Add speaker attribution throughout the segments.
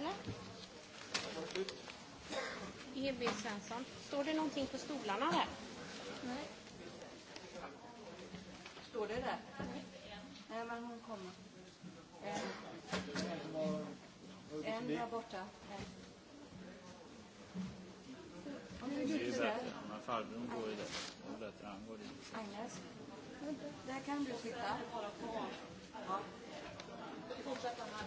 Speaker 1: Eller? E.B. Svensson. Står det någonting på stolarna där? Nej. Står det där?
Speaker 2: Nej, Nej men hon kommer. En, en borta. En. Det är bättre.
Speaker 1: farbrorn går ju där. Det är bättre han går dit. Agnes,
Speaker 3: där kan du sitta.
Speaker 1: Ja.
Speaker 2: Fortsätta här.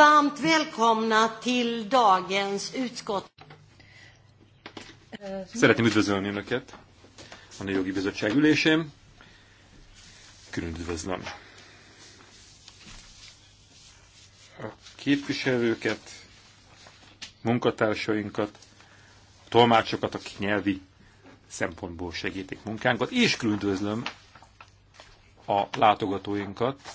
Speaker 2: Varmt välkomna till dagens utskott.
Speaker 4: Szeretném üdvözölni Önöket a Nőjogi Bizottság ülésén. Külön üdvözlöm a képviselőket, munkatársainkat, a tolmácsokat, akik nyelvi szempontból segítik munkánkat, és külön üdvözlöm a látogatóinkat,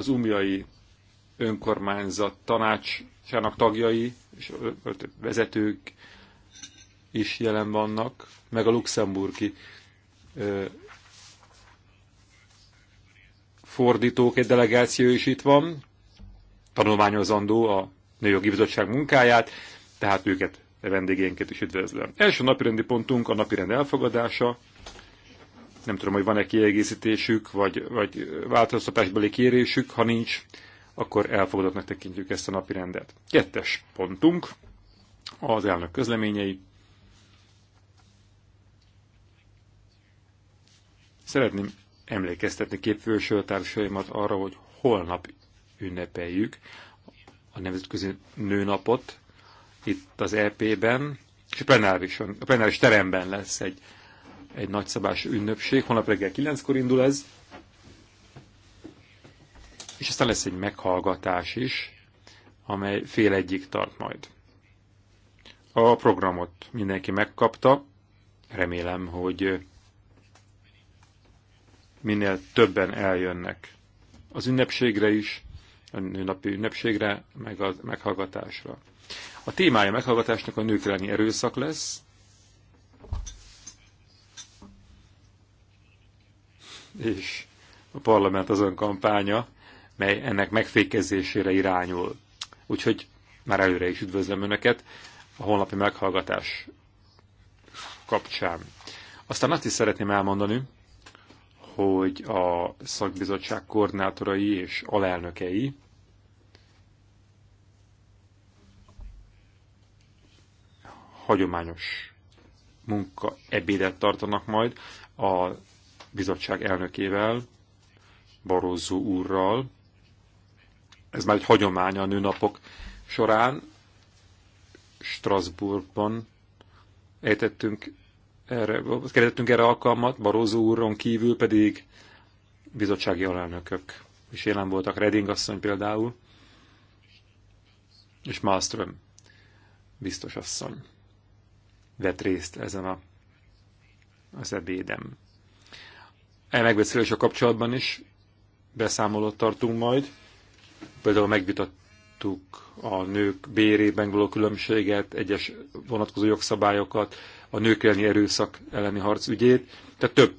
Speaker 4: az umjai önkormányzat tanácsának tagjai és vezetők is jelen vannak, meg a luxemburgi ö, fordítók egy delegáció is itt van, tanulmányozandó a Nőjogi Bizottság munkáját, tehát őket vendégénket is üdvözlöm. Első napirendi pontunk a napirend elfogadása. Nem tudom, hogy van-e kiegészítésük, vagy, vagy változtatásbeli kérésük. Ha nincs, akkor elfogadottnak tekintjük ezt a napi rendet. Kettes pontunk, az elnök közleményei. Szeretném emlékeztetni képviselőtársaimat arra, hogy holnap ünnepeljük a Nemzetközi Nőnapot itt az EP-ben, és a plenáris, a plenáris teremben lesz egy egy nagyszabású ünnepség, holnap reggel 9-kor indul ez, és aztán lesz egy meghallgatás is, amely fél egyik tart majd. A programot mindenki megkapta, remélem, hogy minél többen eljönnek az ünnepségre is, a nőnapi ünnepségre, meg a meghallgatásra. A témája meghallgatásnak a nők elleni erőszak lesz, és a parlament azon kampánya, mely ennek megfékezésére irányul. Úgyhogy már előre is üdvözlöm Önöket a holnapi meghallgatás kapcsán. Aztán azt is szeretném elmondani, hogy a szakbizottság koordinátorai és alelnökei hagyományos munka ebédet tartanak majd a bizottság elnökével, Barózó úrral. Ez már egy hagyomány a nőnapok során. Strasbourgban ejtettünk erre, kerítettünk erre alkalmat, Barózó úron kívül pedig bizottsági alelnökök is jelen voltak, Reding asszony például, és Malmström biztos asszony vett részt ezen a, az ebédem. E megbeszélés a kapcsolatban is beszámolót tartunk majd. Például megvitattuk a nők bérében való különbséget, egyes vonatkozó jogszabályokat, a nők elleni erőszak elleni harc ügyét, tehát több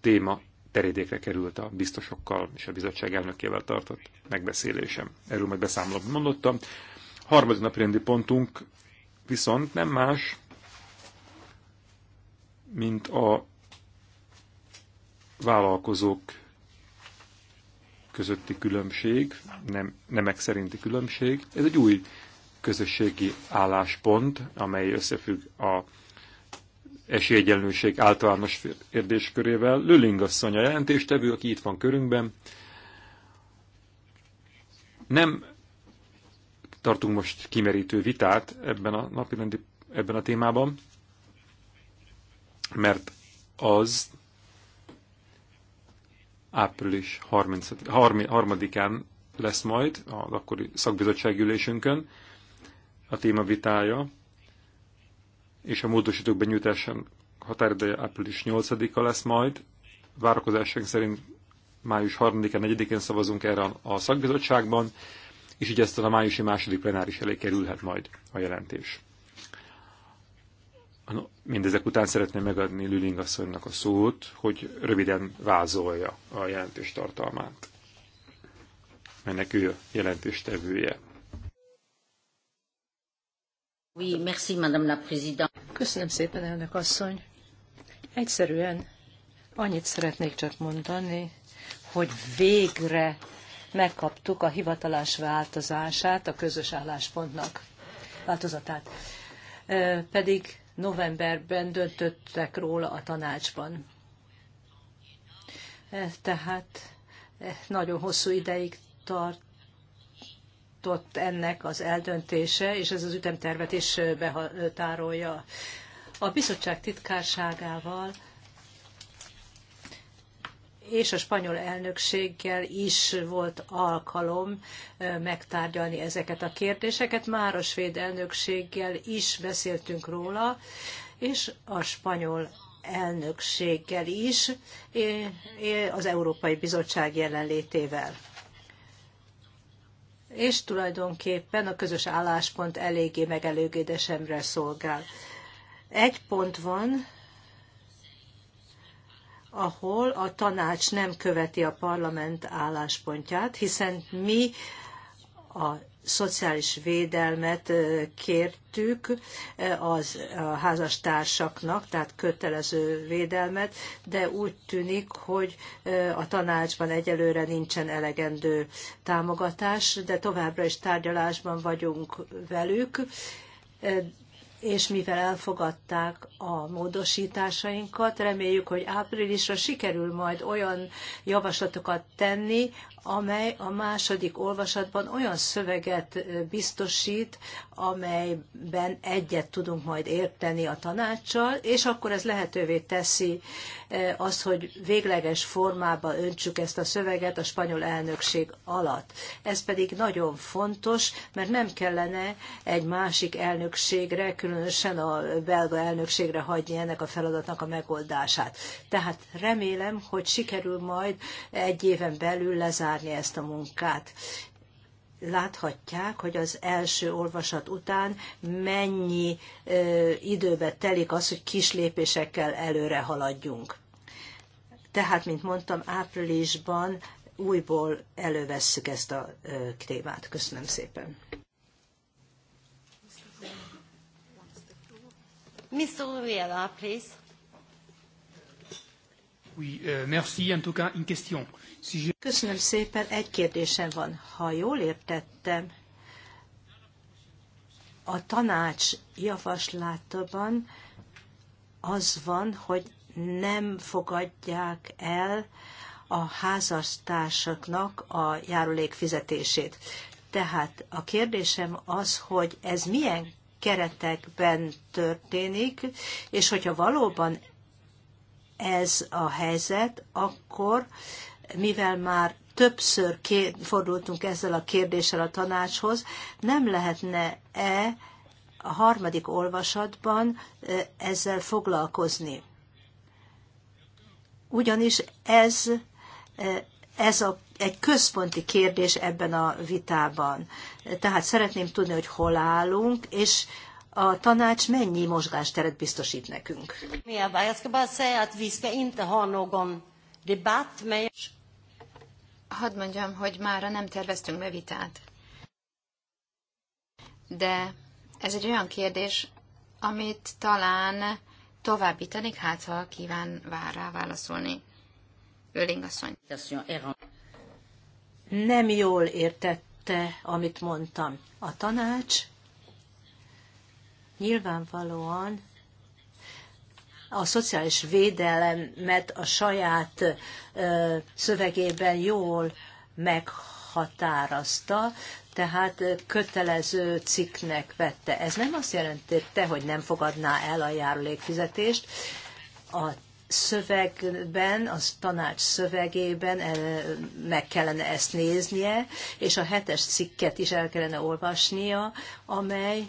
Speaker 4: téma terédékre került a biztosokkal és a bizottság elnökével tartott megbeszélésem. Erről majd beszámolóban mondottam. Harmadik napirendi pontunk viszont nem más, mint a vállalkozók közötti különbség, nem, nemek szerinti különbség. Ez egy új közösségi álláspont, amely összefügg a esélyegyenlőség általános kérdéskörével. Lőling asszony a jelentéstevő, aki itt van körünkben. Nem tartunk most kimerítő vitát ebben a napirendi, ebben a témában, mert az április 33-án lesz majd az akkori szakbizottságülésünkön a téma vitája, és a módosítók benyújtásán határideje április 8-a lesz majd. Várakozásunk szerint május 3-án, 4-én szavazunk erre a szakbizottságban, és így ezt a májusi második plenáris elé kerülhet majd a jelentés. Mindezek után szeretném megadni Lüling asszonynak a szót, hogy röviden vázolja a jelentés tartalmát, Ennek ő a jelentéstevője.
Speaker 3: Oui, merci, Madame la Köszönöm szépen, elnök asszony. Egyszerűen annyit szeretnék csak mondani, hogy végre megkaptuk a hivatalás változását, a közös álláspontnak változatát. Pedig novemberben döntöttek róla a tanácsban. E, tehát e, nagyon hosszú ideig tart tartott ennek az eldöntése, és ez az ütemtervet is behatárolja. A bizottság titkárságával és a spanyol elnökséggel is volt alkalom megtárgyalni ezeket a kérdéseket. Már a svéd elnökséggel is beszéltünk róla, és a spanyol elnökséggel is, az Európai Bizottság jelenlétével. És tulajdonképpen a közös álláspont eléggé megelőgédesemre szolgál. Egy pont van, ahol a tanács nem követi a parlament álláspontját, hiszen mi a szociális védelmet kértük az a házastársaknak, tehát kötelező védelmet, de úgy tűnik, hogy a tanácsban egyelőre nincsen elegendő támogatás, de továbbra is tárgyalásban vagyunk velük, és mivel elfogadták a módosításainkat, reméljük, hogy áprilisra sikerül majd olyan javaslatokat tenni, amely a második olvasatban olyan szöveget biztosít, amelyben egyet tudunk majd érteni a tanácssal, és akkor ez lehetővé teszi azt, hogy végleges formába öntsük ezt a szöveget a spanyol elnökség alatt. Ez pedig nagyon fontos, mert nem kellene egy másik elnökségre, különösen a belga elnökségre hagyni ennek a feladatnak a megoldását. Tehát remélem, hogy sikerül majd egy éven belül lezárni várni ezt a munkát. Láthatják, hogy az első olvasat után mennyi ö, időbe telik az, hogy kis lépésekkel előre haladjunk. Tehát, mint mondtam, áprilisban újból elővesszük ezt a ö, témát. Köszönöm szépen. Mr. Ruela, please.
Speaker 4: Oui, euh, merci. En tout cas, une question. Si je...
Speaker 3: Köszönöm szépen, egy kérdésem van. Ha jól értettem, a tanács javaslatában az van, hogy nem fogadják el a házastársaknak a járulék fizetését. Tehát a kérdésem az, hogy ez milyen keretekben történik, és hogyha valóban ez a helyzet, akkor, mivel már többször fordultunk ezzel a kérdéssel a tanácshoz, nem lehetne-e a harmadik olvasatban ezzel foglalkozni? Ugyanis ez, ez a, egy központi kérdés ebben a vitában. Tehát szeretném tudni, hogy hol állunk, és a tanács mennyi mozgásteret biztosít nekünk?
Speaker 1: Hadd mondjam, hogy már nem terveztünk be vitát. De ez egy olyan kérdés, amit talán továbbítanék, hát ha kíván vár rá válaszolni. Öling asszony. Nem jól
Speaker 3: értette, amit mondtam. A tanács Nyilvánvalóan a szociális védelemet a saját szövegében jól meghatározta, tehát kötelező cikknek vette. Ez nem azt jelentette, hogy nem fogadná el a járulékfizetést. A szövegben, az tanács szövegében meg kellene ezt néznie, és a hetes cikket is el kellene olvasnia, amely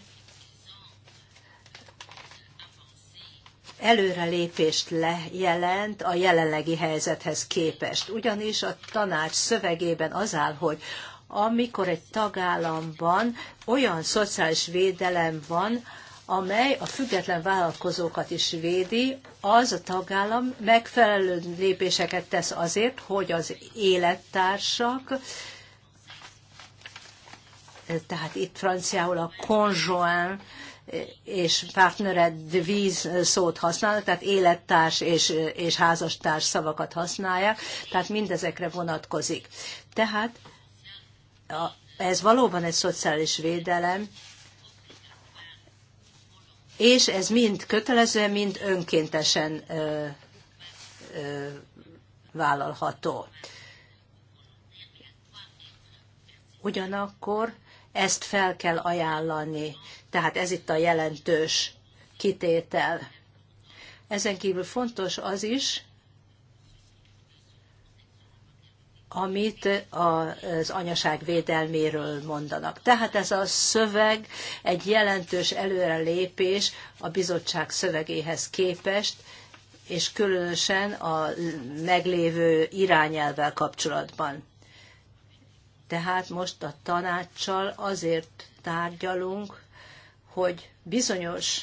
Speaker 3: előrelépést le jelent a jelenlegi helyzethez képest. Ugyanis a tanács szövegében az áll, hogy amikor egy tagállamban olyan szociális védelem van, amely a független vállalkozókat is védi, az a tagállam megfelelő lépéseket tesz azért, hogy az élettársak, tehát itt franciául a conjoint és partnered víz szót használnak, tehát élettárs és, és házastárs szavakat használja, tehát mindezekre vonatkozik. Tehát a, ez valóban egy szociális védelem, és ez mind kötelezően, mind önkéntesen ö, ö, vállalható. Ugyanakkor ezt fel kell ajánlani tehát ez itt a jelentős kitétel. Ezen kívül fontos az is, amit az anyaság védelméről mondanak. Tehát ez a szöveg egy jelentős előrelépés a bizottság szövegéhez képest, és különösen a meglévő irányelvel kapcsolatban. Tehát most a tanácssal azért tárgyalunk, hogy bizonyos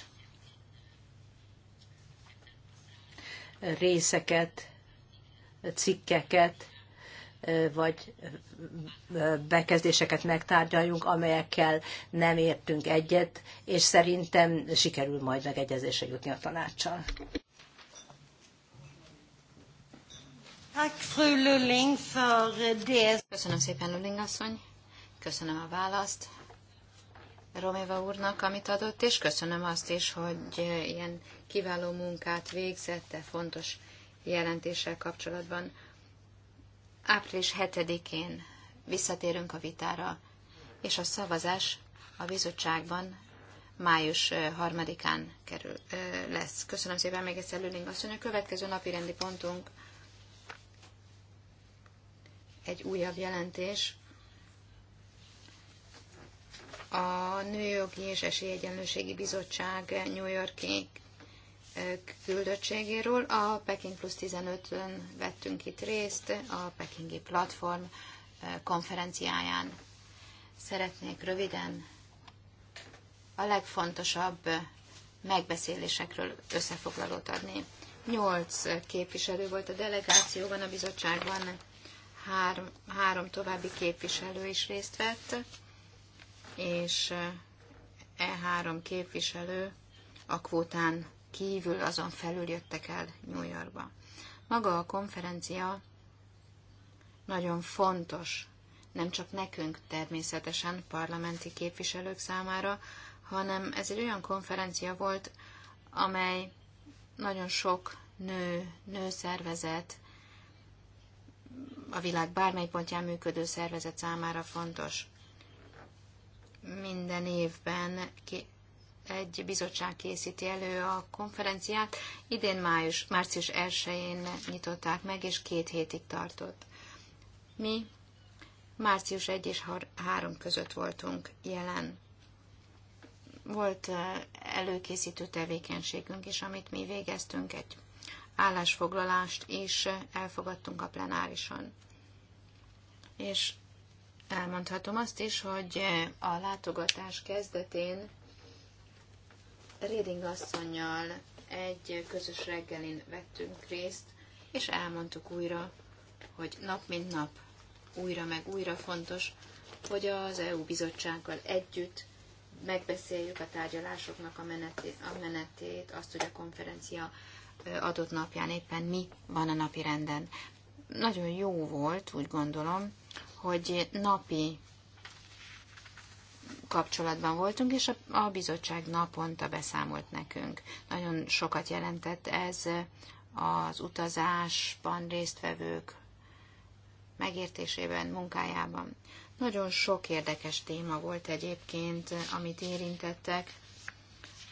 Speaker 3: részeket, cikkeket vagy bekezdéseket megtárgyaljunk, amelyekkel nem értünk egyet, és szerintem sikerül majd megegyezésre jutni a tanácssal.
Speaker 1: Eh, Köszönöm szépen, Lulling asszony. Köszönöm a választ. Roméva úrnak, amit adott, és köszönöm azt is, hogy eh, ilyen kiváló munkát végzett, de fontos jelentéssel kapcsolatban. Április 7-én visszatérünk a vitára, és a szavazás a bizottságban május 3-án eh, kerül, eh, lesz. Köszönöm szépen még egyszer Lüling asszony. A következő napi rendi pontunk egy újabb jelentés, a Nőjogi és Esélyegyenlőségi Bizottság New Yorki küldöttségéről. A Peking Plus 15-ön vettünk itt részt a Pekingi Platform konferenciáján. Szeretnék röviden a legfontosabb megbeszélésekről összefoglalót adni. Nyolc képviselő volt a delegációban, a bizottságban három, három további képviselő is részt vett és e három képviselő a kvótán kívül azon felül jöttek el New Yorkba. Maga a konferencia nagyon fontos, nem csak nekünk természetesen, parlamenti képviselők számára, hanem ez egy olyan konferencia volt, amely nagyon sok nő, nőszervezet, a világ bármely pontján működő szervezet számára fontos minden évben egy bizottság készíti elő a konferenciát. Idén május, március 1-én nyitották meg, és két hétig tartott. Mi március 1 és 3 között voltunk jelen. Volt eh, előkészítő tevékenységünk is, amit mi végeztünk, egy állásfoglalást is eh, elfogadtunk a plenárison. És elmondhatom azt is, hogy a látogatás kezdetén Réding asszonynal egy közös reggelin vettünk részt, és elmondtuk újra, hogy nap mint nap újra meg újra fontos, hogy az EU bizottsággal együtt megbeszéljük a tárgyalásoknak a menetét, a menetét azt, hogy a konferencia adott napján éppen mi van a napi renden. Nagyon jó volt, úgy gondolom, hogy napi kapcsolatban voltunk, és a, a bizottság naponta beszámolt nekünk. Nagyon sokat jelentett ez az utazásban résztvevők megértésében, munkájában. Nagyon sok érdekes téma volt egyébként, amit érintettek.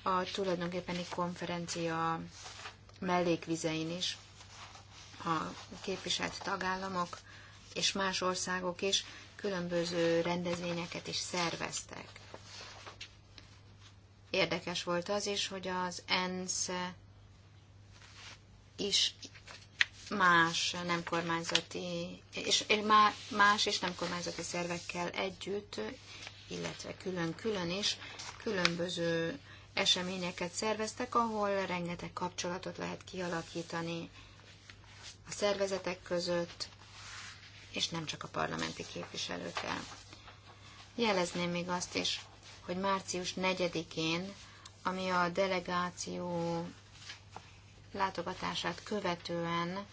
Speaker 1: A tulajdonképpeni konferencia mellékvizein is a képviselt tagállamok és más országok is különböző rendezvényeket is szerveztek. Érdekes volt az is, hogy az ENSZ is más nem kormányzati, és más és nem kormányzati szervekkel együtt, illetve külön-külön is különböző eseményeket szerveztek, ahol rengeteg kapcsolatot lehet kialakítani a szervezetek között, és nem csak a parlamenti képviselőkkel. Jelezném még azt is, hogy március 4-én, ami a delegáció látogatását követően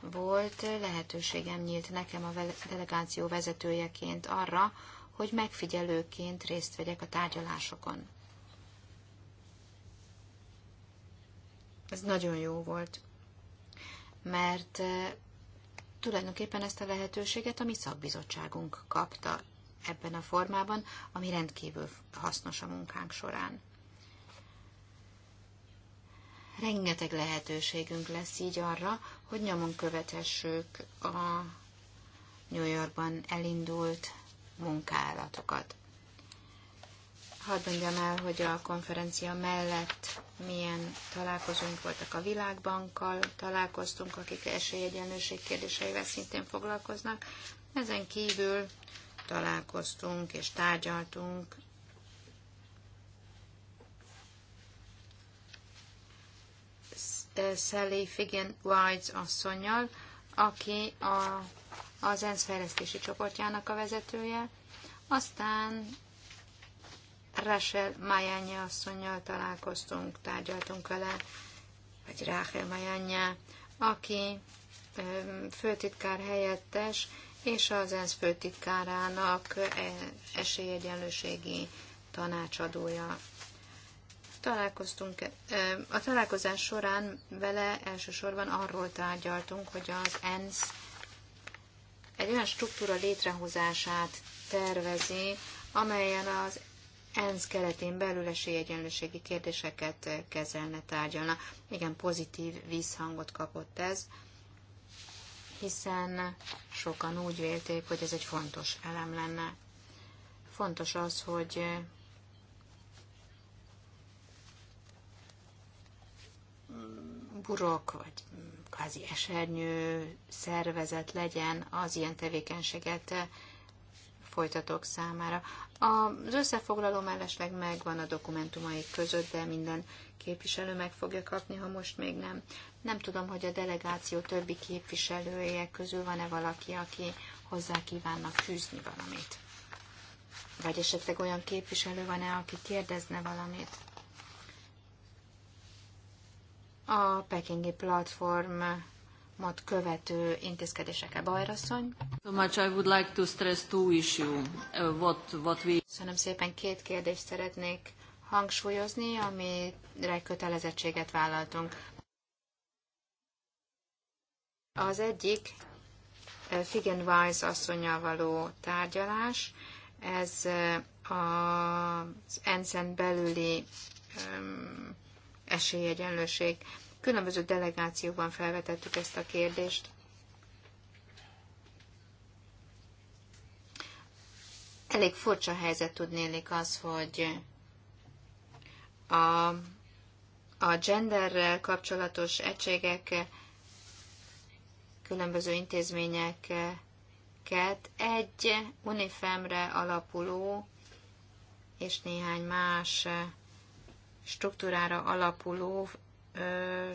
Speaker 1: volt, lehetőségem nyílt nekem a delegáció vezetőjeként arra, hogy megfigyelőként részt vegyek a tárgyalásokon. Ez nagyon jó volt, mert tulajdonképpen ezt a lehetőséget a mi szakbizottságunk kapta ebben a formában, ami rendkívül hasznos a munkánk során. Rengeteg lehetőségünk lesz így arra, hogy nyomon követhessük a New Yorkban elindult munkálatokat. Hadd mondjam el, hogy a konferencia mellett milyen találkozunk voltak a világbankkal, találkoztunk, akik esélyegyenlőség kérdéseivel szintén foglalkoznak. Ezen kívül találkoztunk és tárgyaltunk Sally Figen Wides asszonynal, aki a, az ENSZ fejlesztési csoportjának a vezetője. Aztán Rachel Mayanya asszonynal találkoztunk, tárgyaltunk vele, vagy Rachel Mayanya, aki főtitkár helyettes, és az ENSZ főtitkárának e, esélyegyenlőségi tanácsadója. Találkoztunk, a találkozás során vele elsősorban arról tárgyaltunk, hogy az ENSZ egy olyan struktúra létrehozását tervezi, amelyen az ENSZ keretén belül esélyegyenlőségi kérdéseket eh, kezelne, tárgyalna. Igen, pozitív visszhangot kapott ez, hiszen sokan úgy vélték, hogy ez egy fontos elem lenne. Fontos az, hogy eh, burok, vagy kázi esernyő szervezet legyen az ilyen tevékenységet eh, folytatók számára. Az összefoglaló mellesleg megvan a dokumentumaik között, de minden képviselő meg fogja kapni, ha most még nem. Nem tudom, hogy a delegáció többi képviselője közül van-e valaki, aki hozzá kívánnak fűzni valamit. Vagy esetleg olyan képviselő van-e, aki kérdezne valamit. A Pekingi platform mat követő intézkedésekkel. Bajrasszony. So much I would like to stress two issue. uh, what, what we... Szerintem szépen, két kérdést szeretnék hangsúlyozni, amire kötelezettséget vállaltunk. Az egyik uh, Figen Weiss asszonyjal való tárgyalás, ez uh, az ensz en belüli um, esélyegyenlőség. Különböző delegációkban felvetettük ezt a kérdést. Elég furcsa helyzet tudnélik az, hogy a, a genderrel kapcsolatos egységek, különböző intézményeket egy unifemre alapuló és néhány más struktúrára alapuló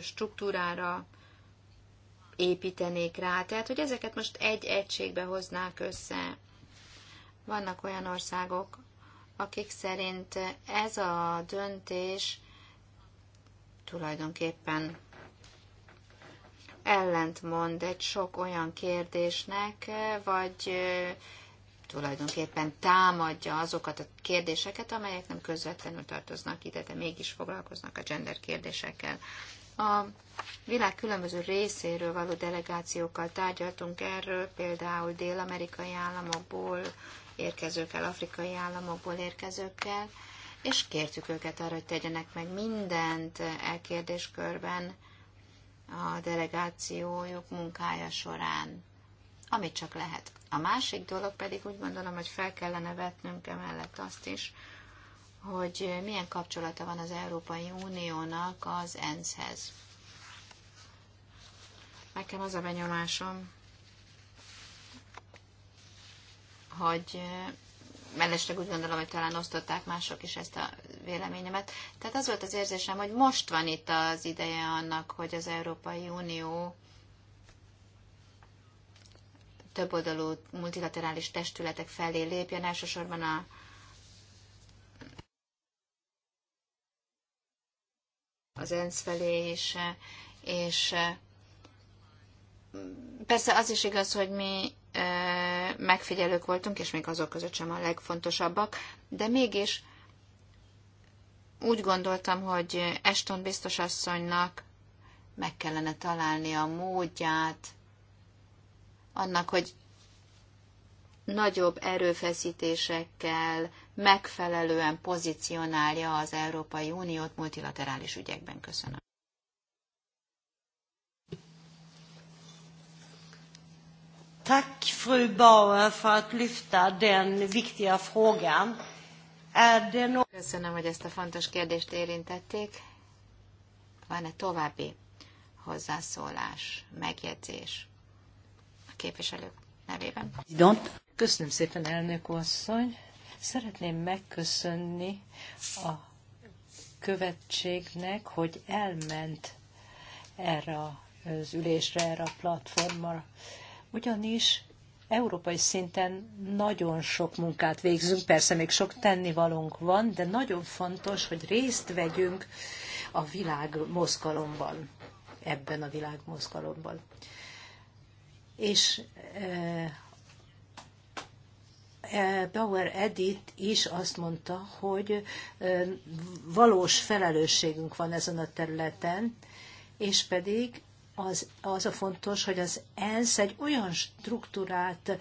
Speaker 1: struktúrára építenék rá. Tehát, hogy ezeket most egy egységbe hoznák össze. Vannak olyan országok, akik szerint ez a döntés tulajdonképpen ellentmond egy sok olyan kérdésnek, vagy tulajdonképpen támadja azokat a kérdéseket, amelyek nem közvetlenül tartoznak ide, de mégis foglalkoznak a gender kérdésekkel. A világ különböző részéről való delegációkkal tárgyaltunk erről, például dél-amerikai államokból érkezőkkel, afrikai államokból érkezőkkel, és kértük őket arra, hogy tegyenek meg mindent elkérdéskörben a delegációjuk munkája során amit csak lehet. A másik dolog pedig úgy gondolom, hogy fel kellene vetnünk emellett azt is, hogy milyen kapcsolata van az Európai Uniónak az ENSZ-hez. Nekem az a benyomásom, hogy mellesleg úgy gondolom, hogy talán osztották mások is ezt a véleményemet. Tehát az volt az érzésem, hogy most van itt az ideje annak, hogy az Európai Unió többoldalú multilaterális testületek felé lépjen, elsősorban a az ENSZ felé is, és persze az is igaz, hogy mi megfigyelők voltunk, és még azok között sem a legfontosabbak, de mégis úgy gondoltam, hogy Eston biztosasszonynak meg kellene találni a módját annak, hogy nagyobb erőfeszítésekkel megfelelően pozícionálja az Európai Uniót multilaterális ügyekben. Köszönöm. Tack fru Bauer för att lyfta den viktiga frågan. Är det no Köszönöm, hogy ezt a fontos kérdést érintették. Van-e további hozzászólás, megjegyzés? képviselők nevében.
Speaker 3: Köszönöm szépen, elnök asszony. Szeretném megköszönni a követségnek, hogy elment erre az ülésre, erre a platformra. Ugyanis európai szinten nagyon sok munkát végzünk, persze még sok tennivalónk van, de nagyon fontos, hogy részt vegyünk a világ mozgalomban, ebben a világ mozgalomban és Bauer Edith is azt mondta, hogy valós felelősségünk van ezen a területen, és pedig az, az a fontos, hogy az ENSZ egy olyan struktúrát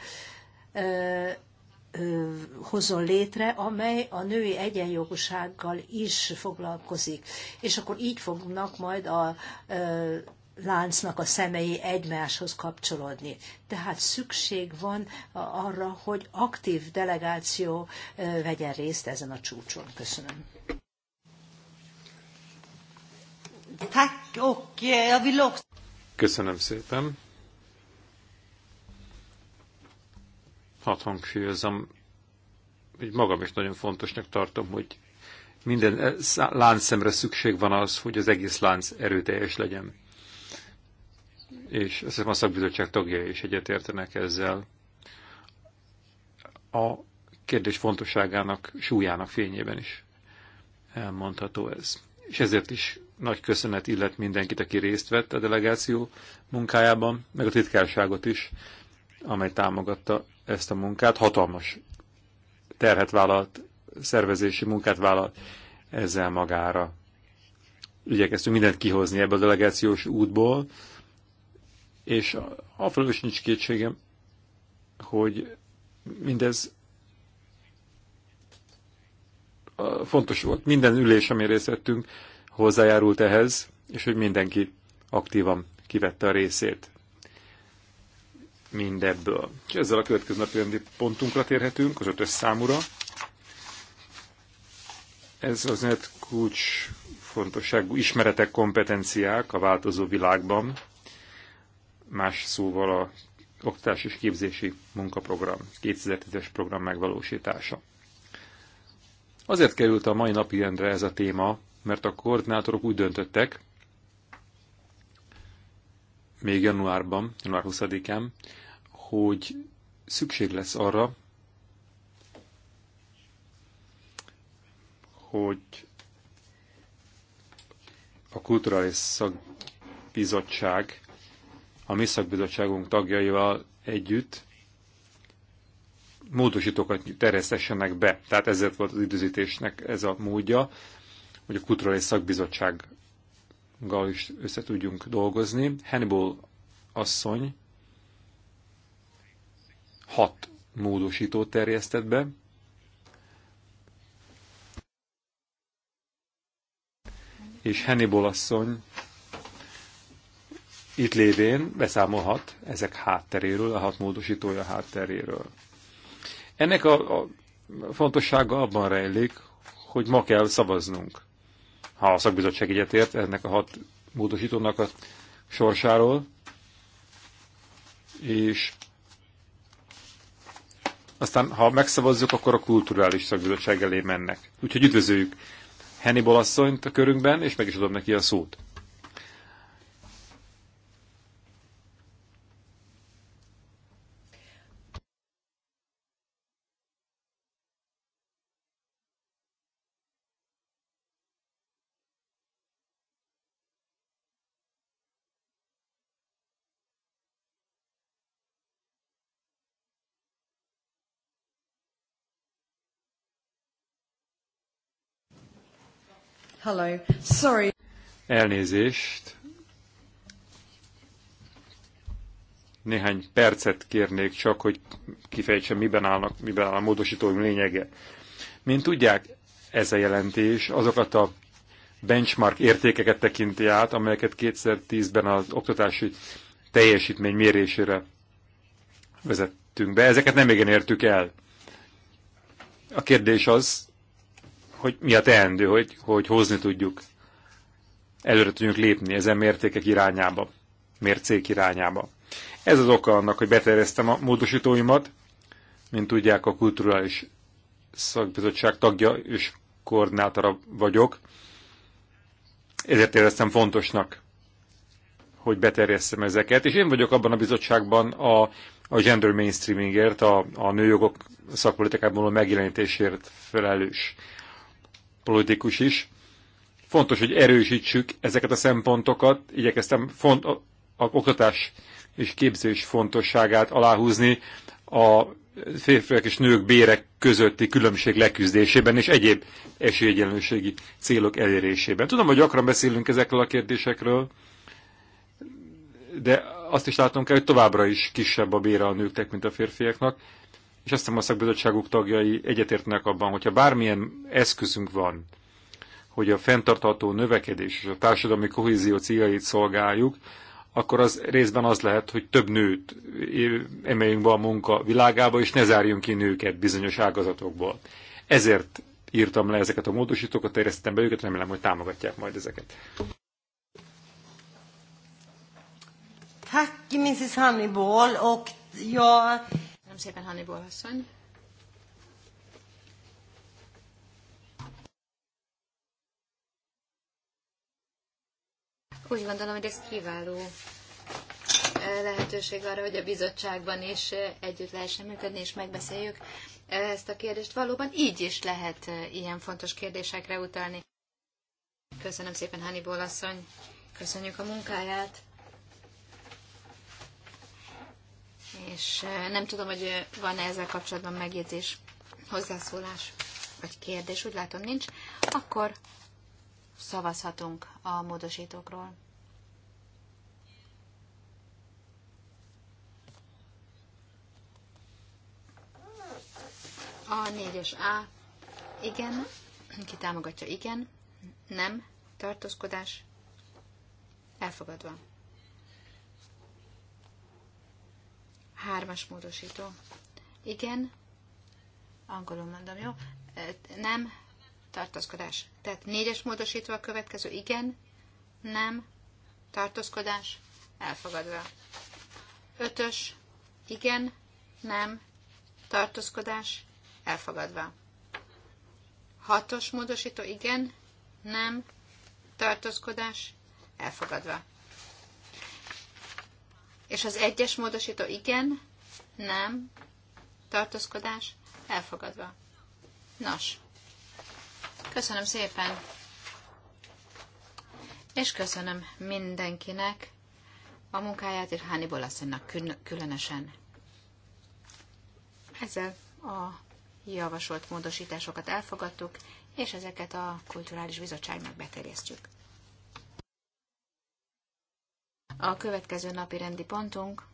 Speaker 3: hozzon létre, amely a női egyenjogúsággal is foglalkozik. És akkor így fognak majd a láncnak a szemei egymáshoz kapcsolódni. Tehát szükség van arra, hogy aktív delegáció vegyen részt ezen a csúcson. Köszönöm.
Speaker 2: Eh,
Speaker 4: Köszönöm szépen. Hadd hangsúlyozom, hogy magam is nagyon fontosnak tartom, hogy minden eh, láncszemre szükség van az, hogy az egész lánc erőteljes legyen és azt hiszem a szakbizottság tagjai is egyetértenek ezzel. A kérdés fontosságának, súlyának fényében is elmondható ez. És ezért is nagy köszönet illet mindenkit, aki részt vett a delegáció munkájában, meg a titkárságot is, amely támogatta ezt a munkát. Hatalmas terhet vállalt, szervezési munkát vállalt ezzel magára. Igyekeztünk mindent kihozni ebből a delegációs útból, és afelől is nincs kétségem, hogy mindez fontos volt. Minden ülés, ami részt vettünk, hozzájárult ehhez, és hogy mindenki aktívan kivette a részét mindebből. És ezzel a következő napi pontunkra térhetünk, az ötös számúra. Ez az net kulcs fontosságú ismeretek, kompetenciák a változó világban, más szóval a oktatás és képzési munkaprogram, 2010-es program megvalósítása. Azért került a mai napi rendre ez a téma, mert a koordinátorok úgy döntöttek, még januárban, január 20-án, hogy szükség lesz arra, hogy a Kulturális Szakbizottság a mi szakbizottságunk tagjaival együtt módosítókat terjesztessenek be. Tehát ezért volt az időzítésnek ez a módja, hogy a kulturális szakbizottsággal is össze tudjunk dolgozni. Hannibal asszony hat módosítót terjesztett be, és Hannibal asszony itt lévén beszámolhat ezek hátteréről, a hat módosítója hátteréről. Ennek a, a fontossága abban rejlik, hogy ma kell szavaznunk. Ha a szakbizottság egyetért ennek a hat módosítónak a sorsáról, és aztán ha megszavazzuk, akkor a kulturális szakbizottság elé mennek. Úgyhogy üdvözöljük Hannibal asszonyt a körünkben, és meg is adom neki a szót.
Speaker 3: Hello. Sorry.
Speaker 4: Elnézést. Néhány percet kérnék csak, hogy kifejtsem, miben, állnak, miben áll a módosítóim lényege. Mint tudják, ez a jelentés azokat a benchmark értékeket tekinti át, amelyeket 2010-ben az oktatási teljesítmény mérésére vezettünk be. Ezeket nem igen értük el. A kérdés az, hogy mi a teendő, hogy, hogy hozni tudjuk, előre tudjunk lépni ezen mértékek irányába, mércék irányába. Ez az oka annak, hogy beterjesztem a módosítóimat, mint tudják, a kulturális szakbizottság tagja és koordinátora vagyok. Ezért éreztem fontosnak, hogy beterjesszem ezeket, és én vagyok abban a bizottságban a, a gender mainstreamingért, a, a nőjogok szakpolitikában való megjelenítésért felelős politikus is. Fontos, hogy erősítsük ezeket a szempontokat. Igyekeztem font, a, a oktatás és képzés fontosságát aláhúzni a férfiak és nők bérek közötti különbség leküzdésében és egyéb esélyegyenlőségi célok elérésében. Tudom, hogy gyakran beszélünk ezekről a kérdésekről, de azt is látom kell, hogy továbbra is kisebb a bére a nőknek, mint a férfiaknak és azt hiszem a szakbizottságuk tagjai egyetértnek abban, hogyha bármilyen eszközünk van, hogy a fenntartható növekedés és a társadalmi kohézió céljait szolgáljuk, akkor az részben az lehet, hogy több nőt emeljünk be a munka világába, és ne zárjunk ki nőket bizonyos ágazatokból. Ezért írtam le ezeket a módosítókat, terjesztettem be őket, remélem, hogy támogatják majd ezeket.
Speaker 3: Tack Mrs Hannibal
Speaker 1: och jag Köszönöm szépen, Hanni asszony. Úgy gondolom, hogy ez kiváló eh, lehetőség arra, hogy a bizottságban is eh, együtt lehessen működni, és megbeszéljük eh, ezt a kérdést. Valóban így is lehet ilyen fontos kérdésekre utalni. Köszönöm szépen, Hanni asszony. Köszönjük a munkáját. és nem tudom, hogy van-e ezzel kapcsolatban megjegyzés, hozzászólás vagy kérdés, úgy látom nincs, akkor szavazhatunk a módosítókról.
Speaker 3: A 4-es
Speaker 1: A. Igen. Ki támogatja? Igen. Nem. Tartózkodás. Elfogadva. Hármas módosító. Igen. Angolul mondom, jó? Nem. Tartózkodás. Tehát négyes módosító a következő. Igen. Nem. Tartózkodás. Elfogadva. Ötös. Igen. Nem. Tartózkodás. Elfogadva. Hatos módosító. Igen. Nem. Tartózkodás. Elfogadva. És az egyes módosító igen, nem, tartózkodás, elfogadva. Nos, köszönöm szépen, és köszönöm mindenkinek a munkáját, és Háni Bolaszennak különösen. Ezzel a javasolt módosításokat elfogadtuk, és ezeket a Kulturális Bizottságnak beterjesztjük. A következő napi rendi pontunk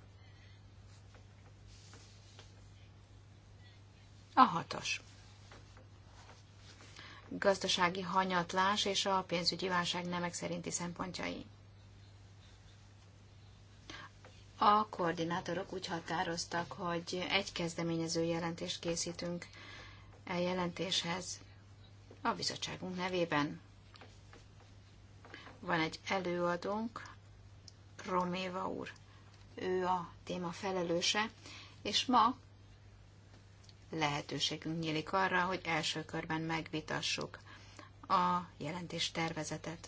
Speaker 1: a hatos. Gazdasági hanyatlás és a pénzügyi válság nemek szerinti szempontjai. A koordinátorok úgy határoztak, hogy egy kezdeményező jelentést készítünk a e jelentéshez a bizottságunk nevében. Van egy előadónk, Roméva úr. Ő a téma felelőse, és ma lehetőségünk nyílik arra, hogy első körben megvitassuk a jelentés tervezetet.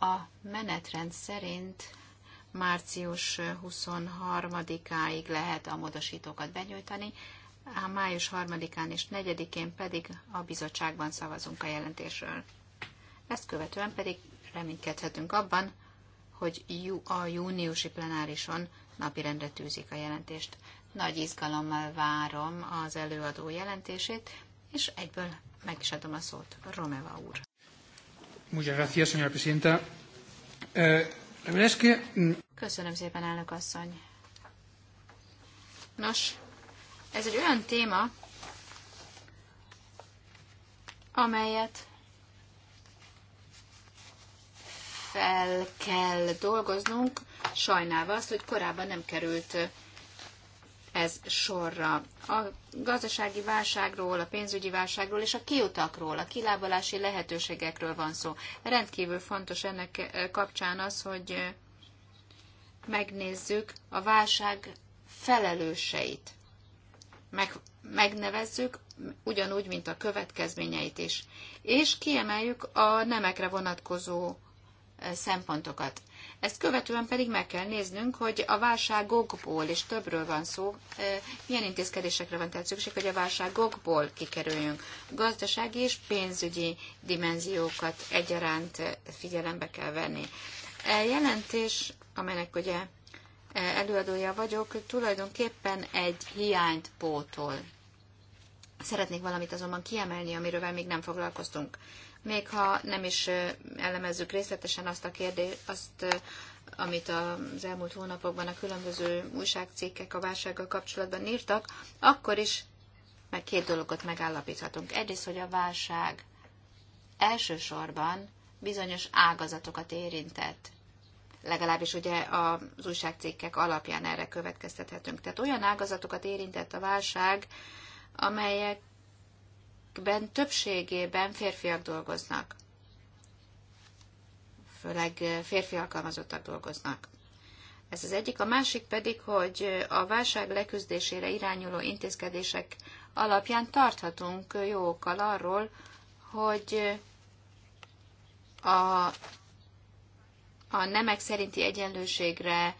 Speaker 1: A menetrend szerint március 23-áig lehet a módosítókat benyújtani, a május 3-án és 4-én pedig a bizottságban szavazunk a jelentésről. Ezt követően pedig reménykedhetünk abban, hogy a júniusi plenárison napirendre tűzik a jelentést. Nagy izgalommal várom az előadó jelentését, és egyből meg is adom a szót. Romeva úr. Muchas
Speaker 4: gracias, señora presidenta. Eh, mm,
Speaker 1: Köszönöm szépen, elnök asszony. Nos, ez egy olyan téma, amelyet fel kell dolgoznunk, sajnálva azt, hogy korábban nem került ez sorra. A gazdasági válságról, a pénzügyi válságról és a kiutakról, a kilábalási lehetőségekről van szó. Rendkívül fontos ennek kapcsán az, hogy megnézzük a válság felelőseit. Meg, megnevezzük, ugyanúgy, mint a következményeit is. És kiemeljük a nemekre vonatkozó szempontokat. Ezt követően pedig meg kell néznünk, hogy a válságokból, és többről van szó, milyen intézkedésekre van tehát szükség, hogy a válságokból kikerüljünk. A gazdasági és pénzügyi dimenziókat egyaránt figyelembe kell venni. E jelentés, amelynek ugye előadója vagyok, tulajdonképpen egy hiányt pótol. Szeretnék valamit azonban kiemelni, amiről még nem foglalkoztunk még ha nem is elemezzük részletesen azt a kérdést, azt, amit az elmúlt hónapokban a különböző újságcikkek a válsággal kapcsolatban írtak, akkor is meg két dologot megállapíthatunk. Egyrészt, hogy a válság elsősorban bizonyos ágazatokat érintett. Legalábbis ugye az újságcikkek alapján erre következtethetünk. Tehát olyan ágazatokat érintett a válság, amelyek amelyekben többségében férfiak dolgoznak. Főleg eh, férfi alkalmazottak dolgoznak. Ez az egyik. A másik pedig, hogy a válság leküzdésére irányuló intézkedések alapján tarthatunk jó okkal arról, hogy a, a nemek szerinti egyenlőségre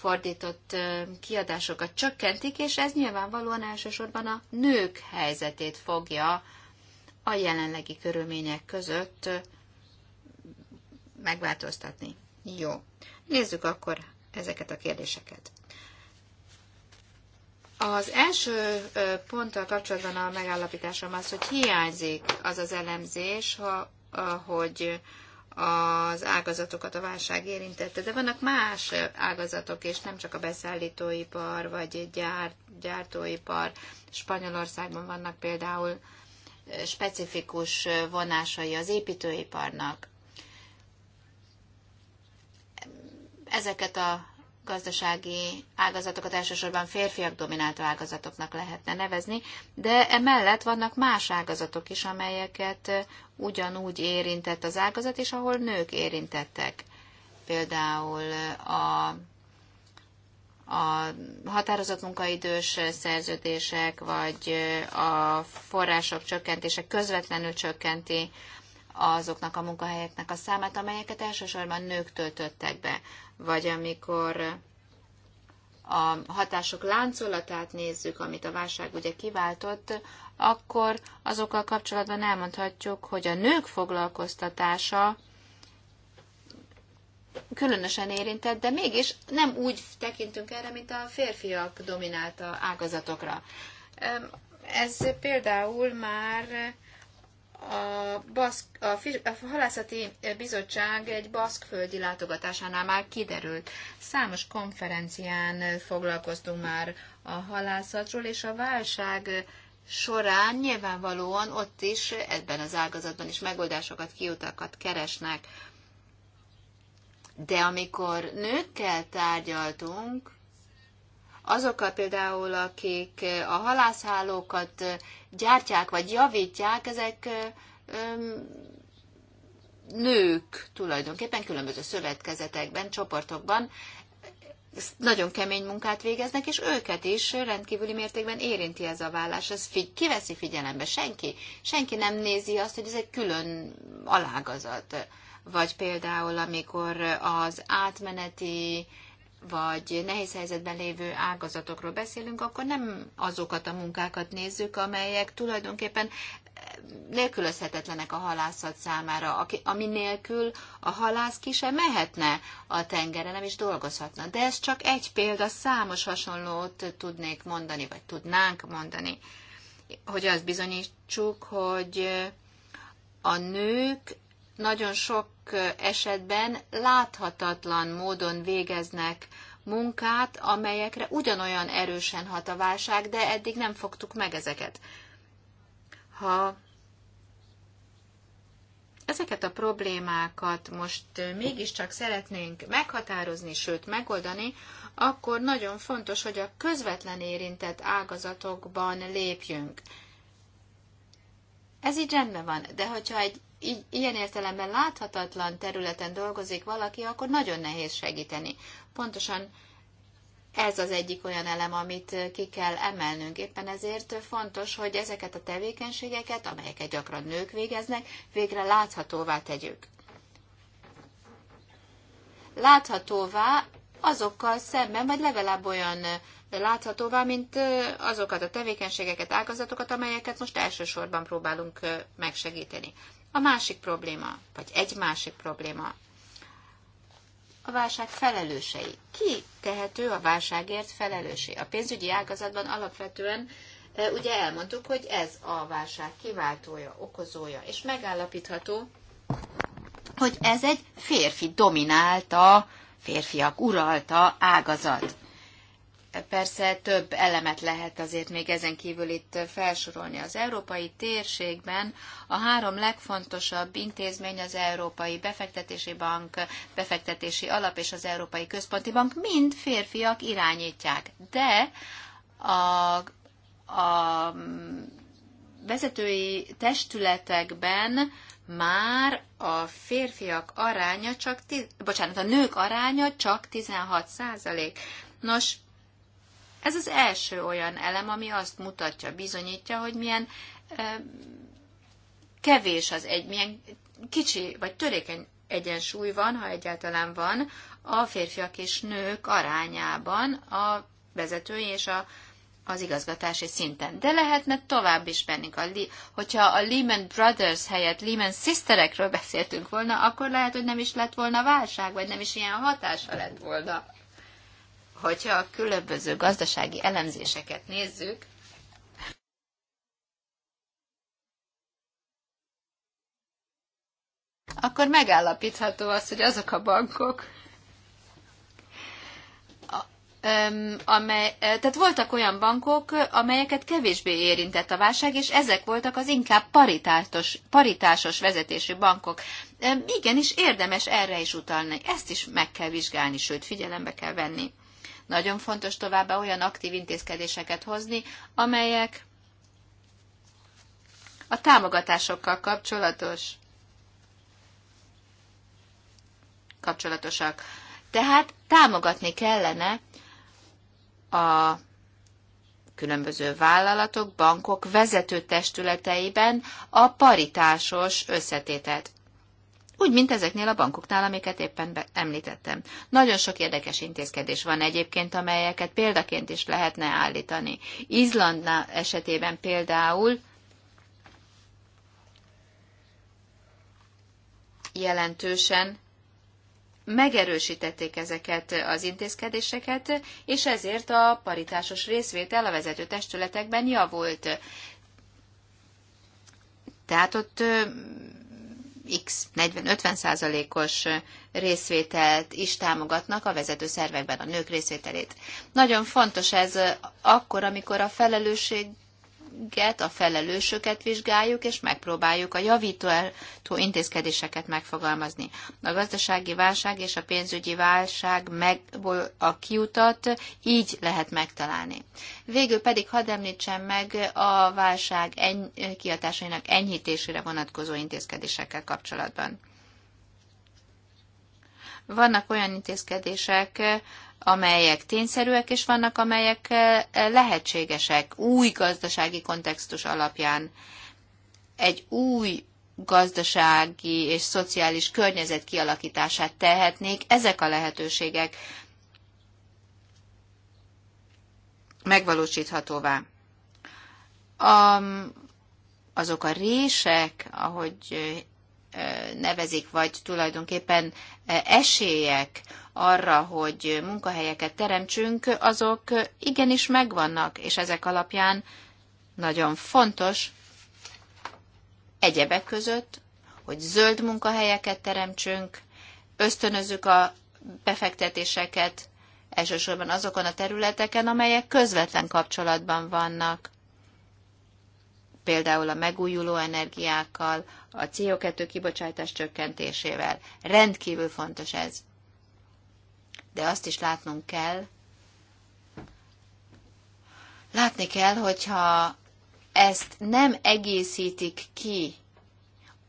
Speaker 1: fordított kiadásokat csökkentik, és ez nyilvánvalóan elsősorban a nők helyzetét fogja a jelenlegi körülmények között megváltoztatni. Jó. Nézzük akkor ezeket a kérdéseket. Az első ponttal kapcsolatban a megállapításom az, hogy hiányzik az az elemzés, ha, hogy az ágazatokat a válság érintette, de vannak más ágazatok, és nem csak a beszállítóipar, vagy gyár, gyártóipar. Spanyolországban vannak például specifikus vonásai az építőiparnak. Ezeket a gazdasági ágazatokat elsősorban férfiak domináltó ágazatoknak lehetne nevezni, de emellett vannak más ágazatok is, amelyeket ugyanúgy érintett az ágazat, és ahol nők érintettek. Például a a határozott munkaidős szerződések, vagy a források csökkentése közvetlenül csökkenti azoknak a munkahelyeknek a számát, amelyeket elsősorban nők töltöttek be vagy amikor a hatások láncolatát nézzük, amit a válság ugye kiváltott, akkor azokkal kapcsolatban elmondhatjuk, hogy a nők foglalkoztatása különösen érintett, de mégis nem úgy tekintünk erre, mint a férfiak dominálta ágazatokra. Ez például már a, baszk, a, a halászati bizottság egy baszkföldi látogatásánál már kiderült. Számos konferencián foglalkoztunk már a halászatról, és a válság során nyilvánvalóan ott is, ebben az ágazatban is megoldásokat, kiutakat keresnek. De amikor nőkkel tárgyaltunk, azokkal például, akik a halászhálókat gyártják vagy javítják, ezek nők tulajdonképpen különböző szövetkezetekben, csoportokban nagyon kemény munkát végeznek, és őket is rendkívüli mértékben érinti ez a vállás. Ez figy- kiveszi figyelembe senki. Senki nem nézi azt, hogy ez egy külön alágazat. Vagy például, amikor az átmeneti vagy nehéz helyzetben lévő ágazatokról beszélünk, akkor nem azokat a munkákat nézzük, amelyek tulajdonképpen eh, nélkülözhetetlenek a halászat számára, aki, ami nélkül a halász ki sem mehetne a tengeren, nem is dolgozhatna. De ez csak egy példa, számos hasonlót tudnék mondani, vagy tudnánk mondani, hogy azt bizonyítsuk, hogy eh, a nők nagyon sok esetben láthatatlan módon végeznek munkát, amelyekre ugyanolyan erősen hat a válság, de eddig nem fogtuk meg ezeket. Ha ezeket a problémákat most mégiscsak szeretnénk meghatározni, sőt megoldani, akkor nagyon fontos, hogy a közvetlen érintett ágazatokban lépjünk. Ez így rendben van, de hogyha egy így, ilyen értelemben láthatatlan területen dolgozik valaki, akkor nagyon nehéz segíteni. Pontosan ez az egyik olyan elem, amit ki kell emelnünk. Éppen ezért fontos, hogy ezeket a tevékenységeket, amelyeket gyakran nők végeznek, végre láthatóvá tegyük. Láthatóvá azokkal szemben, vagy legalább olyan láthatóvá, mint azokat a tevékenységeket, ágazatokat, amelyeket most elsősorban próbálunk megsegíteni. A másik probléma, vagy egy másik probléma, a válság felelősei. Ki tehető a válságért felelősé? A pénzügyi ágazatban alapvetően e, ugye elmondtuk, hogy ez a válság kiváltója, okozója, és megállapítható, hogy ez egy férfi dominálta, férfiak uralta ágazat. Persze több elemet lehet azért még ezen kívül itt felsorolni. Az európai térségben a három legfontosabb intézmény az Európai Befektetési Bank, Befektetési Alap és az Európai Központi Bank mind férfiak irányítják. De a, a vezetői testületekben már a férfiak aránya csak, bocsánat, a nők aránya csak 16 százalék. Nos, ez az első olyan elem, ami azt mutatja, bizonyítja, hogy milyen kevés az egy, milyen kicsi vagy törékeny egyensúly van, ha egyáltalán van, a férfiak és nők arányában a vezetői és a, az igazgatási szinten. De lehetne tovább is bennünk. A, hogyha a Lehman Brothers helyett Lehman Sisterekről beszéltünk volna, akkor lehet, hogy nem is lett volna válság, vagy nem is ilyen hatása lett volna hogyha a különböző gazdasági elemzéseket nézzük, akkor megállapítható az, hogy azok a bankok, amely, tehát voltak olyan bankok, amelyeket kevésbé érintett a válság, és ezek voltak az inkább paritásos, paritásos vezetésű bankok. Igenis érdemes erre is utalni, ezt is meg kell vizsgálni, sőt figyelembe kell venni. Nagyon fontos továbbá olyan aktív intézkedéseket hozni, amelyek a támogatásokkal kapcsolatos kapcsolatosak. Tehát támogatni kellene a különböző vállalatok, bankok vezető testületeiben a paritásos összetételt. Úgy, mint ezeknél a bankoknál, amiket éppen be- említettem. Nagyon sok érdekes intézkedés van egyébként, amelyeket példaként is lehetne állítani. Izland esetében például jelentősen megerősítették ezeket az intézkedéseket, és ezért a paritásos részvétel a vezető testületekben javult. Tehát ott x 40-50 százalékos részvételt is támogatnak a vezető szervekben, a nők részvételét. Nagyon fontos ez akkor, amikor a felelősség ügyet, a felelősöket vizsgáljuk, és megpróbáljuk a javító intézkedéseket megfogalmazni. A gazdasági válság és a pénzügyi válság meg, a kiutat így lehet megtalálni. Végül pedig hadd említsem meg a válság eny, kiadásainak enyhítésére vonatkozó intézkedésekkel kapcsolatban. Vannak olyan intézkedések, amelyek tényszerűek, és vannak, amelyek e, e, lehetségesek új gazdasági kontextus alapján. Egy új gazdasági és szociális környezet kialakítását tehetnék ezek a lehetőségek megvalósíthatóvá. A, azok a rések, ahogy nevezik, vagy tulajdonképpen esélyek arra, hogy munkahelyeket teremtsünk, azok igenis megvannak, és ezek alapján nagyon fontos egyebek között, hogy zöld munkahelyeket teremtsünk, ösztönözzük a befektetéseket, elsősorban azokon a területeken, amelyek közvetlen kapcsolatban vannak például a megújuló energiákkal, a CO2 kibocsátás csökkentésével. Rendkívül fontos ez. De azt is látnunk kell, látni kell, hogyha ezt nem egészítik ki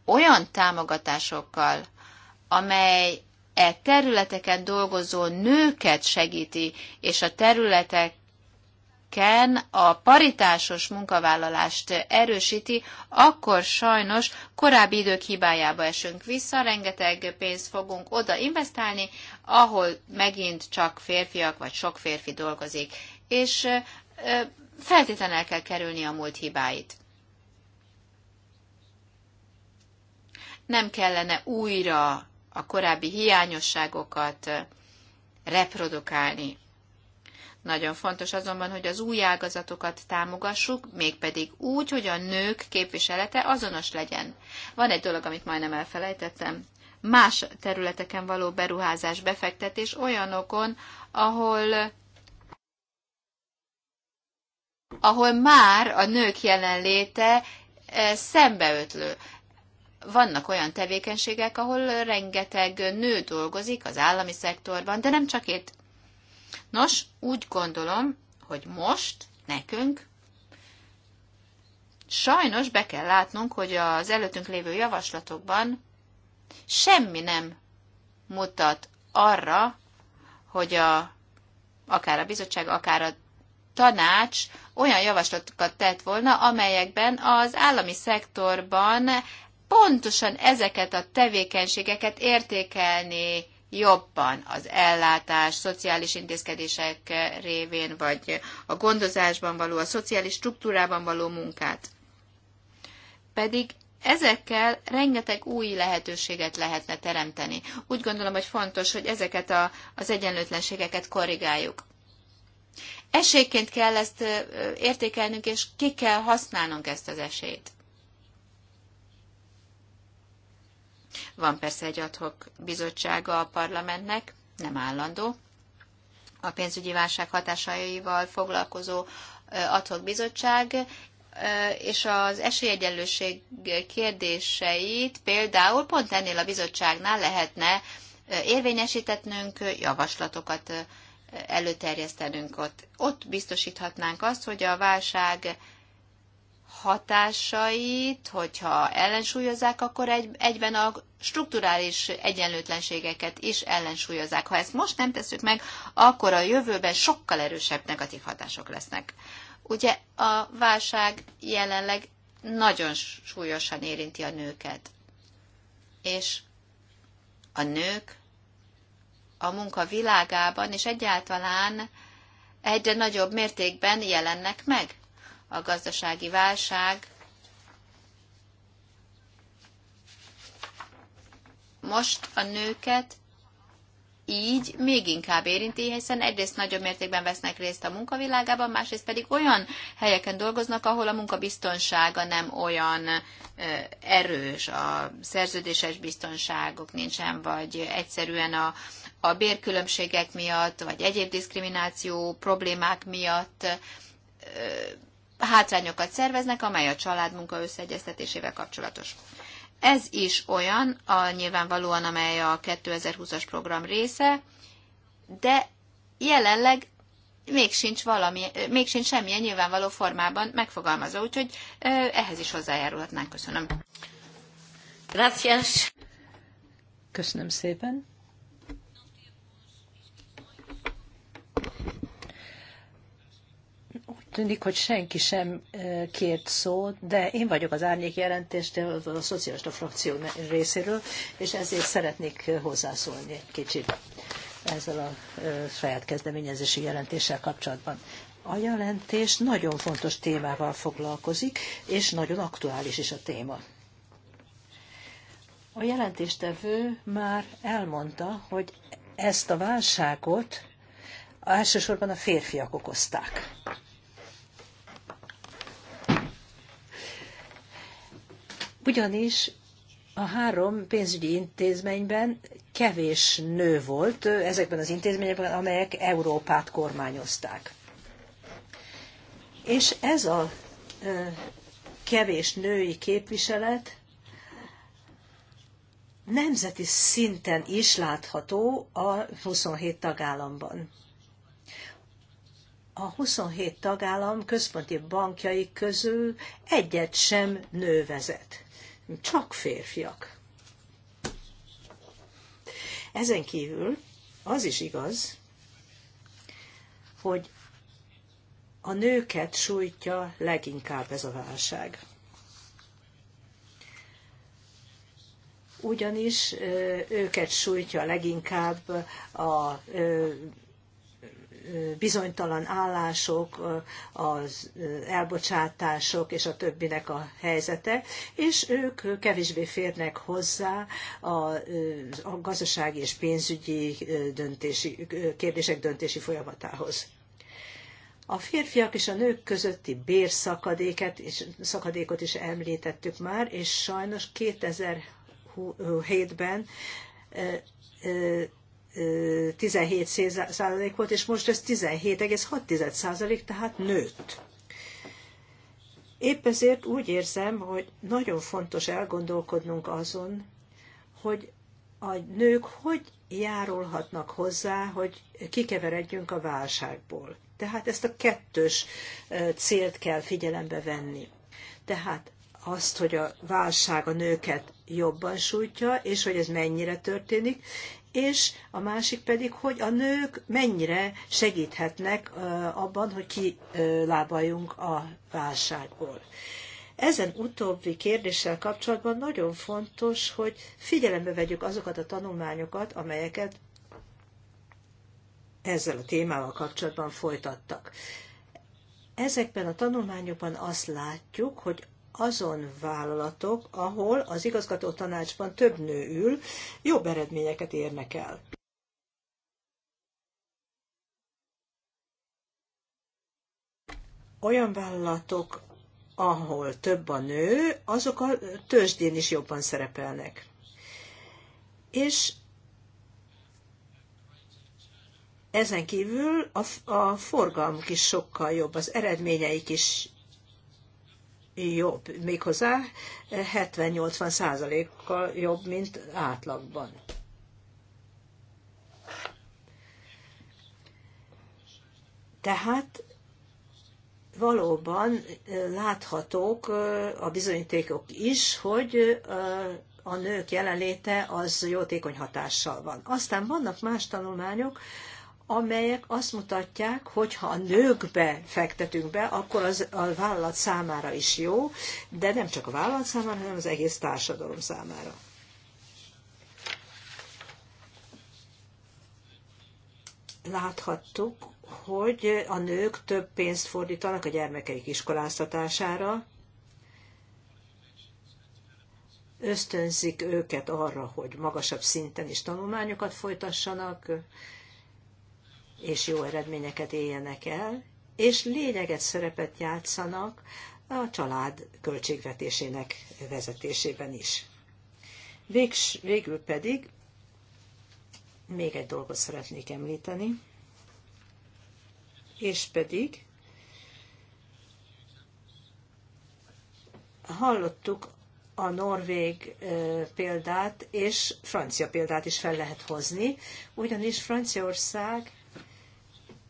Speaker 1: olyan támogatásokkal, amely e területeken dolgozó nőket segíti, és a területek ken a paritásos munkavállalást erősíti, akkor sajnos korábbi idők hibájába esünk vissza, rengeteg pénzt fogunk oda investálni, ahol megint csak férfiak vagy sok férfi dolgozik, és feltétlenül el kell kerülni a múlt hibáit. Nem kellene újra a korábbi hiányosságokat reprodukálni. Nagyon fontos azonban, hogy az új ágazatokat támogassuk, mégpedig úgy, hogy a nők képviselete azonos legyen. Van egy dolog, amit majdnem elfelejtettem. Más területeken való beruházás, befektetés olyanokon, ahol ahol már a nők jelenléte eh, szembeötlő. Vannak olyan tevékenységek, ahol rengeteg nő dolgozik az állami szektorban, de nem csak itt. Nos, úgy gondolom, hogy most nekünk sajnos be kell látnunk, hogy az előttünk lévő javaslatokban semmi nem mutat arra, hogy a, akár a bizottság, akár a tanács olyan javaslatokat tett volna, amelyekben az állami szektorban pontosan ezeket a tevékenységeket értékelni jobban az ellátás, szociális intézkedések révén, vagy a gondozásban való, a szociális struktúrában való munkát. Pedig ezekkel rengeteg új lehetőséget lehetne teremteni. Úgy gondolom, hogy fontos, hogy ezeket a, az egyenlőtlenségeket korrigáljuk. Esélyként kell ezt értékelnünk, és ki kell használnunk ezt az esélyt. Van persze egy adhok bizottsága a parlamentnek, nem állandó. A pénzügyi válság hatásaival foglalkozó adhok bizottság, és az esélyegyenlőség kérdéseit például pont ennél a bizottságnál lehetne érvényesítetnünk, javaslatokat előterjesztenünk ott. Ott biztosíthatnánk azt, hogy a válság hatásait, hogyha ellensúlyozzák, akkor egy, egyben a strukturális egyenlőtlenségeket is ellensúlyozzák. Ha ezt most nem tesszük meg, akkor a jövőben sokkal erősebb negatív hatások lesznek. Ugye a válság jelenleg nagyon súlyosan érinti a nőket. És a nők a munka világában és egyáltalán egyre nagyobb mértékben jelennek meg a gazdasági válság most a nőket így még inkább érinti, hiszen egyrészt nagyobb mértékben vesznek részt a munkavilágában, másrészt pedig olyan helyeken dolgoznak, ahol a munkabiztonsága nem olyan erős, a szerződéses biztonságok nincsen, vagy egyszerűen a, a bérkülönbségek miatt, vagy egyéb diszkrimináció problémák miatt hátrányokat szerveznek, amely a család munka összeegyeztetésével kapcsolatos. Ez is olyan, a, nyilvánvalóan, amely a 2020-as program része, de jelenleg még sincs, valami, még sincs semmilyen nyilvánvaló formában megfogalmazva, úgyhogy ehhez is hozzájárulhatnánk. Köszönöm. Gracias.
Speaker 3: Köszönöm szépen. tűnik, hogy senki sem kért szót, de én vagyok az árnyék de a szocialista frakció részéről, és ezért szeretnék hozzászólni egy kicsit ezzel a saját kezdeményezési jelentéssel kapcsolatban. A jelentés nagyon fontos témával foglalkozik, és nagyon aktuális is a téma. A jelentéstevő már elmondta, hogy ezt a válságot elsősorban a férfiak okozták. Ugyanis a három pénzügyi intézményben kevés nő volt ezekben az intézményekben, amelyek Európát kormányozták. És ez a kevés női képviselet nemzeti szinten is látható a 27 tagállamban. A 27 tagállam központi bankjai közül egyet sem nő vezet csak férfiak. Ezen kívül az is igaz, hogy a nőket sújtja leginkább ez a válság. Ugyanis őket sújtja leginkább a bizonytalan állások, az elbocsátások és a többinek a helyzete, és ők kevésbé férnek hozzá a gazdasági és pénzügyi döntési, kérdések döntési folyamatához. A férfiak és a nők közötti bérszakadéket és szakadékot is említettük már, és sajnos 2007-ben 17 százalék volt, és most ez 17,6 százalék, tehát nőtt. Épp ezért úgy érzem, hogy nagyon fontos elgondolkodnunk azon, hogy a nők hogy járulhatnak hozzá, hogy kikeveredjünk a válságból. Tehát ezt a kettős célt kell figyelembe venni. Tehát azt, hogy a válság a nőket jobban sújtja, és hogy ez mennyire történik, és a másik pedig, hogy a nők mennyire segíthetnek abban, hogy kilábaljunk a válságból. Ezen utóbbi kérdéssel kapcsolatban nagyon fontos, hogy figyelembe vegyük azokat a tanulmányokat, amelyeket ezzel a témával kapcsolatban folytattak. Ezekben a tanulmányokban azt látjuk, hogy azon vállalatok, ahol az igazgató tanácsban több nő ül, jobb eredményeket érnek el. Olyan vállalatok, ahol több a nő, azok a tőzsdén is jobban szerepelnek. És ezen kívül a, a forgalmuk is sokkal jobb, az eredményeik is jobb, méghozzá 70-80 eh, százalékkal jobb, mint átlagban. Tehát valóban eh, láthatók eh, a bizonyítékok is, hogy a nők jelenléte az jótékony hatással van. Aztán vannak más tanulmányok, amelyek azt mutatják, hogy ha a nőkbe fektetünk be, akkor az a vállalat számára is jó, de nem csak a vállalat számára, hanem az egész társadalom számára. Láthattuk, hogy a nők több pénzt fordítanak a gyermekeik iskoláztatására, ösztönzik őket arra, hogy magasabb szinten is tanulmányokat folytassanak, és jó eredményeket éljenek el, és lényeges szerepet játszanak a család költségvetésének vezetésében is. Végs, végül pedig még egy dolgot szeretnék említeni, és pedig hallottuk a norvég példát és francia példát is fel lehet hozni, ugyanis Franciaország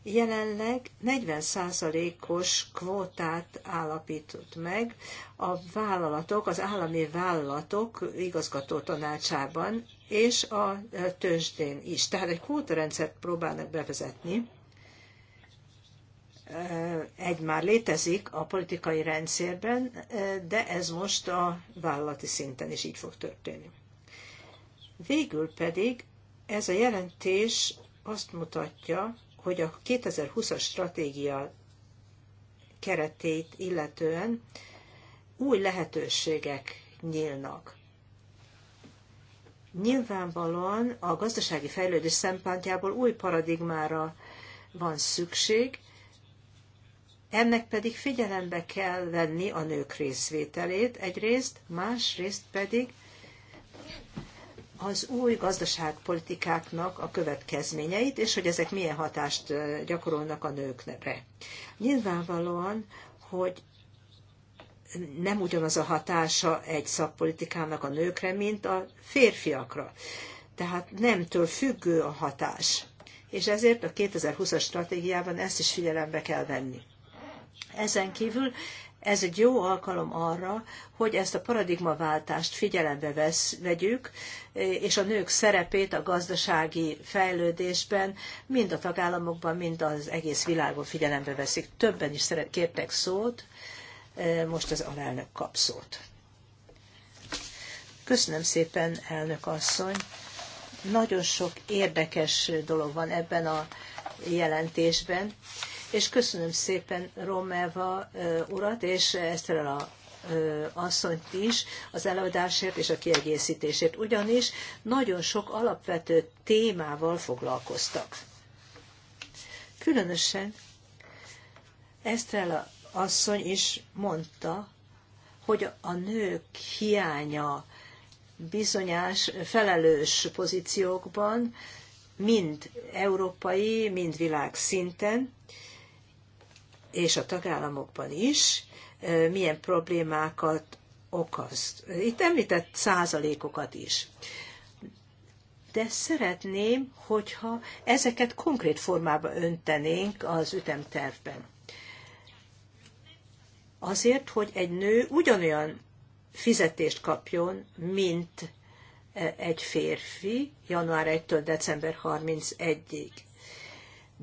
Speaker 3: jelenleg 40%-os kvótát állapított meg a vállalatok, az állami vállalatok igazgató tanácsában és a e, tőzsdén is. Tehát egy kvótarendszert próbálnak bevezetni. E, egy már létezik a politikai rendszerben, e, de ez most a vállalati szinten is így fog történni. Végül pedig ez a jelentés azt mutatja, hogy a 2020-as stratégia keretét illetően új lehetőségek nyílnak. Nyilvánvalóan a gazdasági fejlődés szempontjából új paradigmára van szükség, ennek pedig figyelembe kell venni a nők részvételét egyrészt, másrészt pedig az új gazdaságpolitikáknak a következményeit, és hogy ezek milyen hatást gyakorolnak a nőkre. Nyilvánvalóan, hogy nem ugyanaz a hatása egy szakpolitikának a nőkre, mint a férfiakra. Tehát nemtől függő a hatás. És ezért a 2020-as stratégiában ezt is figyelembe kell venni. Ezen kívül ez egy jó alkalom arra, hogy ezt a paradigmaváltást figyelembe vesz, vegyük, és a nők szerepét a gazdasági fejlődésben mind a tagállamokban, mind az egész világon figyelembe veszik. Többen is szeret, kértek szót, e, most az alelnök kap szót. Köszönöm szépen, elnök asszony. Nagyon sok érdekes dolog van ebben a jelentésben, és köszönöm szépen Romeva urat, és Eszterel a asszonyt is az előadásért és a kiegészítésért, ugyanis nagyon sok alapvető témával foglalkoztak. Különösen Esztrella asszony is mondta, hogy a nők hiánya bizonyás felelős pozíciókban, mind európai, mind világszinten, szinten, és a tagállamokban is milyen problémákat okoz. Itt említett százalékokat is. De szeretném, hogyha ezeket konkrét formába öntenénk az ütemtervben. Azért, hogy egy nő ugyanolyan fizetést kapjon, mint egy férfi január 1-től december 31-ig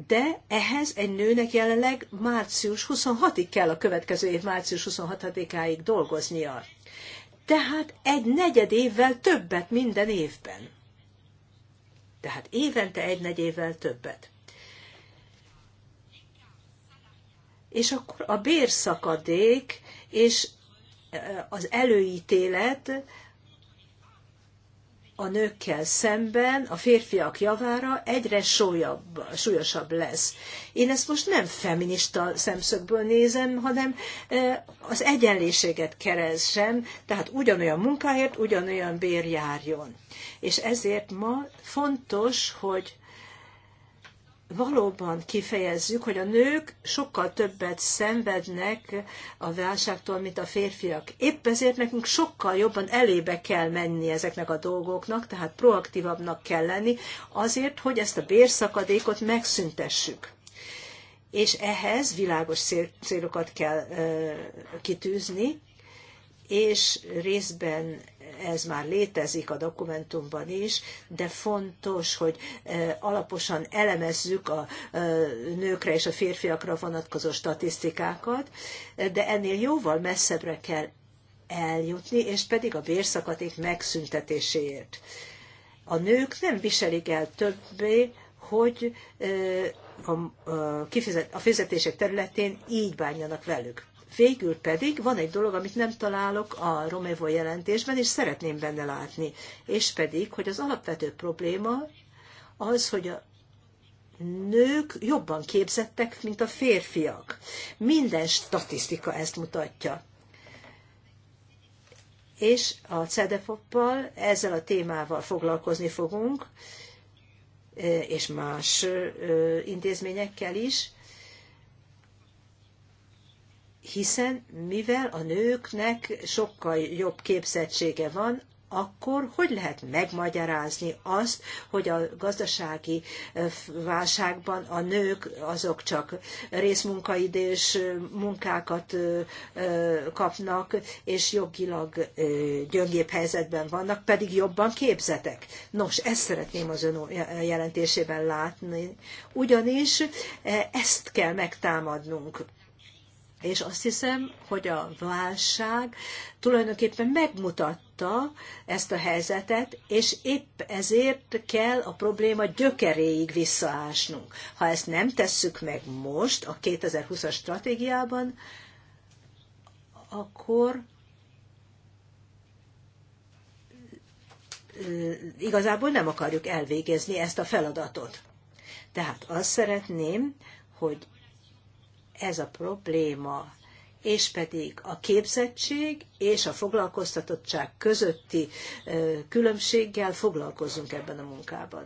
Speaker 3: de ehhez egy nőnek jelenleg március 26-ig kell a következő év március 26-áig dolgoznia. Tehát egy negyed évvel többet minden évben. Tehát évente egy negy évvel többet. És akkor a bérszakadék és az előítélet a nőkkel szemben a férfiak javára egyre súlyabb, súlyosabb lesz. Én ezt most nem feminista szemszögből nézem, hanem az egyenlőséget keresem, tehát ugyanolyan munkáért, ugyanolyan bér járjon. És ezért ma fontos, hogy valóban kifejezzük, hogy a nők sokkal többet szenvednek a válságtól, mint a férfiak. Épp ezért nekünk sokkal jobban elébe kell menni ezeknek a dolgoknak, tehát proaktívabbnak kell lenni, azért, hogy ezt a bérszakadékot megszüntessük. És ehhez világos célokat kell kitűzni, és részben ez már létezik a dokumentumban is, de fontos, hogy e, alaposan elemezzük a e, nőkre és a férfiakra vonatkozó statisztikákat, de ennél jóval messzebbre kell eljutni, és pedig a bérszakadék megszüntetéséért. A nők nem viselik el többé, hogy e, a, a, a fizetések területén így bánjanak velük. Végül pedig van egy dolog, amit nem találok a Romevo jelentésben, és szeretném benne látni, és pedig, hogy az alapvető probléma az, hogy a nők jobban képzettek, mint a férfiak. Minden statisztika ezt mutatja. És a CEDEFOP-pal ezzel a témával foglalkozni fogunk, és más intézményekkel is, hiszen mivel a nőknek sokkal jobb képzettsége van, akkor hogy lehet megmagyarázni azt, hogy a gazdasági eh, válságban a nők azok csak részmunkaidős eh, munkákat eh, kapnak, és jogilag gyöngébb helyzetben vannak, pedig jobban képzetek. Nos, ezt szeretném az ön jelentésében látni, ugyanis ezt kell megtámadnunk és azt hiszem, hogy a válság tulajdonképpen megmutatta ezt a helyzetet, és épp ezért kell a probléma gyökeréig visszaásnunk. Ha ezt nem tesszük meg most, a 2020-as stratégiában, akkor igazából nem akarjuk elvégezni ezt a feladatot. Tehát azt szeretném, hogy ez a probléma, és pedig a képzettség és a foglalkoztatottság közötti különbséggel foglalkozunk ebben a munkában.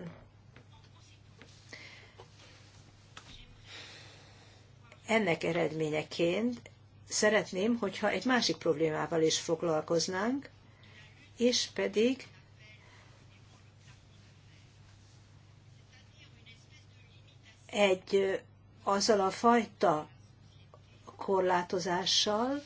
Speaker 3: Ennek eredményeként szeretném, hogyha egy másik problémával is foglalkoznánk, és pedig egy azzal a fajta korlátozással,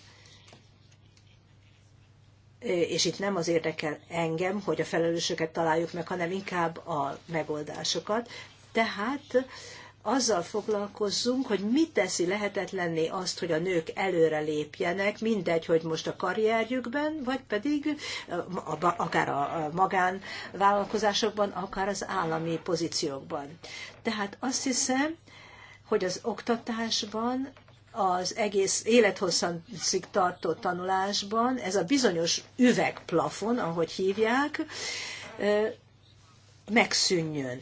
Speaker 3: és itt nem az érdekel engem, hogy a felelősöket találjuk meg, hanem inkább a megoldásokat. Tehát azzal foglalkozzunk, hogy mit teszi lehetetlenné azt, hogy a nők előre lépjenek, mindegy, hogy most a karrierjükben, vagy pedig eh, akár a magánvállalkozásokban, akár az állami pozíciókban. Tehát azt hiszem, hogy az oktatásban az egész élethosszantig tartó tanulásban, ez a bizonyos üvegplafon, ahogy hívják, megszűnjön.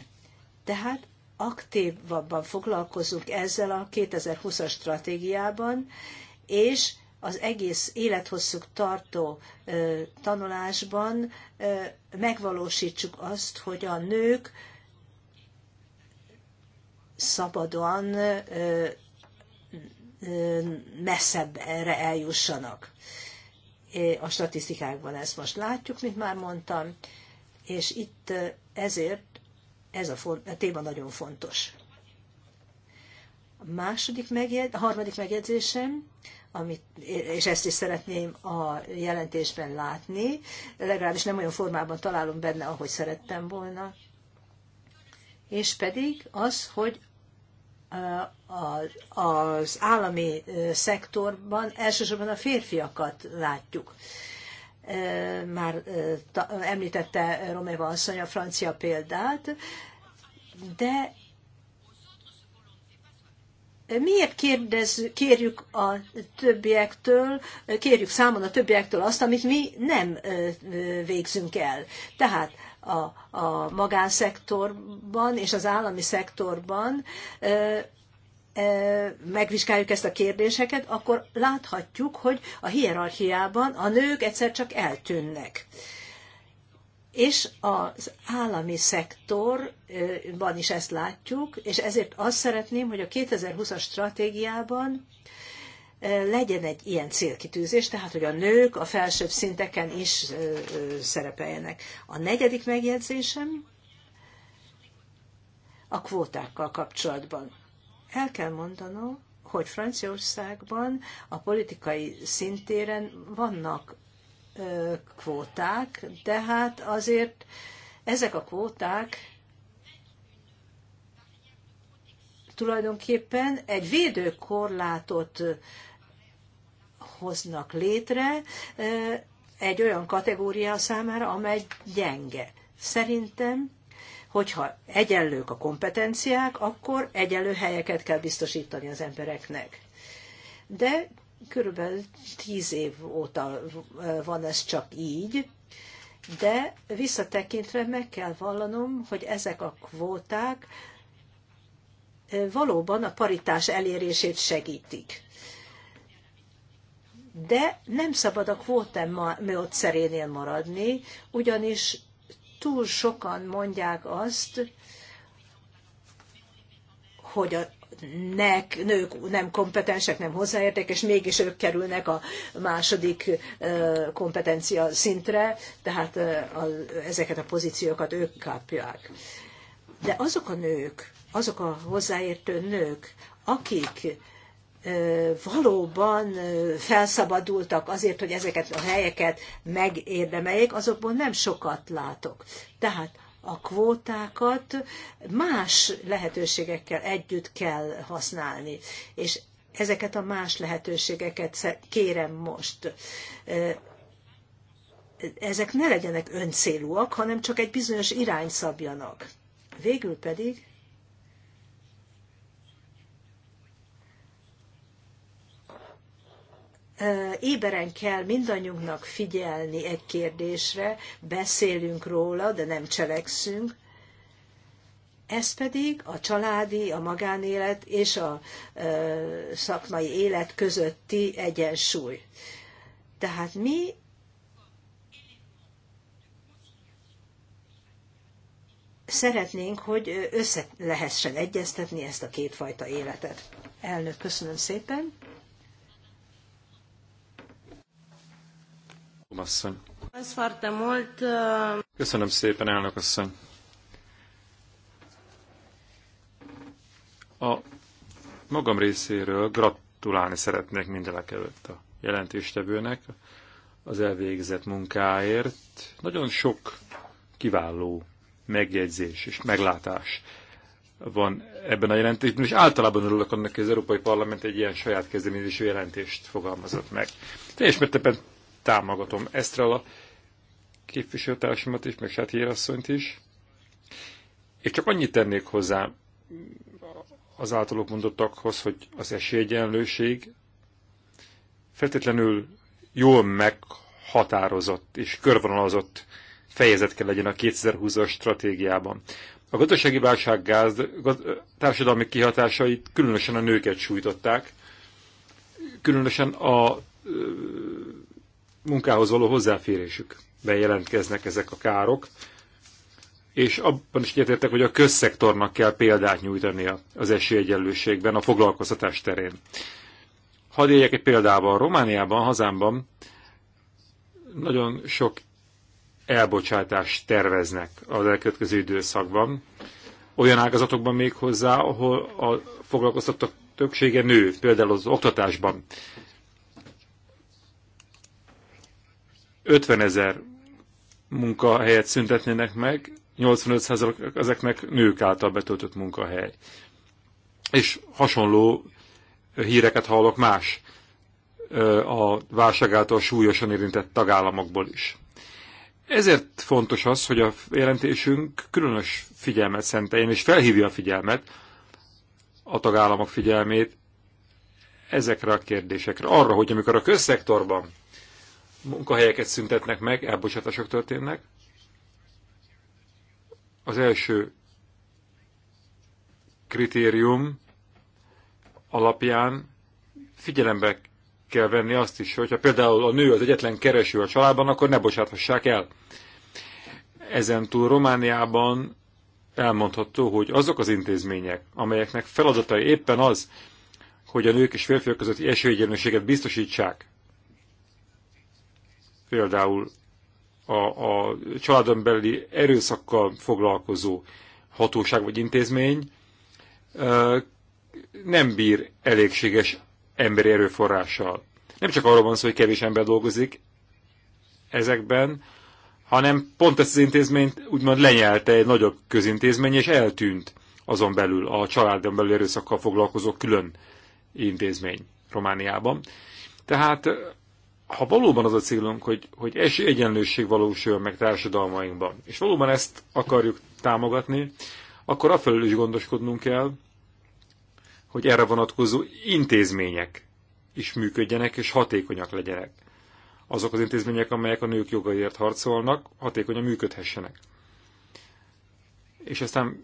Speaker 3: Tehát aktívabban foglalkozunk ezzel a 2020-as stratégiában, és az egész élethosszuk tartó ö, tanulásban ö, megvalósítsuk azt, hogy a nők szabadon ö, messzebbre eljussanak. A statisztikákban ezt most látjuk, mint már mondtam, és itt ezért ez a, font, a téma nagyon fontos. A második megjegy, a harmadik megjegyzésem, amit, és ezt is szeretném a jelentésben látni, legalábbis nem olyan formában találom benne, ahogy szerettem volna, és pedig az, hogy az állami szektorban elsősorban a férfiakat látjuk. Már említette Romeva asszony a francia példát, de miért kérdez, kérjük a többiektől, kérjük számon a többiektől azt, amit mi nem végzünk el. Tehát a, a magánszektorban és az állami szektorban megvizsgáljuk ezt a kérdéseket, akkor láthatjuk, hogy a hierarchiában a nők egyszer csak eltűnnek. És az állami szektorban is ezt látjuk, és ezért azt szeretném, hogy a 2020-as stratégiában legyen egy ilyen célkitűzés, tehát hogy a nők a felsőbb szinteken is szerepeljenek. A negyedik megjegyzésem a kvótákkal kapcsolatban. El kell mondanom, hogy Franciaországban a politikai szintéren vannak kvóták, de hát azért ezek a kvóták tulajdonképpen egy védőkorlátot hoznak létre egy olyan kategória számára, amely gyenge. Szerintem, hogyha egyenlők a kompetenciák, akkor egyenlő helyeket kell biztosítani az embereknek. De körülbelül tíz év óta van ez csak így, de visszatekintve meg kell vallanom, hogy ezek a kvóták valóban a paritás elérését segítik. De nem szabad a kvótem módszerénél maradni, ugyanis túl sokan mondják azt, hogy a nek, nők nem kompetensek, nem hozzáértek, és mégis ők kerülnek a második kompetencia szintre, tehát ezeket a pozíciókat ők kapják. De azok a nők, azok a hozzáértő nők, akik valóban felszabadultak azért, hogy ezeket a helyeket megérdemeljék, azokból nem sokat látok. Tehát a kvótákat más lehetőségekkel együtt kell használni. És ezeket a más lehetőségeket kérem most. Ezek ne legyenek öncélúak, hanem csak egy bizonyos irány szabjanak. Végül pedig éberen kell mindannyiunknak figyelni egy kérdésre, beszélünk róla, de nem cselekszünk. Ez pedig a családi, a magánélet és a szakmai élet közötti egyensúly. Tehát mi szeretnénk, hogy össze lehessen egyeztetni ezt a kétfajta életet. Elnök, köszönöm szépen.
Speaker 4: Asszony. Köszönöm szépen, elnök asszony. A magam részéről gratulálni szeretnék mindenek előtt a jelentéstevőnek az elvégzett munkáért. Nagyon sok kiváló megjegyzés és meglátás van ebben a jelentésben, és általában örülök annak, hogy az Európai Parlament egy ilyen saját kezdeményezésű jelentést fogalmazott meg. Teljes mértékben támogatom a képviselőtársamat is, meg Sáthi Érasszonyt is. És csak annyit tennék hozzá az általuk mondottakhoz, hogy az esélyegyenlőség feltétlenül jól meghatározott és körvonalazott fejezet kell legyen a 2020-as stratégiában. A gazdasági válság gáz, gaz, társadalmi kihatásait különösen a nőket sújtották, különösen a munkához való hozzáférésükben jelentkeznek ezek a károk, és abban is egyetértek, hogy a közszektornak kell példát nyújtania az esélyegyenlőségben, a foglalkoztatás terén. Hadd éljek egy példával. Romániában, hazámban nagyon sok elbocsátást terveznek az elkövetkező időszakban. Olyan ágazatokban még hozzá, ahol a foglalkoztattak többsége nő, például az oktatásban 50 ezer munkahelyet szüntetnének meg, 85% ezeknek nők által betöltött munkahely. És hasonló híreket hallok más a válság által súlyosan érintett tagállamokból is. Ezért fontos az, hogy a jelentésünk különös figyelmet szenteljen, és felhívja a figyelmet, a tagállamok figyelmét ezekre a kérdésekre. Arra, hogy amikor a közszektorban munkahelyeket szüntetnek meg, elbocsátások történnek. Az első kritérium alapján figyelembe kell venni azt is, hogyha például a nő az egyetlen kereső a családban, akkor ne bocsáthassák el. Ezen túl Romániában elmondható, hogy azok az intézmények, amelyeknek feladatai éppen az, hogy a nők és férfiak közötti esélyegyenlőséget biztosítsák, például a, a családon belüli erőszakkal foglalkozó hatóság vagy intézmény nem bír elégséges emberi erőforrással. Nem csak arról van szó, hogy kevés ember dolgozik ezekben, hanem pont ezt az intézményt úgymond lenyelte egy nagyobb közintézmény, és eltűnt azon belül a családon belül erőszakkal foglalkozó külön intézmény Romániában. Tehát ha valóban az a célunk, hogy, hogy egyenlőség valósuljon meg társadalmainkban, és valóban ezt akarjuk támogatni, akkor afelől is gondoskodnunk kell, hogy erre vonatkozó intézmények is működjenek és hatékonyak legyenek. Azok az intézmények, amelyek a nők jogaiért harcolnak, hatékonyan működhessenek. És aztán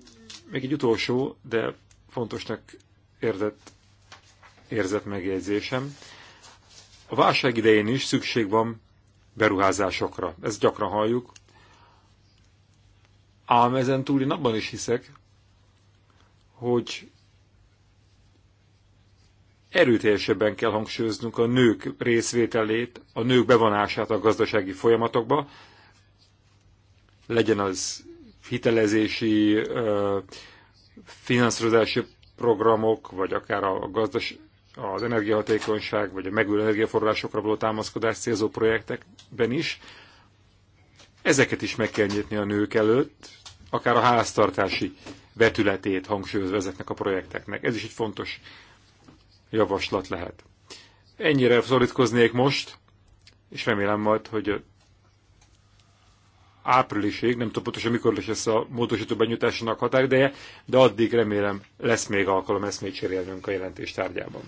Speaker 4: még egy utolsó, de fontosnak érzett, érzett megjegyzésem. A válság idején is szükség van beruházásokra. Ezt gyakran halljuk. Ám ezen túl én abban is hiszek, hogy erőteljesebben kell hangsúlyoznunk a nők részvételét, a nők bevonását a gazdasági folyamatokba, legyen az hitelezési, finanszírozási programok, vagy akár a gazdas, az energiahatékonyság vagy a megújuló energiaforrásokra való támaszkodás célzó projektekben is. Ezeket is meg kell nyitni a nők előtt, akár a háztartási vetületét hangsúlyozva ezeknek a projekteknek. Ez is egy fontos javaslat lehet. Ennyire szorítkoznék most, és remélem majd, hogy a áprilisig, nem tudom pontosan mikor lesz a módosító benyújtásának határideje, de addig remélem lesz még alkalom még cserélnünk a jelentés tárgyában.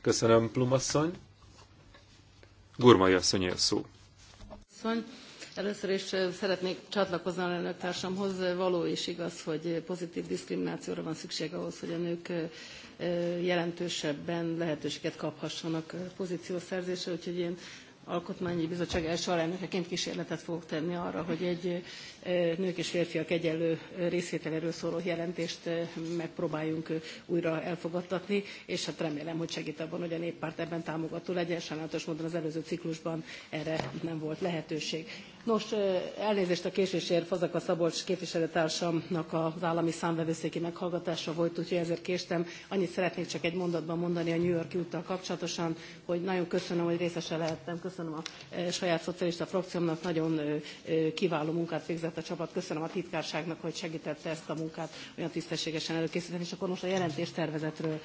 Speaker 4: Köszönöm, Plumasszony. Gurmai asszony a szó.
Speaker 2: először is szeretnék csatlakozni a elnöktársamhoz. Való és igaz, hogy pozitív diszkriminációra van szükség ahhoz, hogy a nők jelentősebben lehetőséget kaphassanak pozíciószerzésre, úgyhogy én alkotmányi bizottság első alelnökeként kísérletet fogok tenni arra, hogy egy nők és férfiak egyenlő részvételéről szóló jelentést megpróbáljunk újra elfogadtatni, és hát remélem, hogy segít abban, hogy a néppárt ebben támogató legyen. Sajnálatos módon az előző ciklusban erre nem volt lehetőség. Nos, elnézést a késésért Fazaka Szabolcs képviselőtársamnak az állami számvevőszéki meghallgatása volt, úgyhogy ezért késtem. Annyit szeretnék csak egy mondatban mondani a New York úttal kapcsolatosan, hogy nagyon köszönöm, hogy részese lehettem. Köszönöm a saját szocialista frakciómnak, nagyon kiváló munkát végzett a csapat. Köszönöm a titkárságnak, hogy segítette ezt a munkát olyan tisztességesen előkészíteni. És akkor most a jelentéstervezetről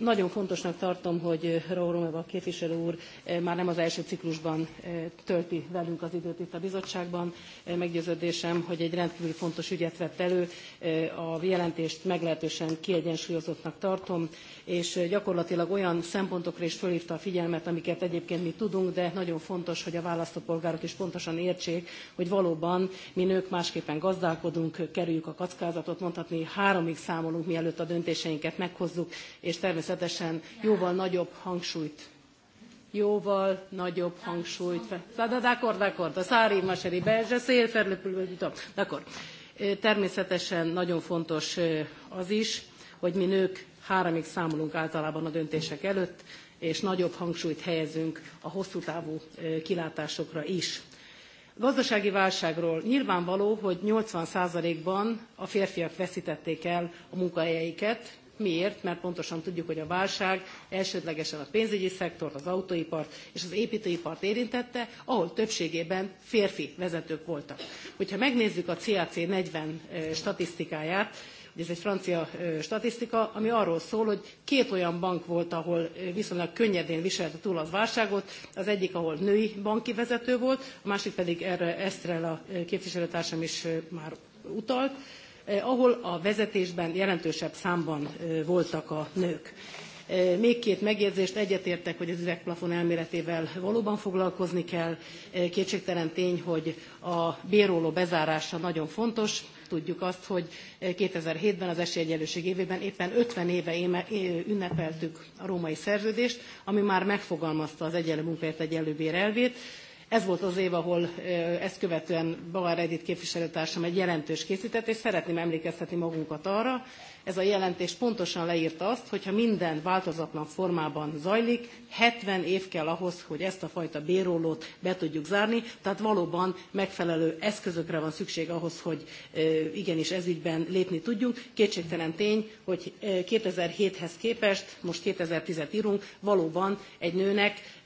Speaker 2: nagyon fontosnak tartom, hogy Raúl Romeva képviselő úr már nem az első ciklusban tölti velünk az időt itt a bizottságban. Meggyőződésem, hogy egy rendkívül fontos ügyet vett elő. A jelentést meglehetősen kiegyensúlyozottnak tartom, és gyakorlatilag olyan szempontokra is fölhívta a figyelmet, amiket egyébként mi tudunk, de nagyon fontos, hogy a választópolgárok is pontosan értsék, hogy valóban mi nők másképpen gazdálkodunk, kerüljük a kockázatot, mondhatni háromig számolunk, mielőtt a döntéseinket meghozzuk, és természetesen jóval nagyobb hangsúlyt jóval nagyobb hangsúlyt. D'accord, d'accord, a szári maseri belzse, szél je sais D'accord. Természetesen nagyon fontos az is, hogy mi nők háromig számolunk általában a döntések előtt, és nagyobb hangsúlyt helyezünk a hosszú távú kilátásokra is. A gazdasági válságról nyilvánvaló, hogy 80%-ban a férfiak veszítették el a munkahelyeiket, Miért? Mert pontosan tudjuk, hogy a válság elsődlegesen a pénzügyi szektort, az autóipart és az építőipart érintette, ahol többségében férfi vezetők voltak. Hogyha megnézzük a CAC 40 statisztikáját, ez egy francia statisztika, ami arról szól, hogy két olyan bank volt, ahol viszonylag könnyedén viselte túl a válságot, az egyik, ahol női banki vezető volt, a másik pedig erre Esztrel a képviselőtársam is már utalt, E, ahol a vezetésben jelentősebb számban e, voltak a nők. E, még két megjegyzést egyetértek, hogy az üvegplafon elméletével valóban foglalkozni kell. Kétségtelen tény, hogy a béróló bezárása nagyon fontos. Tudjuk azt, hogy 2007-ben az esélyegyelőség évében éppen 50 éve ünnepeltük a római szerződést, ami már megfogalmazta az egyenlő munkáért egyenlő bér elvét ez volt az év, ahol ezt követően Bauer Edith képviselőtársam egy jelentős készített, és szeretném emlékeztetni magunkat arra, ez a jelentés pontosan leírta azt, hogyha minden változatlan formában zajlik, 70 év kell ahhoz, hogy ezt a fajta bérólót be tudjuk zárni, tehát valóban megfelelő eszközökre van szükség ahhoz, hogy igenis ez ügyben lépni tudjunk. Kétségtelen tény, hogy 2007-hez képest, most 2010-et írunk, valóban egy nőnek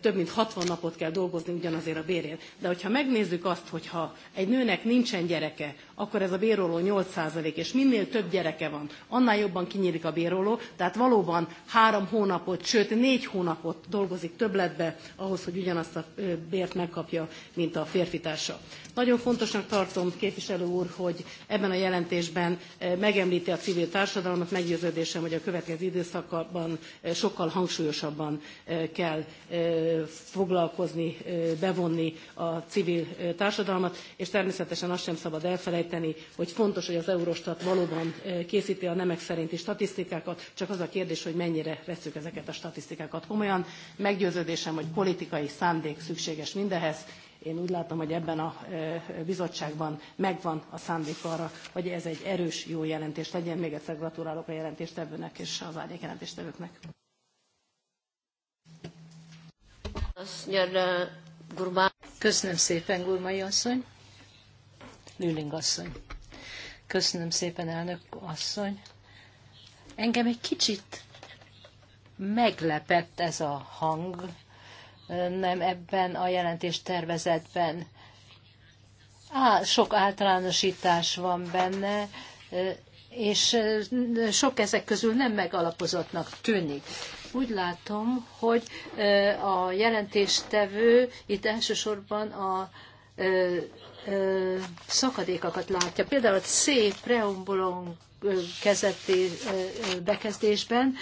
Speaker 2: több mint 60 napot kell dolgozni ugyanazért a bérért. De hogyha megnézzük azt, hogyha egy nőnek nincsen gyereke, akkor ez a béroló 8% és minél több gyereke van, annál jobban kinyílik a béroló, tehát valóban három hónapot, sőt négy hónapot dolgozik többletbe ahhoz, hogy ugyanazt a bért megkapja, mint a férfitársa. Nagyon fontosnak tartom, képviselő úr, hogy ebben a jelentésben megemlíti a civil társadalmat, meggyőződésem, hogy a következő időszakban sokkal hangsúlyosabban kell foglalkozni, bevonni a civil társadalmat, és természetesen azt sem szabad elfelejteni, sejteni, hogy fontos, hogy az Eurostat valóban készíti a nemek szerinti statisztikákat, csak az a kérdés, hogy mennyire veszük ezeket a statisztikákat komolyan. Meggyőződésem, hogy politikai szándék szükséges mindehez, én úgy látom, hogy ebben a bizottságban megvan a szándék arra, hogy ez egy erős, jó jelentés legyen. Még egyszer gratulálok a jelentéstevőnek és az árnyék jelentéstevőknek.
Speaker 3: Köszönöm szépen, Gurmai asszony. Nőling asszony. Köszönöm szépen, elnök asszony. Engem egy kicsit meglepett ez a hang, nem ebben a jelentés tervezetben. Á, sok általánosítás van benne, és sok ezek közül nem megalapozottnak tűnik. Úgy látom, hogy a jelentéstevő itt elsősorban a szakadékokat látja. Például a C preambulon kezdeti bekezdésben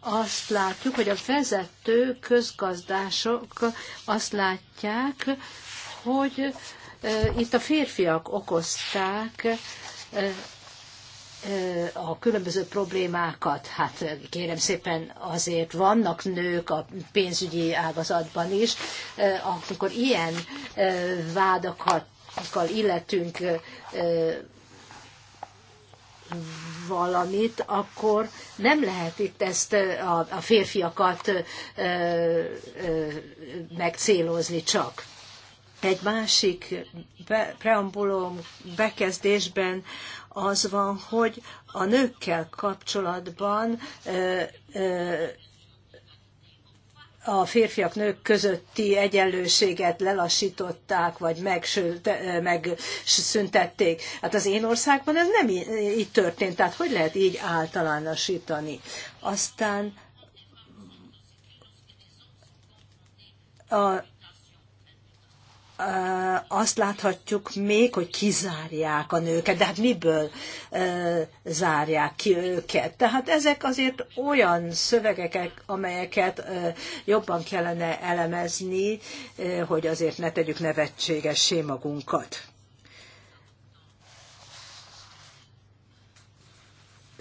Speaker 3: azt látjuk, hogy a vezető közgazdások azt látják, hogy itt a férfiak okozták a különböző problémákat. Hát kérem szépen azért vannak nők a pénzügyi ágazatban is, amikor ilyen vádakat illetünk valamit, akkor nem lehet itt ezt a, a férfiakat ö, ö, megcélozni csak. Egy másik be, preambulum bekezdésben az van, hogy a nőkkel kapcsolatban ö, ö, a férfiak nők közötti egyenlőséget lelassították, vagy eh, megszüntették. Hát az én országban ez nem így történt, tehát hogy lehet így általánosítani? Aztán a, azt láthatjuk még, hogy kizárják a nőket, de hát miből zárják ki őket. Tehát ezek azért olyan szövegek, amelyeket jobban kellene elemezni, hogy azért ne tegyük nevetségessé magunkat.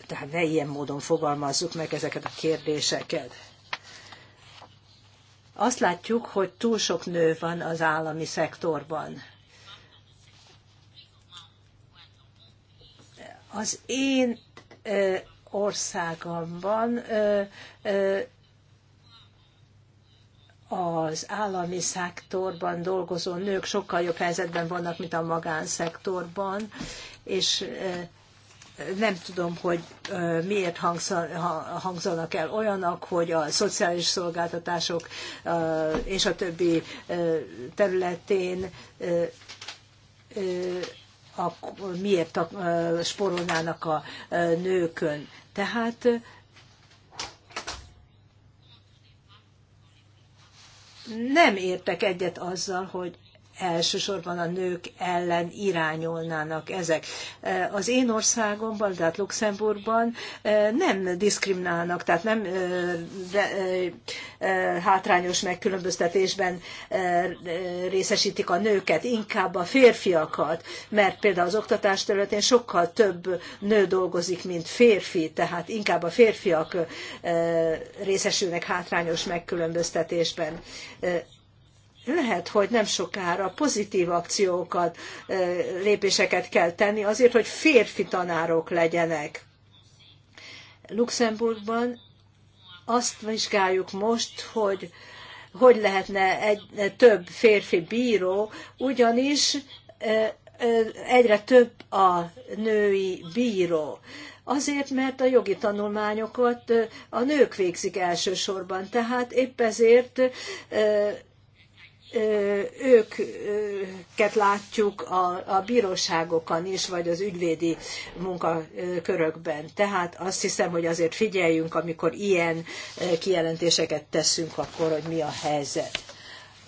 Speaker 3: Tehát ne ilyen módon fogalmazzuk meg ezeket a kérdéseket. Azt látjuk, hogy túl sok nő van az állami szektorban. Az én országomban az állami szektorban dolgozó nők sokkal jobb helyzetben vannak, mint a magánszektorban, és nem tudom, hogy miért hangzanak el olyanak, hogy a szociális szolgáltatások és a többi területén miért sporolnának a nőkön. Tehát nem értek egyet azzal, hogy elsősorban a nők ellen irányolnának ezek. Eh, az én országomban, tehát Luxemburgban eh, nem diszkriminálnak, tehát nem eh, hátrányos megkülönböztetésben részesítik a nőket, inkább a férfiakat, mert például az oktatás területén sokkal több nő dolgozik, mint férfi, tehát inkább a férfiak részesülnek hátrányos megkülönböztetésben lehet, hogy nem sokára pozitív akciókat, lépéseket kell tenni azért, hogy férfi tanárok legyenek. Luxemburgban azt vizsgáljuk most, hogy hogy lehetne egy, több férfi bíró, ugyanis egyre több a női bíró. Azért, mert a jogi tanulmányokat a nők végzik elsősorban. Tehát épp ezért őket látjuk a, a bíróságokon is, vagy az ügyvédi munkakörökben. Tehát azt hiszem, hogy azért figyeljünk, amikor ilyen kijelentéseket teszünk, akkor, hogy mi a helyzet.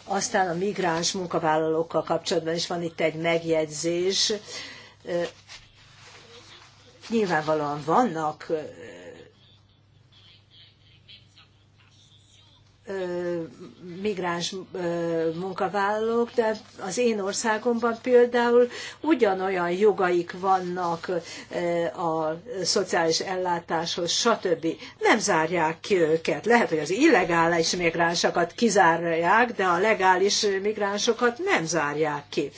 Speaker 3: Aztán a migráns munkavállalókkal kapcsolatban is van itt egy megjegyzés. Nyilvánvalóan vannak migráns munkavállalók, de az én országomban például ugyanolyan jogaik vannak a szociális ellátáshoz, stb. Nem zárják ki őket. Lehet, hogy az illegális migránsokat kizárják, de a legális migránsokat nem zárják ki.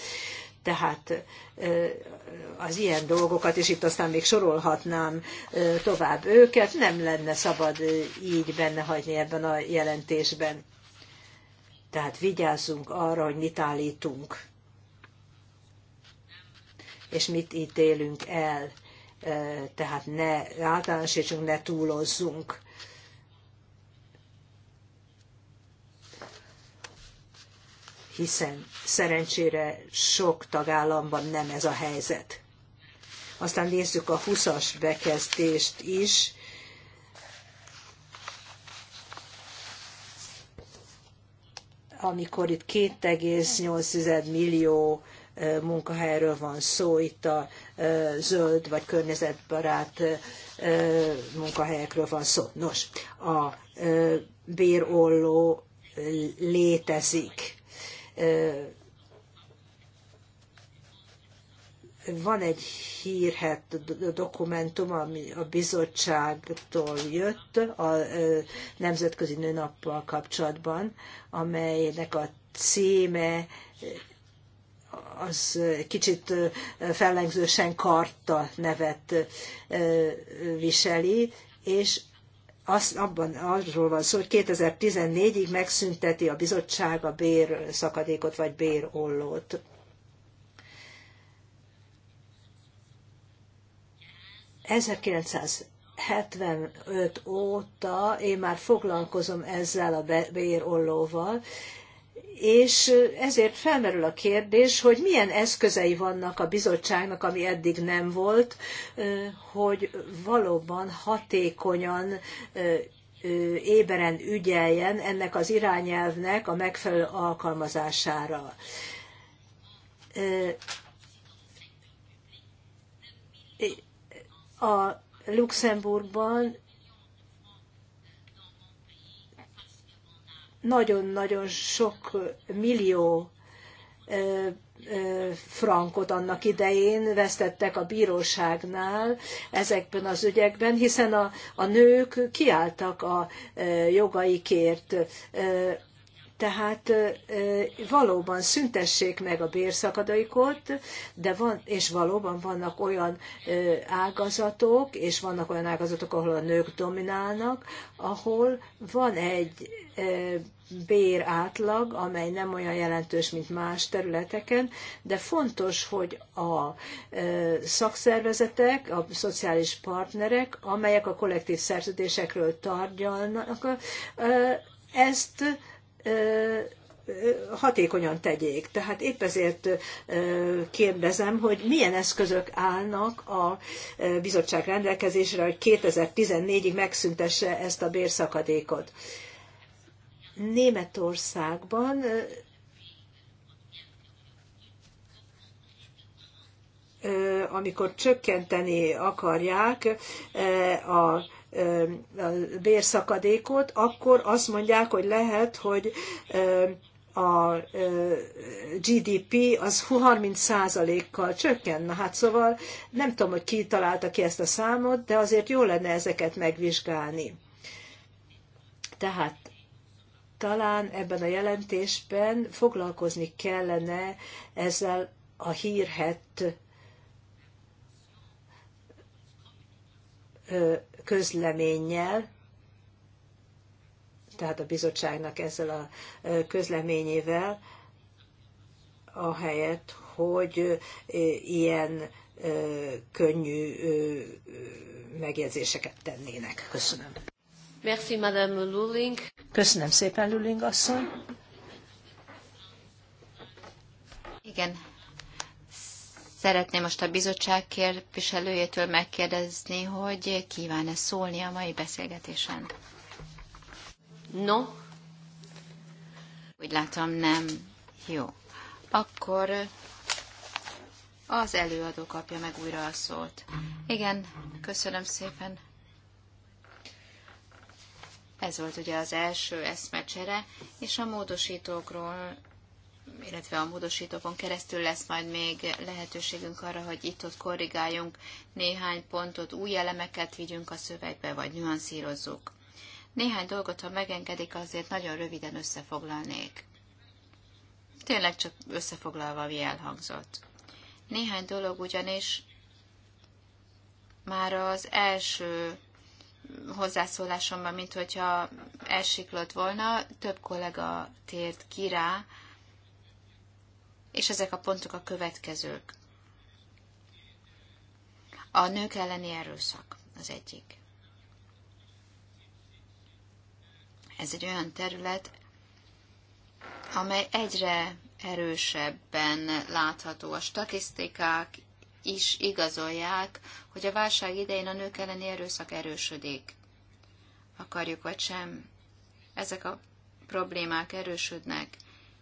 Speaker 3: Tehát az ilyen dolgokat, és itt aztán még sorolhatnám tovább őket, nem lenne szabad így benne hagyni ebben a jelentésben. Tehát vigyázzunk arra, hogy mit állítunk, és mit ítélünk el. Tehát ne általánosítsunk, ne túlozzunk. hiszen szerencsére sok tagállamban nem ez a helyzet. Aztán nézzük a 20-as bekezdést is. amikor itt 2,8 millió munkahelyről van szó, itt a zöld vagy környezetbarát munkahelyekről van szó. Nos, a bérolló létezik Van egy hírhet dokumentum, ami a bizottságtól jött a Nemzetközi Nőnappal kapcsolatban, amelynek a címe az kicsit fellengzősen karta nevet viseli, és az, abban arról van szó, hogy 2014-ig megszünteti a bizottság a bérszakadékot vagy bérollót. 1975 óta én már foglalkozom ezzel a bérollóval, és ezért felmerül a kérdés, hogy milyen eszközei vannak a bizottságnak, ami eddig nem volt, hogy valóban hatékonyan éberen ügyeljen ennek az irányelvnek a megfelelő alkalmazására a Luxemburgban nagyon-nagyon sok millió frankot annak idején vesztettek a bíróságnál ezekben az ügyekben, hiszen a, a nők kiálltak a jogaikért. Tehát valóban szüntessék meg a bérszakadékot, de van, és valóban vannak olyan ágazatok, és vannak olyan ágazatok, ahol a nők dominálnak, ahol van egy bérátlag, amely nem olyan jelentős, mint más területeken, de fontos, hogy a szakszervezetek, a szociális partnerek, amelyek a kollektív szerződésekről tárgyalnak, ezt hatékonyan tegyék. Tehát épp ezért kérdezem, hogy milyen eszközök állnak a bizottság rendelkezésre, hogy 2014-ig megszüntesse ezt a bérszakadékot. Németországban amikor csökkenteni akarják a bérszakadékot, akkor azt mondják, hogy lehet, hogy a GDP az 30%-kal csökkenne. Hát szóval nem tudom, hogy ki találta ki ezt a számot, de azért jó lenne ezeket megvizsgálni. Tehát talán ebben a jelentésben foglalkozni kellene ezzel a hírhet közleménnyel, tehát a bizottságnak ezzel a közleményével, ahelyett, hogy ilyen könnyű megjegyzéseket tennének. Köszönöm.
Speaker 1: Merci, Madame Luling.
Speaker 3: Köszönöm szépen, Luling asszony.
Speaker 1: Igen, Szeretném most a bizottság képviselőjétől megkérdezni, hogy kíván-e szólni a mai beszélgetésen. No. Úgy látom, nem. Jó. Akkor az előadó kapja meg újra a szót. Igen, köszönöm szépen. Ez volt ugye az első eszmecsere, és a módosítókról illetve a módosítókon keresztül lesz majd még lehetőségünk arra, hogy itt-ott korrigáljunk néhány pontot, új elemeket vigyünk a szövegbe, vagy nüanszírozzuk. Néhány dolgot, ha megengedik, azért nagyon röviden összefoglalnék. Tényleg csak összefoglalva, mi elhangzott. Néhány dolog ugyanis már az első hozzászólásomban, mint hogyha elsiklott volna, több kollega tért ki rá, és ezek a pontok a következők. A nők elleni erőszak az egyik. Ez egy olyan terület, amely egyre erősebben látható. A statisztikák is igazolják, hogy a válság idején a nők elleni erőszak erősödik. Akarjuk vagy sem, ezek a problémák erősödnek,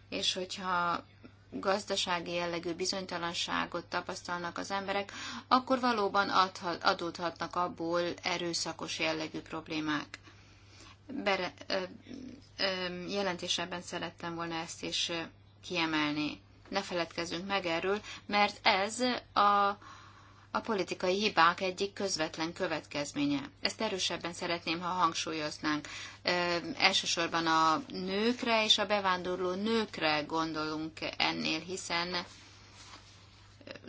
Speaker 1: és hogyha gazdasági jellegű bizonytalanságot tapasztalnak az emberek, akkor valóban adhat, adódhatnak abból erőszakos jellegű problémák. Bere, ö, ö, jelentésebben szerettem volna ezt is kiemelni. Ne feledkezzünk meg erről, mert ez a a politikai hibák egyik közvetlen következménye. Ezt erősebben szeretném, ha hangsúlyoznánk. E, elsősorban a nőkre és a bevándorló nőkre gondolunk ennél, hiszen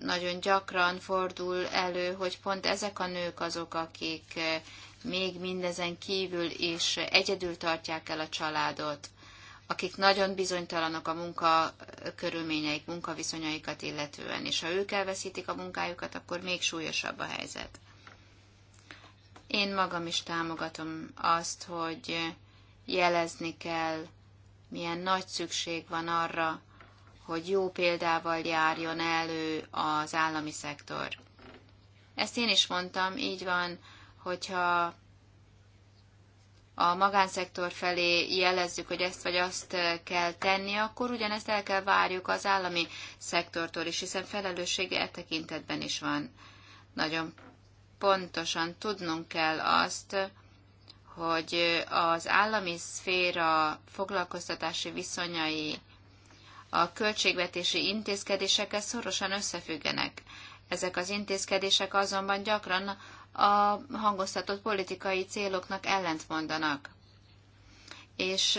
Speaker 1: nagyon gyakran fordul elő, hogy pont ezek a nők azok, akik még mindezen kívül is egyedül tartják el a családot akik nagyon bizonytalanok a munka körülményeik, munkaviszonyaikat illetően, és ha ők elveszítik a munkájukat, akkor még súlyosabb a helyzet. Én magam is támogatom azt, hogy jelezni kell, milyen nagy szükség van arra, hogy jó példával járjon elő az állami szektor. Ezt én is mondtam, így van, hogyha a magánszektor felé jelezzük, hogy ezt vagy azt kell tenni, akkor ugyanezt el kell várjuk az állami szektortól is, hiszen felelőssége e tekintetben is van. Nagyon pontosan tudnunk kell azt, hogy az állami szféra foglalkoztatási viszonyai a költségvetési intézkedésekkel szorosan összefüggenek. Ezek az intézkedések azonban gyakran a hangoztatott politikai céloknak ellentmondanak. És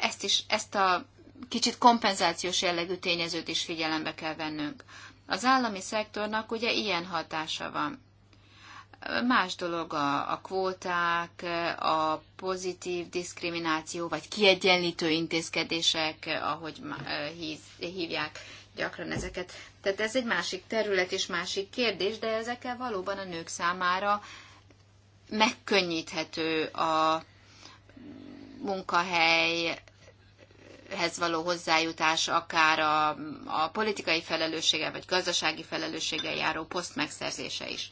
Speaker 1: ezt is, ezt a kicsit kompenzációs jellegű tényezőt is figyelembe kell vennünk. Az állami szektornak ugye ilyen hatása van. Más dolog a, a kvóták, a pozitív diszkrimináció, vagy kiegyenlítő intézkedések, ahogy hívják gyakran ezeket. Tehát ez egy másik terület és másik kérdés, de ezekkel valóban a nők számára megkönnyíthető a munkahelyhez való hozzájutás, akár a, a politikai felelőssége vagy gazdasági felelőssége járó poszt megszerzése is.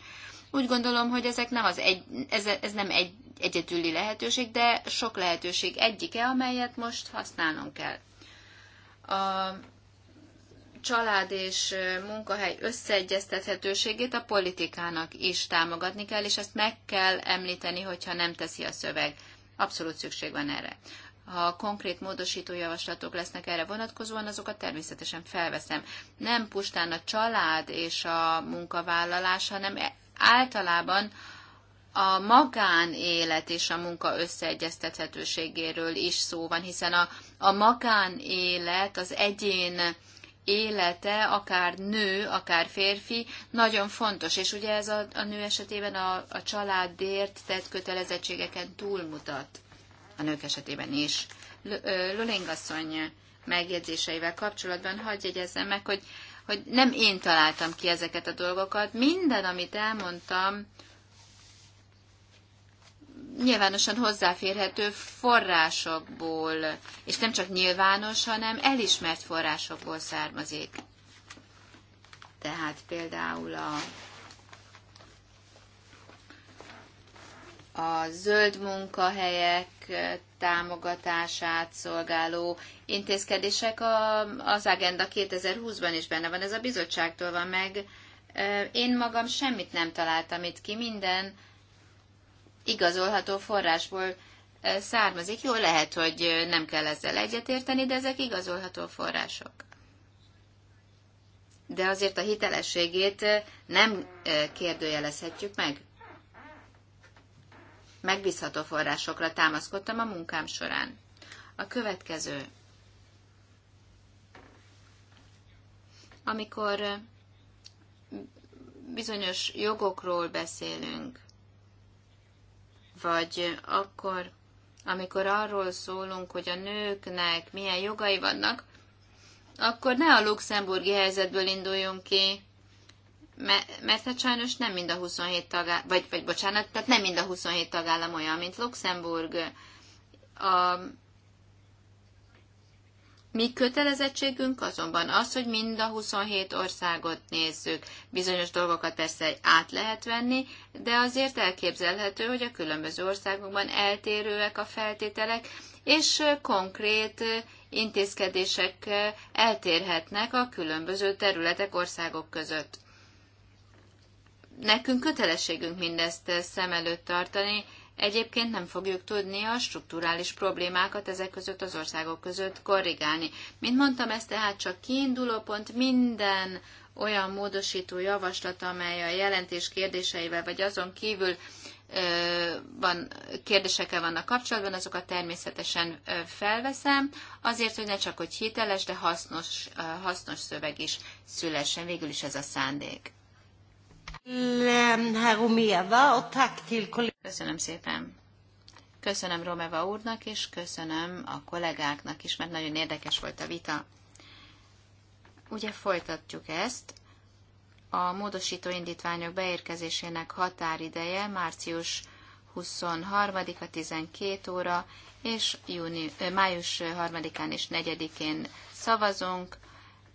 Speaker 1: Úgy gondolom, hogy ezek nem az egy, ez, ez nem egy, egyedüli lehetőség, de sok lehetőség egyike, amelyet most használnunk kell. A család és munkahely összeegyeztethetőségét a politikának is támogatni kell, és ezt meg kell említeni, hogyha nem teszi a szöveg. Abszolút szükség van erre. Ha konkrét módosító javaslatok lesznek erre vonatkozóan, azokat természetesen felveszem. Nem pusztán a család és a munkavállalás, hanem e- általában a magánélet és a munka összeegyeztethetőségéről is szó van, hiszen a, a magánélet, az egyén élete, akár nő, akár férfi, nagyon fontos. És ugye ez a, a nő esetében a, a családért tett kötelezettségeken túlmutat. A nők esetében is. Lulingasszony megjegyzéseivel kapcsolatban hagyj jegyezzem meg, hogy, hogy nem én találtam ki ezeket a dolgokat. Minden, amit elmondtam, nyilvánosan hozzáférhető forrásokból, és nem csak nyilvános, hanem elismert forrásokból származik. Tehát például a, a zöld munkahelyek támogatását szolgáló intézkedések a, az Agenda 2020-ban is benne van, ez a bizottságtól van meg. Én magam semmit nem találtam itt ki, minden igazolható forrásból származik. Jó, lehet, hogy nem kell ezzel egyetérteni, de ezek igazolható források. De azért a hitelességét nem kérdőjelezhetjük meg. Megbízható forrásokra támaszkodtam a munkám során. A következő. Amikor bizonyos jogokról beszélünk, vagy akkor, amikor arról szólunk, hogy a nőknek milyen jogai vannak, akkor ne a luxemburgi helyzetből induljunk ki, mert hát sajnos nem mind a 27 tagállam, vagy, vagy bocsánat, tehát nem mind a 27 tagállam olyan, mint Luxemburg. A, mi kötelezettségünk azonban az, hogy mind a 27 országot nézzük. Bizonyos dolgokat persze át lehet venni, de azért elképzelhető, hogy a különböző országokban eltérőek a feltételek, és konkrét intézkedések eltérhetnek a különböző területek, országok között. Nekünk kötelességünk mindezt szem előtt tartani, Egyébként nem fogjuk tudni a strukturális problémákat ezek között az országok között korrigálni. Mint mondtam, ez tehát csak kiinduló pont minden olyan módosító javaslat, amely a jelentés kérdéseivel vagy azon kívül van, kérdésekkel vannak kapcsolatban, azokat természetesen felveszem, azért, hogy ne csak hogy hiteles, de hasznos, hasznos szöveg is szülessen. Végül is ez a szándék. Köszönöm szépen. Köszönöm Romeva úrnak, és köszönöm a kollégáknak is, mert nagyon érdekes volt a vita. Ugye folytatjuk ezt. A módosító indítványok beérkezésének határideje március 23-a 12 óra, és júni, május 3-án és 4-én szavazunk,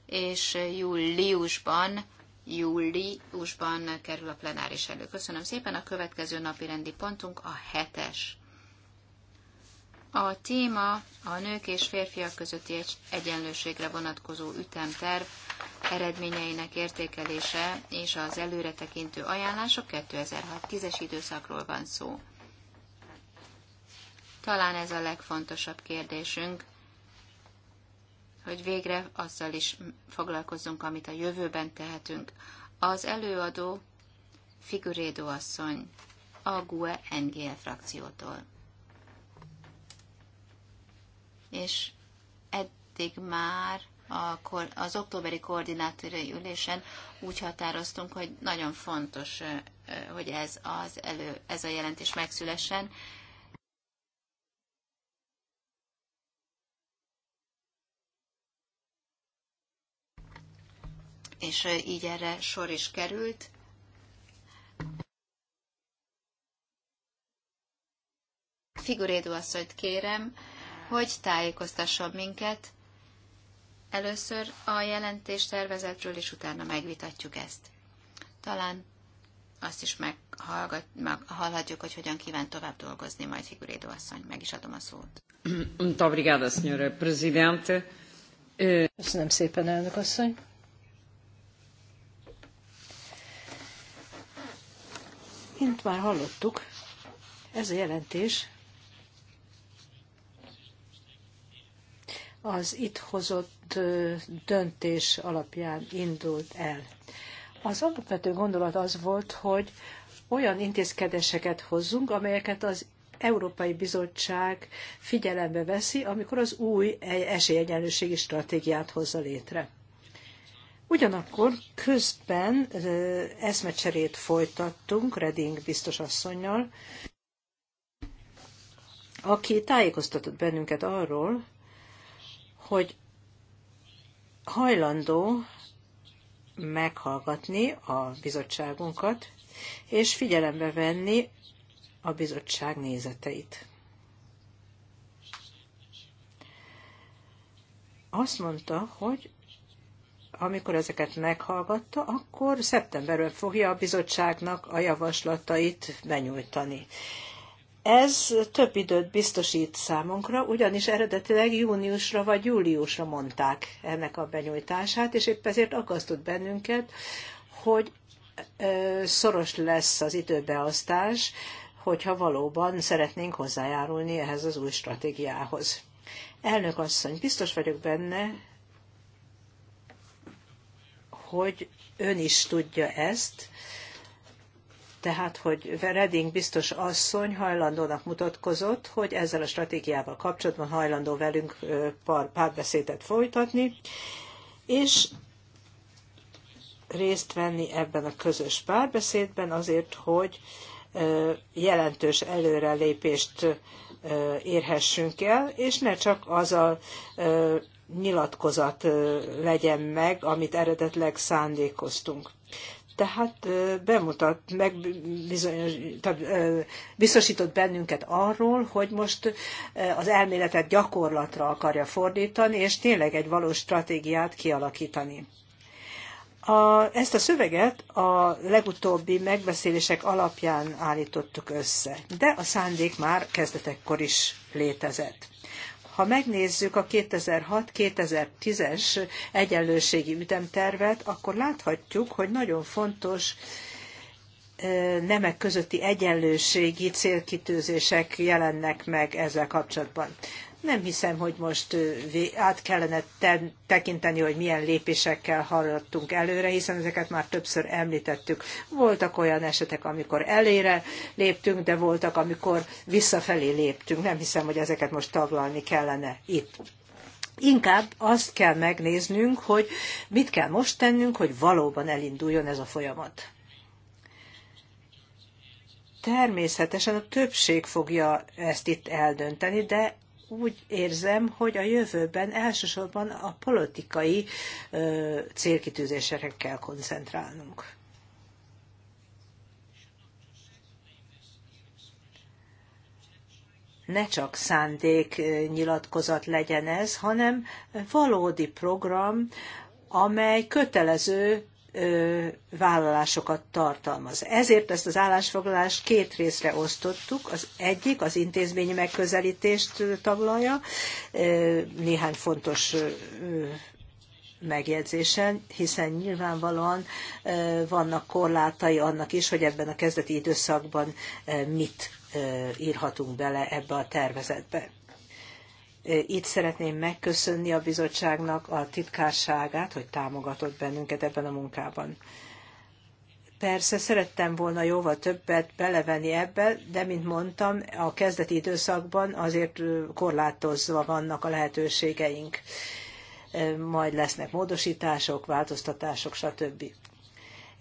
Speaker 1: és júliusban júliusban kerül a plenáris elő. Köszönöm szépen. A következő napi rendi pontunk a hetes. A téma a nők és férfiak közötti egyenlőségre vonatkozó ütemterv eredményeinek értékelése és az előretekintő ajánlások 2006 es időszakról van szó. Talán ez a legfontosabb kérdésünk, hogy végre azzal is foglalkozzunk, amit a jövőben tehetünk. Az előadó Figurédo asszony, a GUE NGL frakciótól. És eddig már a, az októberi koordinátori ülésen úgy határoztunk, hogy nagyon fontos, eh, eh, hogy ez, az elő, ez a jelentés megszülessen, és így erre sor is került. Figurédó asszonyt kérem, hogy tájékoztasson minket először a jelentés tervezetről, és utána megvitatjuk ezt. Talán azt is meghallhatjuk, hogy hogyan kíván tovább dolgozni, majd Figurédó asszony, meg is adom a szót.
Speaker 3: Muito obrigada, senhora presidente. Köszönöm szépen, elnök asszony. mint már hallottuk, ez a jelentés az itt hozott döntés alapján indult el. Az alapvető gondolat az volt, hogy olyan intézkedéseket hozzunk, amelyeket az Európai Bizottság figyelembe veszi, amikor az új e- esélyegyenlőségi stratégiát hozza létre. Ugyanakkor közben eszmecserét folytattunk Reding biztos asszonynal, aki tájékoztatott bennünket arról, hogy hajlandó meghallgatni a bizottságunkat, és figyelembe venni a bizottság nézeteit. Azt mondta, hogy amikor ezeket meghallgatta, akkor szeptemberről fogja a bizottságnak a javaslatait benyújtani. Ez több időt biztosít számunkra, ugyanis eredetileg júniusra vagy júliusra mondták ennek a benyújtását, és épp ezért akasztott bennünket, hogy szoros lesz az időbeosztás, hogyha valóban szeretnénk hozzájárulni ehhez az új stratégiához. Elnök asszony, biztos vagyok benne, hogy ön is tudja ezt, tehát, hogy Reding biztos asszony hajlandónak mutatkozott, hogy ezzel a stratégiával kapcsolatban hajlandó velünk párbeszédet folytatni, és részt venni ebben a közös párbeszédben azért, hogy jelentős előrelépést érhessünk el, és ne csak az a nyilatkozat legyen meg, amit eredetleg szándékoztunk. Tehát bemutat, meg bizonyos, tehát biztosított bennünket arról, hogy most az elméletet gyakorlatra akarja fordítani, és tényleg egy valós stratégiát kialakítani. A, ezt a szöveget a legutóbbi megbeszélések alapján állítottuk össze, de a szándék már kezdetekkor is létezett. Ha megnézzük a 2006-2010-es egyenlőségi ütemtervet, akkor láthatjuk, hogy nagyon fontos nemek közötti egyenlőségi célkitűzések jelennek meg ezzel kapcsolatban. Nem hiszem, hogy most át kellene tekinteni, hogy milyen lépésekkel haladtunk előre, hiszen ezeket már többször említettük. Voltak olyan esetek, amikor elére léptünk, de voltak, amikor visszafelé léptünk. Nem hiszem, hogy ezeket most taglalni kellene itt. Inkább azt kell megnéznünk, hogy mit kell most tennünk, hogy valóban elinduljon ez a folyamat. Természetesen a többség fogja ezt itt eldönteni, de úgy érzem, hogy a jövőben elsősorban a politikai célkitűzésekre kell koncentrálnunk. Ne csak szándéknyilatkozat legyen ez, hanem valódi program, amely kötelező vállalásokat tartalmaz. Ezért ezt az állásfoglalást két részre osztottuk. Az egyik az intézményi megközelítést taglalja, néhány fontos megjegyzésen, hiszen nyilvánvalóan vannak korlátai annak is, hogy ebben a kezdeti időszakban mit írhatunk bele ebbe a tervezetbe. Itt szeretném megköszönni a bizottságnak a titkárságát, hogy támogatott bennünket ebben a munkában. Persze szerettem volna jóval többet belevenni ebbe, de mint mondtam, a kezdeti időszakban azért korlátozva vannak a lehetőségeink. Majd lesznek módosítások, változtatások, stb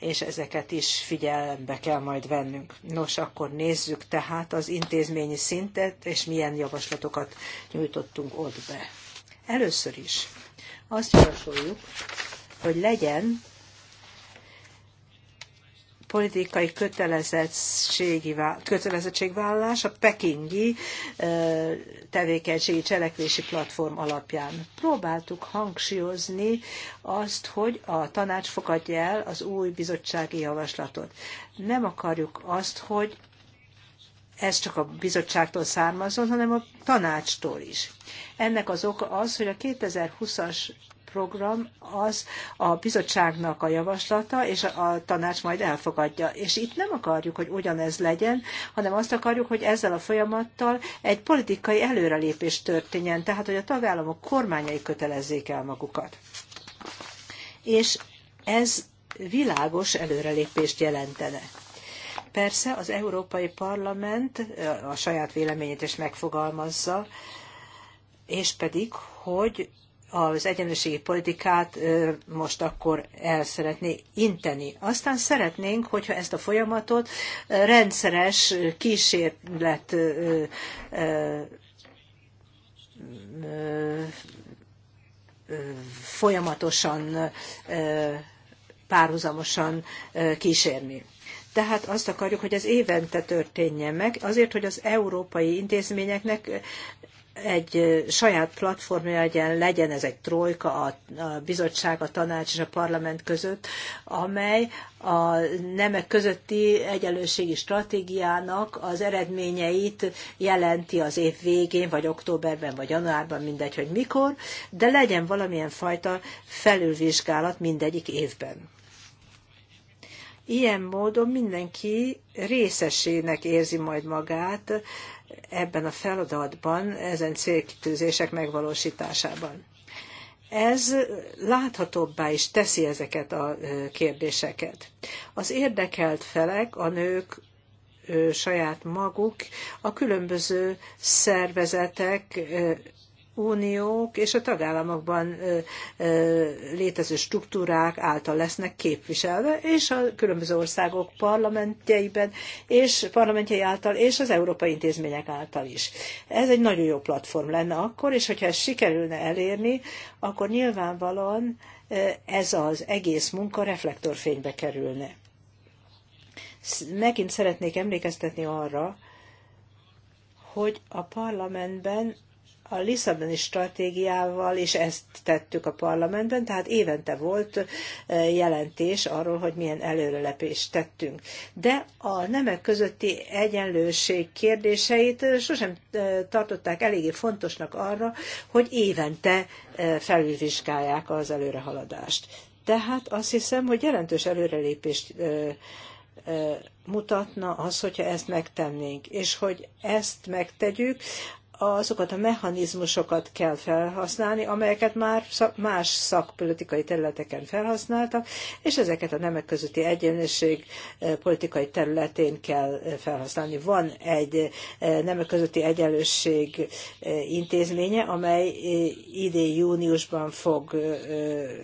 Speaker 3: és ezeket is figyelembe kell majd vennünk. Nos, akkor nézzük tehát az intézményi szintet, és milyen javaslatokat nyújtottunk ott be. Először is azt javasoljuk, hogy legyen politikai kötelezettségvállalás a pekingi tevékenységi cselekvési platform alapján. Próbáltuk hangsúlyozni azt, hogy a tanács fogadja el az új bizottsági javaslatot. Nem akarjuk azt, hogy ez csak a bizottságtól származott, hanem a tanácstól is. Ennek az oka az, hogy a 2020-as program az a bizottságnak a javaslata, és a tanács majd elfogadja. És itt nem akarjuk, hogy ugyanez legyen, hanem azt akarjuk, hogy ezzel a folyamattal egy politikai előrelépés történjen, tehát hogy a tagállamok kormányai kötelezzék el magukat. És ez világos előrelépést jelentene. Persze az Európai Parlament a saját véleményét is megfogalmazza, és pedig, hogy az egyenlőségi politikát most akkor el szeretné inteni. Aztán szeretnénk, hogyha ezt a folyamatot rendszeres kísérlet folyamatosan, párhuzamosan kísérni. Tehát azt akarjuk, hogy ez évente történjen meg, azért, hogy az európai intézményeknek egy saját platformja legyen, legyen ez egy trojka, a, bizottság, a tanács és a parlament között, amely a nemek közötti egyenlőségi stratégiának az eredményeit jelenti az év végén, vagy októberben, vagy januárban, mindegy, hogy mikor, de legyen valamilyen fajta felülvizsgálat mindegyik évben. Ilyen módon mindenki részesének érzi majd magát ebben a feladatban, ezen célkitűzések megvalósításában. Ez láthatóbbá is teszi ezeket a kérdéseket. Az érdekelt felek, a nők, saját maguk, a különböző szervezetek uniók és a tagállamokban létező struktúrák által lesznek képviselve, és a különböző országok parlamentjeiben, és parlamentjei által, és az európai intézmények által is. Ez egy nagyon jó platform lenne akkor, és hogyha ezt sikerülne elérni, akkor nyilvánvalóan ez az egész munka reflektorfénybe kerülne. Megint szeretnék emlékeztetni arra, hogy a parlamentben a Lisszaboni stratégiával és ezt tettük a parlamentben, tehát évente volt jelentés arról, hogy milyen előrelepést tettünk. De a nemek közötti egyenlőség kérdéseit sosem tartották eléggé fontosnak arra, hogy évente felülvizsgálják az előrehaladást. Tehát azt hiszem, hogy jelentős előrelépést mutatna az, hogyha ezt megtennénk, és hogy ezt megtegyük azokat a mechanizmusokat kell felhasználni, amelyeket már más szakpolitikai területeken felhasználtak, és ezeket a nemek közötti egyenlőség eh, politikai területén kell eh, felhasználni. Van egy eh, nemek közötti egyenlőség intézménye, amely idén júniusban fog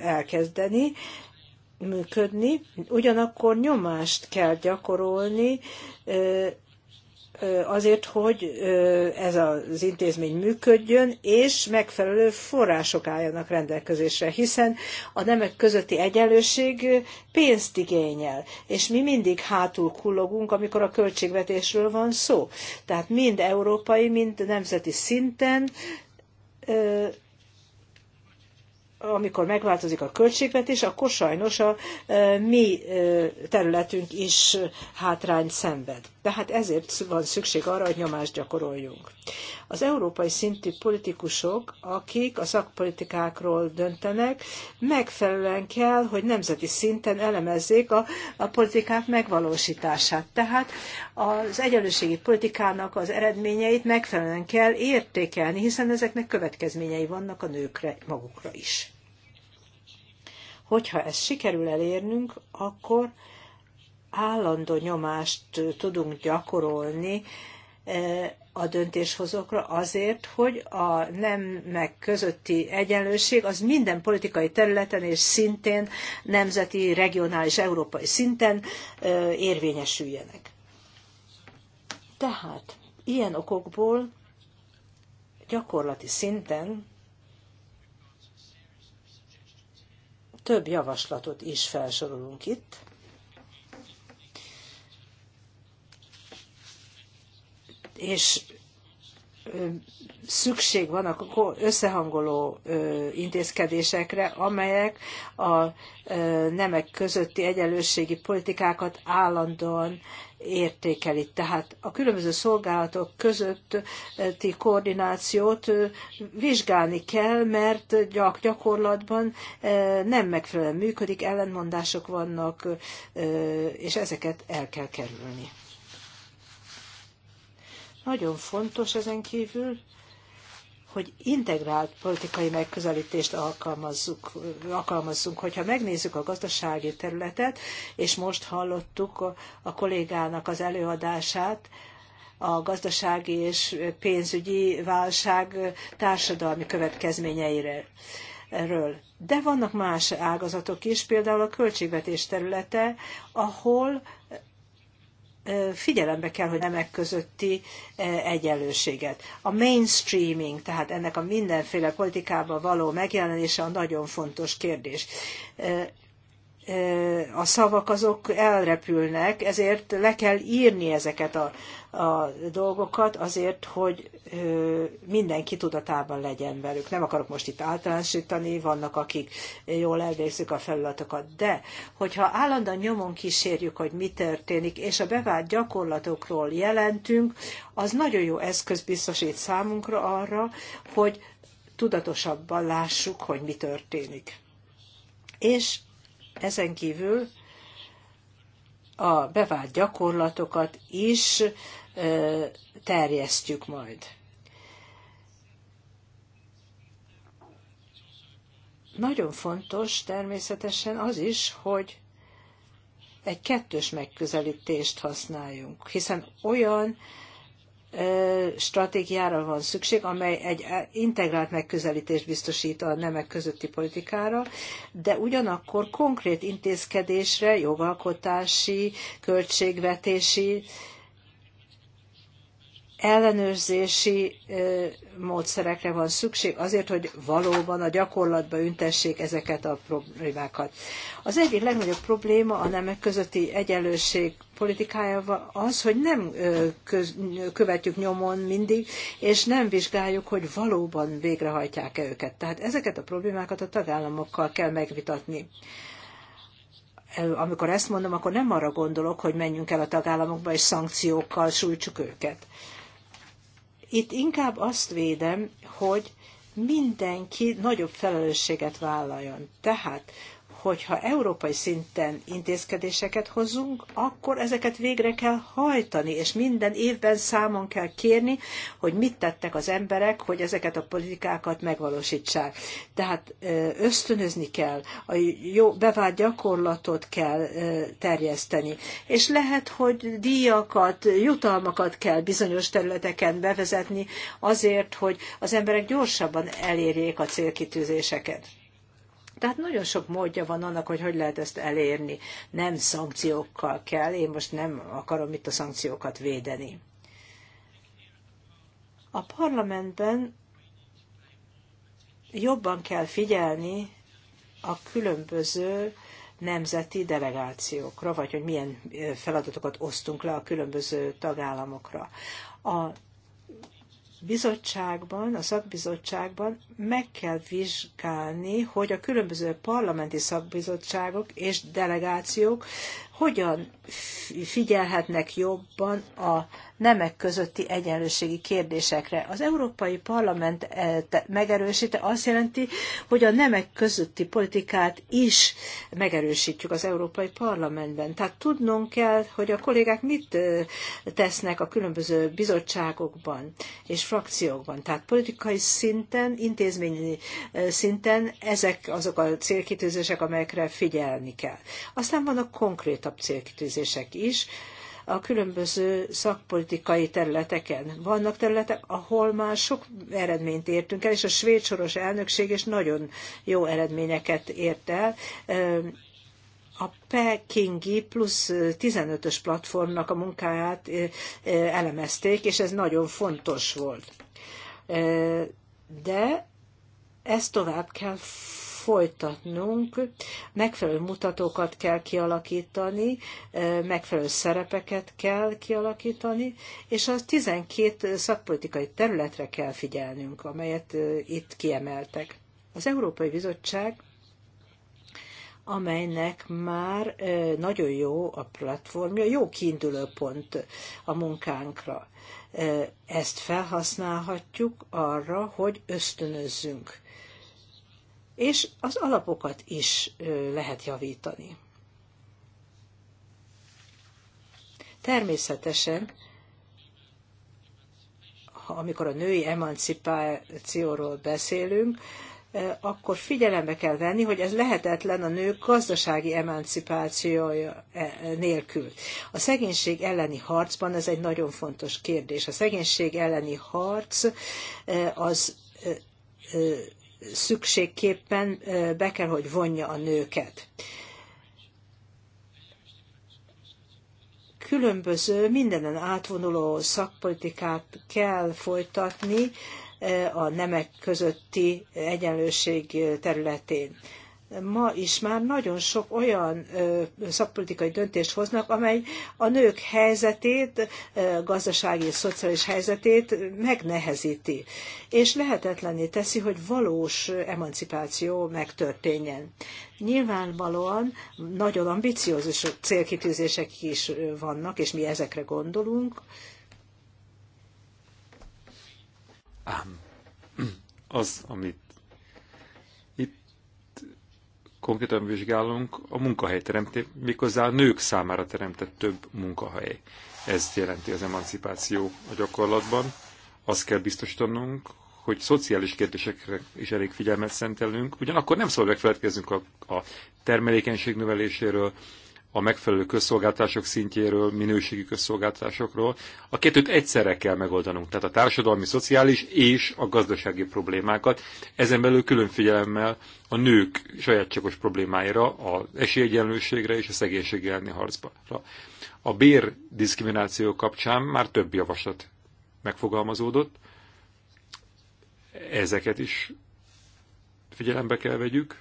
Speaker 3: elkezdeni, működni, ugyanakkor nyomást kell gyakorolni azért, hogy ez az intézmény működjön, és megfelelő források álljanak rendelkezésre, hiszen a nemek közötti egyenlőség pénzt igényel, és mi mindig hátul kullogunk, amikor a költségvetésről van szó. Tehát mind európai, mind nemzeti szinten amikor megváltozik a költségvetés, akkor sajnos a e, mi e, területünk is hátrányt szenved. Tehát ezért van szükség arra, hogy nyomást gyakoroljunk. Az európai szintű politikusok, akik a szakpolitikákról döntenek, megfelelően kell, hogy nemzeti szinten elemezzék a, a politikák megvalósítását. Tehát az egyenlőségi politikának az eredményeit megfelelően kell értékelni, hiszen ezeknek következményei vannak a nőkre magukra is. Hogyha ezt sikerül elérnünk, akkor állandó nyomást tudunk gyakorolni eh, a döntéshozókra azért, hogy a nem meg közötti egyenlőség az minden politikai területen és szintén nemzeti, regionális, európai szinten eh, érvényesüljenek. Tehát ilyen okokból gyakorlati szinten több javaslatot is felsorolunk itt. És szükség van a összehangoló intézkedésekre, amelyek a nemek közötti egyenlőségi politikákat állandóan értékeli. Tehát a különböző szolgálatok közötti koordinációt vizsgálni kell, mert gyak, gyakorlatban nem megfelelően működik, ellentmondások vannak, és ezeket el kell kerülni. Nagyon fontos ezen kívül, hogy integrált politikai megközelítést alkalmazzuk, alkalmazzunk. Hogyha megnézzük a gazdasági területet, és most hallottuk a, kollégának az előadását, a gazdasági és pénzügyi válság társadalmi következményeiről. De vannak más ágazatok is, például a költségvetés területe, ahol figyelembe kell, hogy nemek közötti egyenlőséget. A mainstreaming, tehát ennek a mindenféle politikában való megjelenése a nagyon fontos kérdés a szavak azok elrepülnek, ezért le kell írni ezeket a, a dolgokat azért, hogy mindenki tudatában legyen velük. Nem akarok most itt általánosítani, vannak akik jól elvégzik a feladatokat, de hogyha állandóan nyomon kísérjük, hogy mi történik, és a bevált gyakorlatokról jelentünk, az nagyon jó eszköz biztosít számunkra arra, hogy tudatosabban lássuk, hogy mi történik. És ezen kívül a bevált gyakorlatokat is terjesztjük majd. Nagyon fontos természetesen az is, hogy egy kettős megközelítést használjunk, hiszen olyan stratégiára van szükség, amely egy e, integrált megközelítést biztosít a nemek közötti politikára, de ugyanakkor konkrét intézkedésre, jogalkotási, költségvetési ellenőrzési módszerekre van szükség azért, hogy valóban a gyakorlatba üntessék ezeket a problémákat. Az egyik legnagyobb probléma a nemek közötti egyenlőség politikájával az, hogy nem követjük nyomon mindig, és nem vizsgáljuk, hogy valóban végrehajtják-e őket. Tehát ezeket a problémákat a tagállamokkal kell megvitatni amikor ezt mondom, akkor nem arra gondolok, hogy menjünk el a tagállamokba és szankciókkal sújtsuk őket. Itt inkább azt védem, hogy mindenki nagyobb felelősséget vállaljon. Tehát hogyha európai szinten intézkedéseket hozunk, akkor ezeket végre kell hajtani, és minden évben számon kell kérni, hogy mit tettek az emberek, hogy ezeket a politikákat megvalósítsák. Tehát ösztönözni kell, a jó bevált gyakorlatot kell terjeszteni, és lehet, hogy díjakat, jutalmakat kell bizonyos területeken bevezetni azért, hogy az emberek gyorsabban elérjék a célkitűzéseket tehát nagyon sok módja van annak, hogy hogy lehet ezt elérni. Nem szankciókkal kell, én most nem akarom itt a szankciókat védeni. A parlamentben jobban kell figyelni a különböző nemzeti delegációkra, vagy hogy milyen feladatokat osztunk le a különböző tagállamokra. A bizottságban, a szakbizottságban meg kell vizsgálni, hogy a különböző parlamenti szakbizottságok és delegációk hogyan figyelhetnek jobban a nemek közötti egyenlőségi kérdésekre. Az Európai Parlament eh, megerősíte azt jelenti, hogy a nemek közötti politikát is megerősítjük az Európai Parlamentben. Tehát tudnunk kell, hogy a kollégák mit eh, tesznek a különböző bizottságokban és frakciókban. Tehát politikai szinten, intézményi eh, szinten ezek azok a célkitűzések, amelyekre figyelni kell. Aztán vannak konkrét konkrétabb célkitűzések is a különböző szakpolitikai területeken. Vannak területek, ahol már sok eredményt értünk el, és a svéd soros elnökség is nagyon jó eredményeket ért el. A Pekingi plusz 15-ös platformnak a munkáját elemezték, és ez nagyon fontos volt. De ezt tovább kell folytatnunk, megfelelő mutatókat kell kialakítani, megfelelő szerepeket kell kialakítani, és az 12 szakpolitikai területre kell figyelnünk, amelyet itt kiemeltek. Az Európai Bizottság amelynek már nagyon jó a platformja, jó kiinduló pont a munkánkra. Ezt felhasználhatjuk arra, hogy ösztönözzünk és az alapokat is lehet javítani. Természetesen, amikor a női emancipációról beszélünk, akkor figyelembe kell venni, hogy ez lehetetlen a nők gazdasági emancipációja e, nélkül. A szegénység elleni harcban ez egy nagyon fontos kérdés. A szegénység elleni harc az szükségképpen be kell, hogy vonja a nőket. Különböző, mindenen átvonuló szakpolitikát kell folytatni a nemek közötti egyenlőség területén ma is már nagyon sok olyan szakpolitikai döntést hoznak, amely a nők helyzetét, gazdasági és szociális helyzetét megnehezíti, és lehetetlené teszi, hogy valós emancipáció megtörténjen. Nyilvánvalóan nagyon ambiciózus célkitűzések is vannak, és mi ezekre gondolunk.
Speaker 4: az, amit konkrétan vizsgálunk, a munkahely teremté, méghozzá a nők számára teremtett több munkahely. Ez jelenti az emancipáció a gyakorlatban. Azt kell biztosítanunk, hogy szociális kérdésekre is elég figyelmet szentelünk, ugyanakkor nem szabad megfeledkeznünk a, a termelékenység növeléséről, a megfelelő közszolgáltások szintjéről, minőségi közszolgáltásokról. A kettőt egyszerre kell megoldanunk, tehát a társadalmi, szociális és a gazdasági problémákat, ezen belül külön figyelemmel a nők sajátságos problémáira, az esélyegyenlőségre és a szegénység elleni harcba. A diszkrimináció kapcsán már több javaslat megfogalmazódott, ezeket is figyelembe kell vegyük,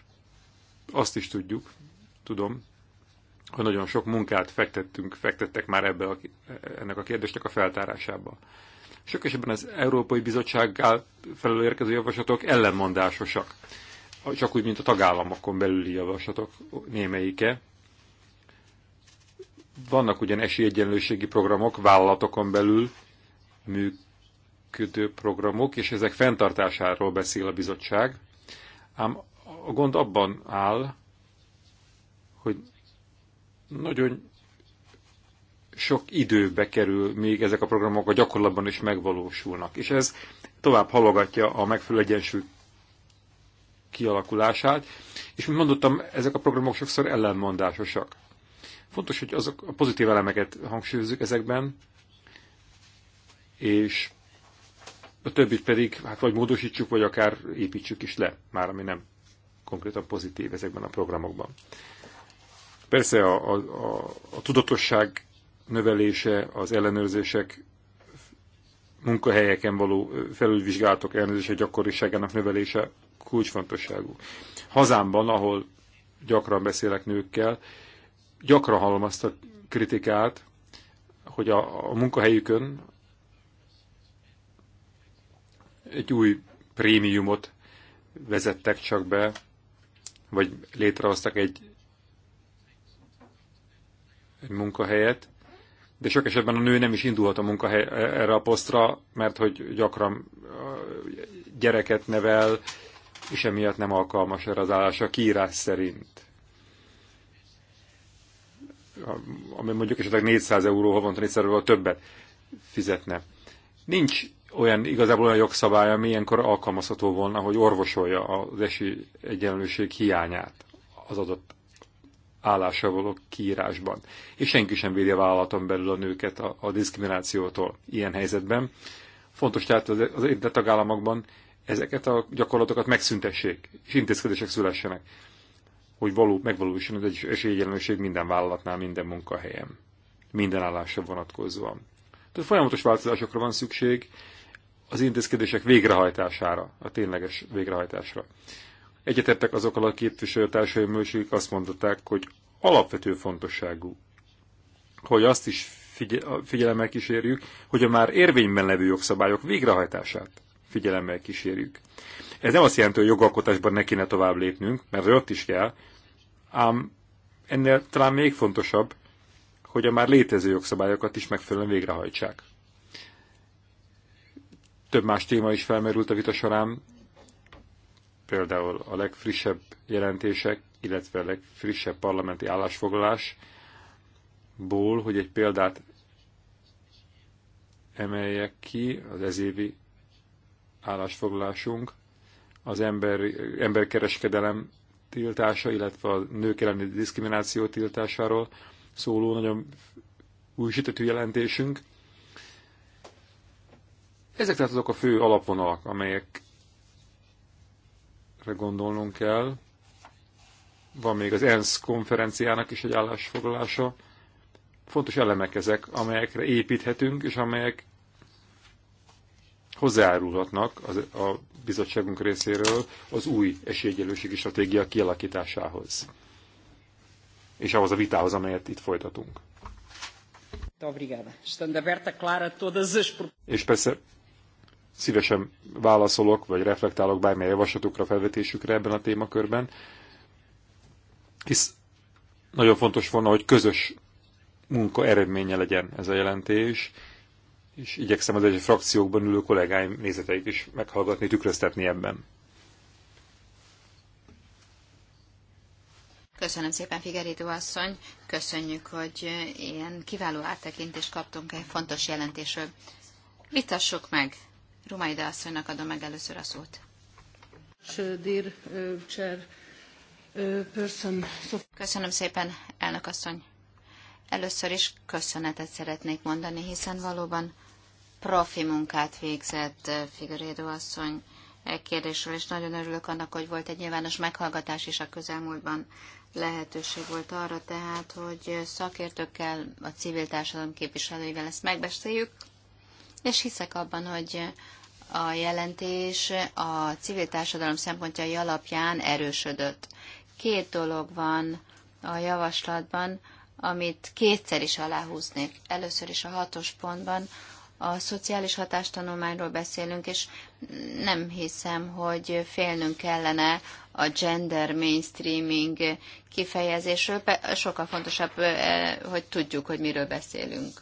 Speaker 4: azt is tudjuk, tudom, hogy nagyon sok munkát fektettünk, fektettek már ebbe a, ennek a kérdésnek a feltárásába. Sok esetben az Európai Bizottság felől érkező javaslatok ellenmondásosak, csak úgy, mint a tagállamokon belüli javaslatok némelyike. Vannak ugyan esélyegyenlőségi programok vállalatokon belül működő programok, és ezek fenntartásáról beszél a bizottság, ám a gond abban áll, hogy nagyon sok időbe kerül, még ezek a programok a gyakorlatban is megvalósulnak. És ez tovább halogatja a megfelelő egyensúly kialakulását, és mint mondottam, ezek a programok sokszor ellenmondásosak. Fontos, hogy azok a pozitív elemeket hangsúlyozzuk ezekben, és a többit pedig hát vagy módosítsuk, vagy akár építsük is le, már ami nem konkrétan pozitív ezekben a programokban. Persze a, a, a, a tudatosság növelése, az ellenőrzések, munkahelyeken való felülvizsgálatok ellenőrzése gyakoriságának növelése kulcsfontosságú. Hazámban, ahol gyakran beszélek nőkkel, gyakran hallom azt a kritikát, hogy a, a munkahelyükön egy új prémiumot vezettek csak be, vagy létrehoztak egy egy munkahelyet, de sok esetben a nő nem is indulhat a munkahely e, erre a posztra, mert hogy gyakran gyereket nevel, és emiatt nem alkalmas erre az állása kiírás szerint. Ami mondjuk esetleg 400 euró havonta, 400 euró többet fizetne. Nincs olyan igazából olyan jogszabály, ami ilyenkor alkalmazható volna, hogy orvosolja az esélyegyenlőség hiányát az adott állása való kiírásban. És senki sem védi a vállalaton belül a nőket a, a diszkriminációtól ilyen helyzetben. Fontos tehát az, az érintett tagállamokban ezeket a gyakorlatokat megszüntessék, és intézkedések szülessenek, hogy való, megvalósuljon az esélyegyenlőség minden vállalatnál, minden munkahelyen, minden állásra vonatkozóan. Tehát folyamatos változásokra van szükség az intézkedések végrehajtására, a tényleges végrehajtásra. Egyetettek azokkal a képviselőtársaim, akik azt mondták, hogy alapvető fontosságú, hogy azt is figyelemmel kísérjük, hogy a már érvényben levő jogszabályok végrehajtását figyelemmel kísérjük. Ez nem azt jelenti, hogy jogalkotásban ne kéne tovább lépnünk, mert ott is kell, ám ennél talán még fontosabb, hogy a már létező jogszabályokat is megfelelően végrehajtsák. Több más téma is felmerült a vita során, például a legfrissebb jelentések, illetve a legfrissebb parlamenti állásfoglalásból, hogy egy példát emeljek ki, az ezévi állásfoglalásunk, az ember, emberkereskedelem tiltása, illetve a nők elleni diszkrimináció tiltásáról szóló nagyon újsítetű jelentésünk. Ezek tehát azok a fő alapvonalak, amelyek ezekre gondolnunk kell. Van még az ENSZ konferenciának is egy állásfoglalása. Fontos elemek ezek, amelyekre építhetünk, és amelyek hozzájárulhatnak az, a bizottságunk részéről az új esélyegyelőségi stratégia kialakításához. És ahhoz a vitához, amelyet itt folytatunk. És persze Szívesen válaszolok, vagy reflektálok bármilyen javaslatokra, felvetésükre ebben a témakörben, hisz nagyon fontos volna, hogy közös munka eredménye legyen ez a jelentés, és igyekszem az egy frakciókban ülő kollégáim nézeteit is meghallgatni, tükröztetni ebben.
Speaker 1: Köszönöm szépen, Figerítő asszony. Köszönjük, hogy ilyen kiváló áttekintést kaptunk egy fontos jelentésről. Vitassuk meg Rumaida asszonynak adom meg először a szót. Köszönöm szépen, elnök asszony. Először is köszönetet szeretnék mondani, hiszen valóban profi munkát végzett Figueredo asszony e kérdésről, és nagyon örülök annak, hogy volt egy nyilvános meghallgatás is a közelmúltban. Lehetőség volt arra tehát, hogy szakértőkkel, a civil társadalom képviselőivel ezt megbeszéljük, és hiszek abban, hogy a jelentés a civil társadalom szempontjai alapján erősödött. Két dolog van a javaslatban, amit kétszer is aláhúznék. Először is a hatos pontban a szociális hatástanulmányról beszélünk, és nem hiszem, hogy félnünk kellene a gender mainstreaming kifejezésről. Sokkal fontosabb, eh, hogy tudjuk, hogy miről beszélünk.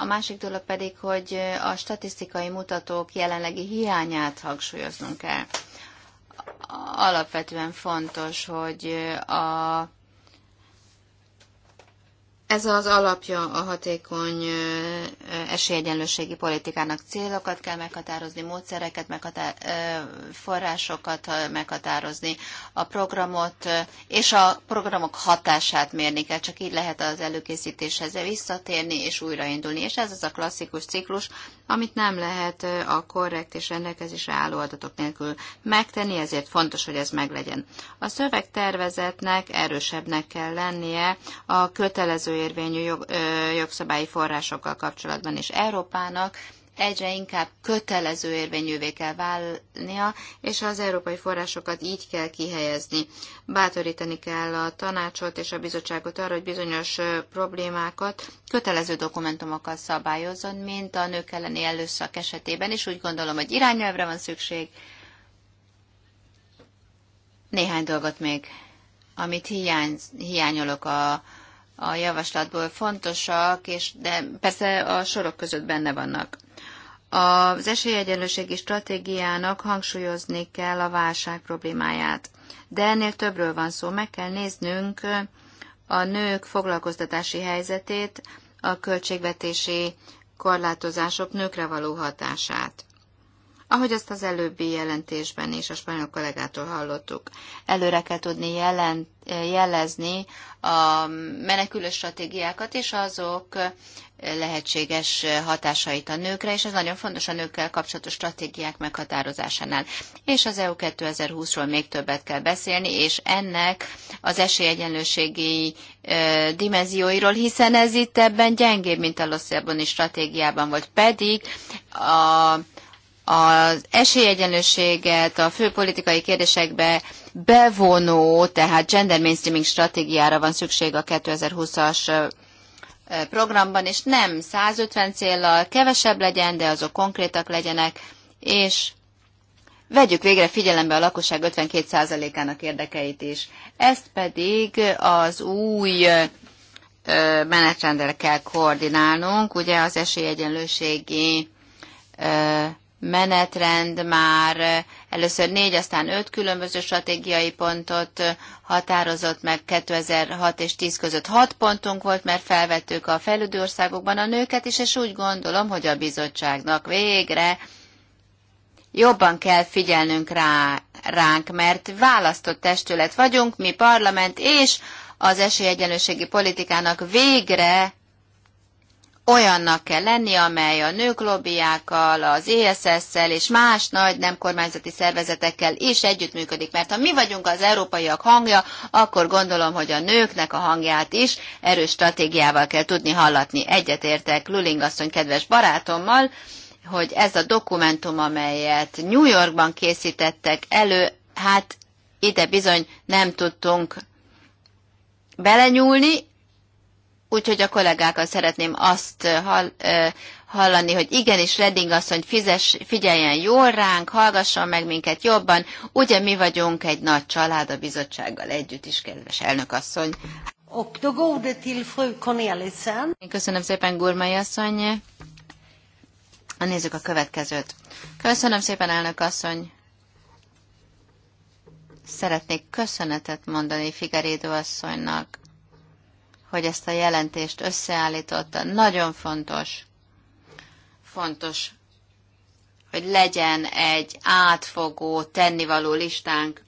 Speaker 1: A másik dolog pedig, hogy a statisztikai mutatók jelenlegi hiányát hangsúlyoznunk kell. Alapvetően fontos, hogy a ez az alapja a hatékony esélyegyenlőségi politikának célokat kell meghatározni, módszereket, meghatározni, forrásokat meghatározni, a programot és a programok hatását mérni kell, csak így lehet az előkészítéshez visszatérni és újraindulni. És ez az a klasszikus ciklus, amit nem lehet a korrekt és rendelkezésre álló adatok nélkül megtenni, ezért fontos, hogy ez meglegyen. A szövegtervezetnek erősebbnek kell lennie a kötelező érvényű jog, ö, jogszabályi forrásokkal kapcsolatban, és Európának egyre inkább kötelező érvényűvé kell válnia, és az európai forrásokat így kell kihelyezni. Bátorítani kell a tanácsot és a bizottságot arra, hogy bizonyos problémákat kötelező dokumentumokkal szabályozzon, mint a nők elleni előszak esetében, és úgy gondolom, hogy irányelvre van szükség. Néhány dolgot még, amit hiány, hiányolok a, a javaslatból fontosak, és de persze a sorok között benne vannak. Az esélyegyenlőségi stratégiának hangsúlyozni kell a válság problémáját. De ennél többről van szó. Meg kell néznünk a nők foglalkoztatási helyzetét, a költségvetési korlátozások nőkre való hatását. Ahogy azt az előbbi jelentésben is a spanyol kollégától hallottuk, előre kell tudni jelent, jelezni a menekülő stratégiákat és azok lehetséges hatásait a nőkre, és ez nagyon fontos a nőkkel kapcsolatos stratégiák meghatározásánál. És az EU 2020-ról még többet kell beszélni, és ennek az esélyegyenlőségi ö, dimenzióiról, hiszen ez itt ebben gyengébb, mint a Losszaboni stratégiában, volt pedig a az esélyegyenlőséget a fő politikai kérdésekbe bevonó, tehát gender mainstreaming stratégiára van szükség a 2020-as programban, és nem 150 célral kevesebb legyen, de azok konkrétak legyenek, és vegyük végre figyelembe a lakosság 52%-ának érdekeit is. Ezt pedig az új menetrendel kell koordinálnunk, ugye az esélyegyenlőségi menetrend már először négy, aztán öt különböző stratégiai pontot határozott meg 2006 és 10 között. Hat pontunk volt, mert felvettük a fejlődő országokban a nőket is, és úgy gondolom, hogy a bizottságnak végre jobban kell figyelnünk rá, ránk, mert választott testület vagyunk, mi parlament, és az esélyegyenlőségi politikának végre olyannak kell lenni, amely a nők lobbiákkal, az ESS-szel és más nagy nem kormányzati szervezetekkel is együttműködik. Mert ha mi vagyunk az európaiak hangja, akkor gondolom, hogy a nőknek a hangját is erős stratégiával kell tudni hallatni. Egyetértek Luling asszony kedves barátommal, hogy ez a dokumentum, amelyet New Yorkban készítettek elő, hát ide bizony nem tudtunk belenyúlni, Úgyhogy a kollégákkal szeretném azt eh, eh, hallani, hogy igenis Redding asszony fizes, figyeljen jól ránk, hallgasson meg minket jobban. Ugye mi vagyunk egy nagy család a bizottsággal együtt is, kedves elnök asszony. Köszönöm szépen, Gurmai asszony. Nézzük a következőt. Köszönöm szépen, elnök asszony. Szeretnék köszönetet mondani Figueredo asszonynak hogy ezt a jelentést összeállította. Nagyon fontos, fontos, hogy legyen egy átfogó, tennivaló listánk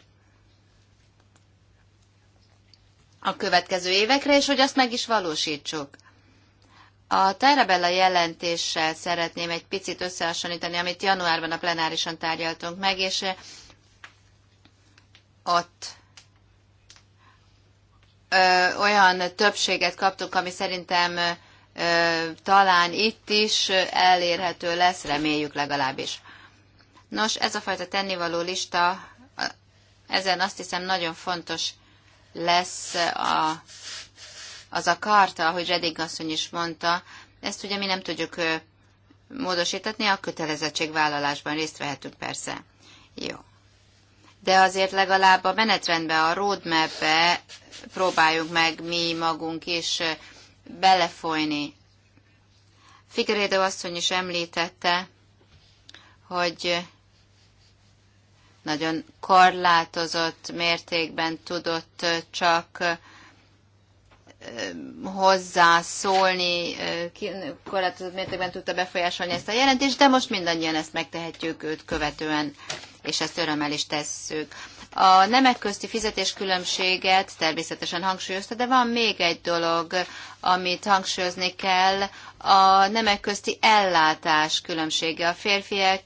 Speaker 1: a következő évekre, és hogy azt meg is valósítsuk. A Terabella jelentéssel szeretném egy picit összehasonlítani, amit januárban a plenárisan tárgyaltunk meg, és ott olyan többséget kaptunk, ami szerintem talán itt is elérhető lesz, reméljük legalábbis. Nos, ez a fajta tennivaló lista, ezen azt hiszem nagyon fontos lesz a, az a karta, ahogy Redding asszony is mondta, ezt ugye mi nem tudjuk módosítatni, a kötelezettségvállalásban részt vehetünk persze. Jó de azért legalább a menetrendbe, a roadmapbe próbáljuk meg mi magunk is belefolyni. Figueredo asszony is említette, hogy nagyon korlátozott mértékben tudott csak hozzászólni, korlátozott mértékben tudta befolyásolni ezt a jelentést, de most mindannyian ezt megtehetjük őt követően és ezt örömmel is tesszük. A nemek közti fizetéskülönbséget természetesen hangsúlyozta, de van még egy dolog, amit hangsúlyozni kell, a nemek közti ellátás különbsége. A férfiak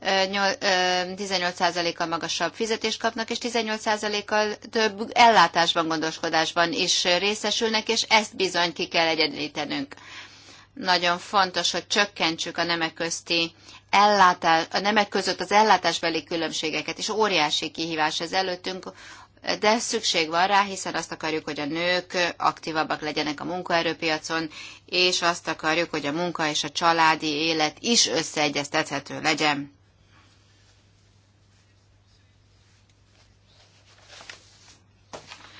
Speaker 1: 18%-kal magasabb fizetést kapnak, és 18%-kal több ellátásban, gondoskodásban is részesülnek, és ezt bizony ki kell egyenlítenünk. Nagyon fontos, hogy csökkentsük a nemek közti ellátás, a nemek között az ellátásbeli különbségeket, és óriási kihívás ez előttünk, de szükség van rá, hiszen azt akarjuk, hogy a nők aktívabbak legyenek a munkaerőpiacon, és azt akarjuk, hogy a munka és a családi élet is összeegyeztethető legyen.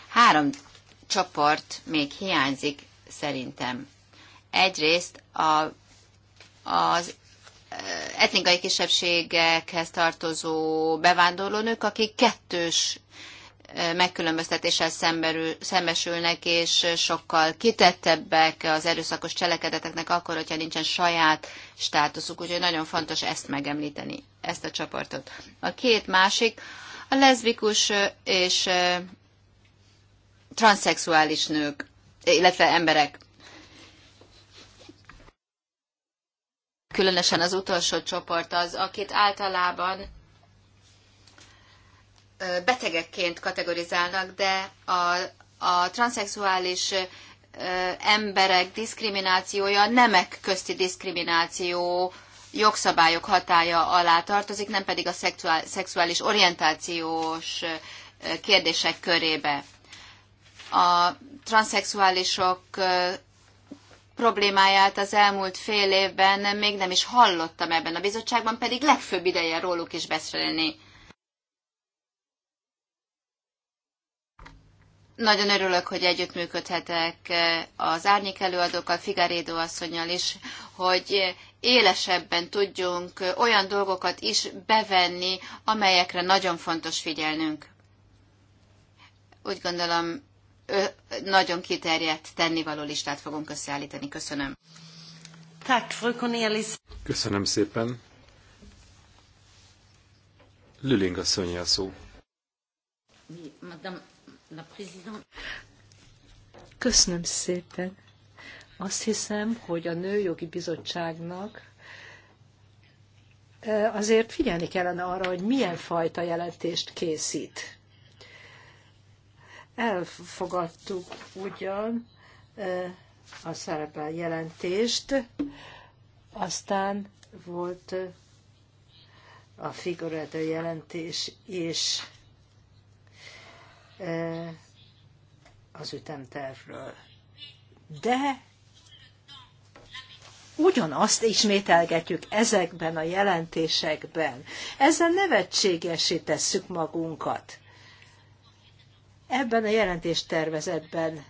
Speaker 1: Három csoport még hiányzik szerintem. Egyrészt a, az etnikai kisebbségekhez tartozó bevándorlónők, akik kettős eh, megkülönböztetéssel szembesülnek, és sokkal kitettebbek az erőszakos cselekedeteknek akkor, hogyha nincsen saját státuszuk. Úgyhogy nagyon fontos ezt megemlíteni, ezt a csoportot. A két másik, a leszbikus eh, és eh, transzexuális nők, illetve emberek. Különösen az utolsó csoport az, akit általában betegekként kategorizálnak, de a, a transzexuális emberek diszkriminációja nemek közti diszkrimináció jogszabályok hatája alá tartozik, nem pedig a szexuális orientációs kérdések körébe. A transzexuálisok problémáját az elmúlt fél évben még nem is hallottam ebben a bizottságban, pedig legfőbb ideje róluk is beszélni. Nagyon örülök, hogy együttműködhetek eh, az árnyék előadókkal, Figarédo asszonyjal is, hogy élesebben tudjunk eh, olyan dolgokat is bevenni, amelyekre nagyon fontos figyelnünk. Úgy gondolom, nagyon kiterjedt tennivaló listát fogunk összeállítani. Köszönöm.
Speaker 4: Köszönöm szépen. Lüling asszony a szó.
Speaker 1: Köszönöm
Speaker 3: szépen. Azt hiszem, hogy a Nőjogi Bizottságnak azért figyelni kellene arra, hogy milyen fajta jelentést készít Elfogadtuk ugyan a szerepel jelentést, aztán volt a figurató jelentés és az ütemtervről. De ugyanazt ismételgetjük ezekben a jelentésekben. Ezzel nevetségesé tesszük magunkat. Ebben a jelentéstervezetben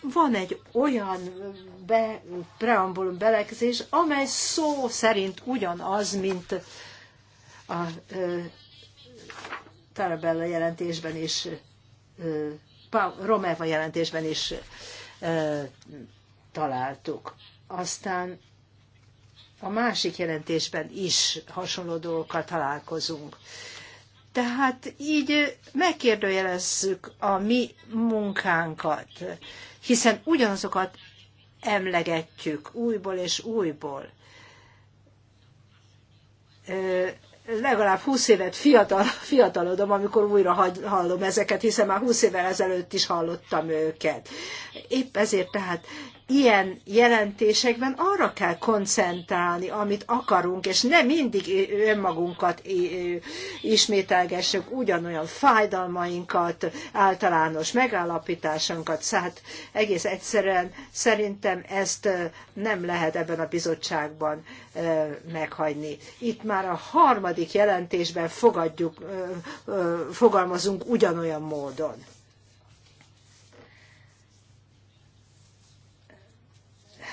Speaker 3: van egy olyan be, preambulum belegzés, amely szó szerint ugyanaz, mint a ö, Tarabella jelentésben is, ö, Romeva jelentésben is ö, találtuk. Aztán a másik jelentésben is hasonló dolgokkal találkozunk. Ö, tehát így megkérdőjelezzük a mi munkánkat, hiszen ugyanazokat emlegetjük újból és újból. Legalább 20 évet fiatal, fiatalodom, amikor újra hallom ezeket, hiszen már 20 évvel ezelőtt is hallottam őket. Épp ezért tehát ilyen jelentésekben arra kell koncentrálni, amit akarunk, és nem mindig önmagunkat ismételgessük ugyanolyan fájdalmainkat, általános megállapításunkat. Tehát szóval egész egyszerűen szerintem ezt nem lehet ebben a bizottságban meghagyni. Itt már a harmadik jelentésben fogadjuk, fogalmazunk ugyanolyan módon.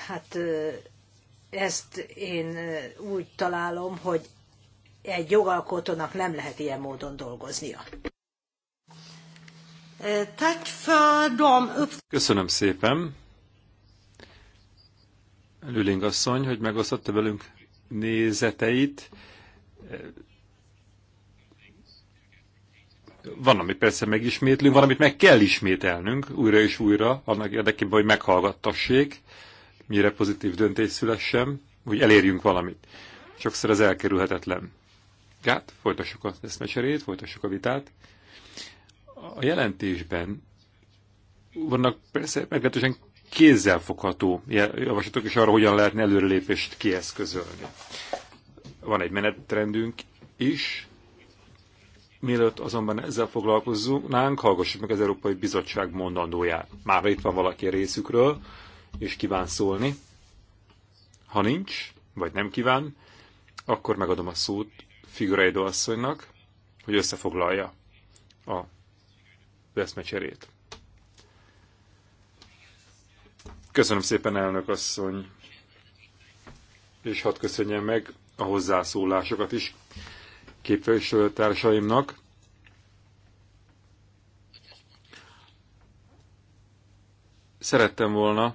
Speaker 3: Hát ezt én úgy találom, hogy egy jogalkotónak nem lehet ilyen módon dolgoznia.
Speaker 4: Köszönöm szépen, Lüling asszony, hogy megosztotta velünk nézeteit. Van, amit persze megismétlünk, van, amit meg kell ismételnünk újra és újra, annak érdekében, hogy meghallgattassék mire pozitív döntés szülessem, hogy elérjünk valamit. Sokszor az elkerülhetetlen. Gát, folytassuk a eszmecserét, folytassuk a vitát. A jelentésben vannak persze meglehetősen kézzelfogható javaslatok is arra, hogyan lehetne előrelépést kieszközölni. Van egy menetrendünk is, mielőtt azonban ezzel foglalkozzunk, hallgassuk meg az Európai Bizottság mondandóját. Már itt van valaki a részükről, és kíván szólni. Ha nincs, vagy nem kíván, akkor megadom a szót Figureido asszonynak, hogy összefoglalja a veszmecserét. Köszönöm szépen, elnök asszony, és hadd köszönjem meg a hozzászólásokat is képviselőtársaimnak. Szerettem volna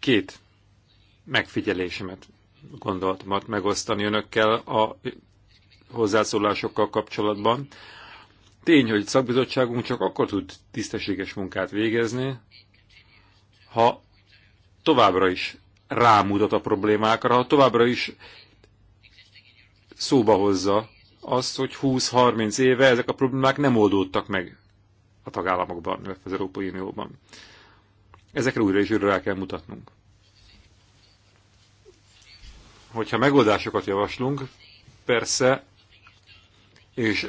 Speaker 4: Két megfigyelésemet gondoltam megosztani önökkel a hozzászólásokkal kapcsolatban. Tény, hogy szakbizottságunk csak akkor tud tisztességes munkát végezni, ha továbbra is rámutat a problémákra, ha továbbra is szóba hozza azt, hogy 20-30 éve ezek a problémák nem oldódtak meg a tagállamokban, az Európai Unióban. Ezekre újra és újra rá kell mutatnunk. Hogyha megoldásokat javaslunk, persze, és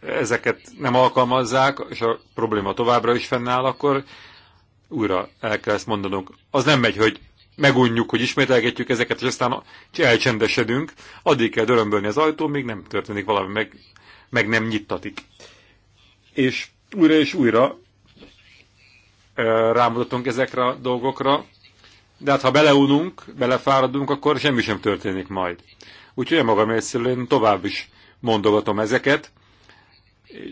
Speaker 4: ezeket nem alkalmazzák, és a probléma továbbra is fennáll, akkor újra el kell ezt mondanunk. Az nem megy, hogy megunjuk, hogy ismételgetjük ezeket, és aztán elcsendesedünk, addig kell dörömbölni az ajtó, még nem történik valami, meg, meg nem nyittatik. És újra és újra rámutatunk ezekre a dolgokra, de hát ha beleununk, belefáradunk, akkor semmi sem történik majd. Úgyhogy magam részéről tovább is mondogatom ezeket.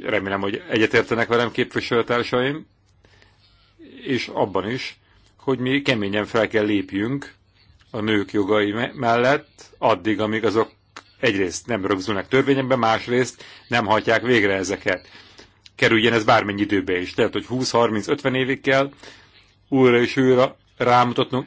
Speaker 4: Remélem, hogy egyetértenek velem képviselőtársaim, és abban is, hogy mi keményen fel kell lépjünk a nők jogai mellett, addig, amíg azok egyrészt nem rögzülnek törvényekbe, másrészt nem hagyják végre ezeket kerüljen ez bármennyi időbe is. Lehet, hogy 20, 30, 50 évig kell újra és újra rámutatnunk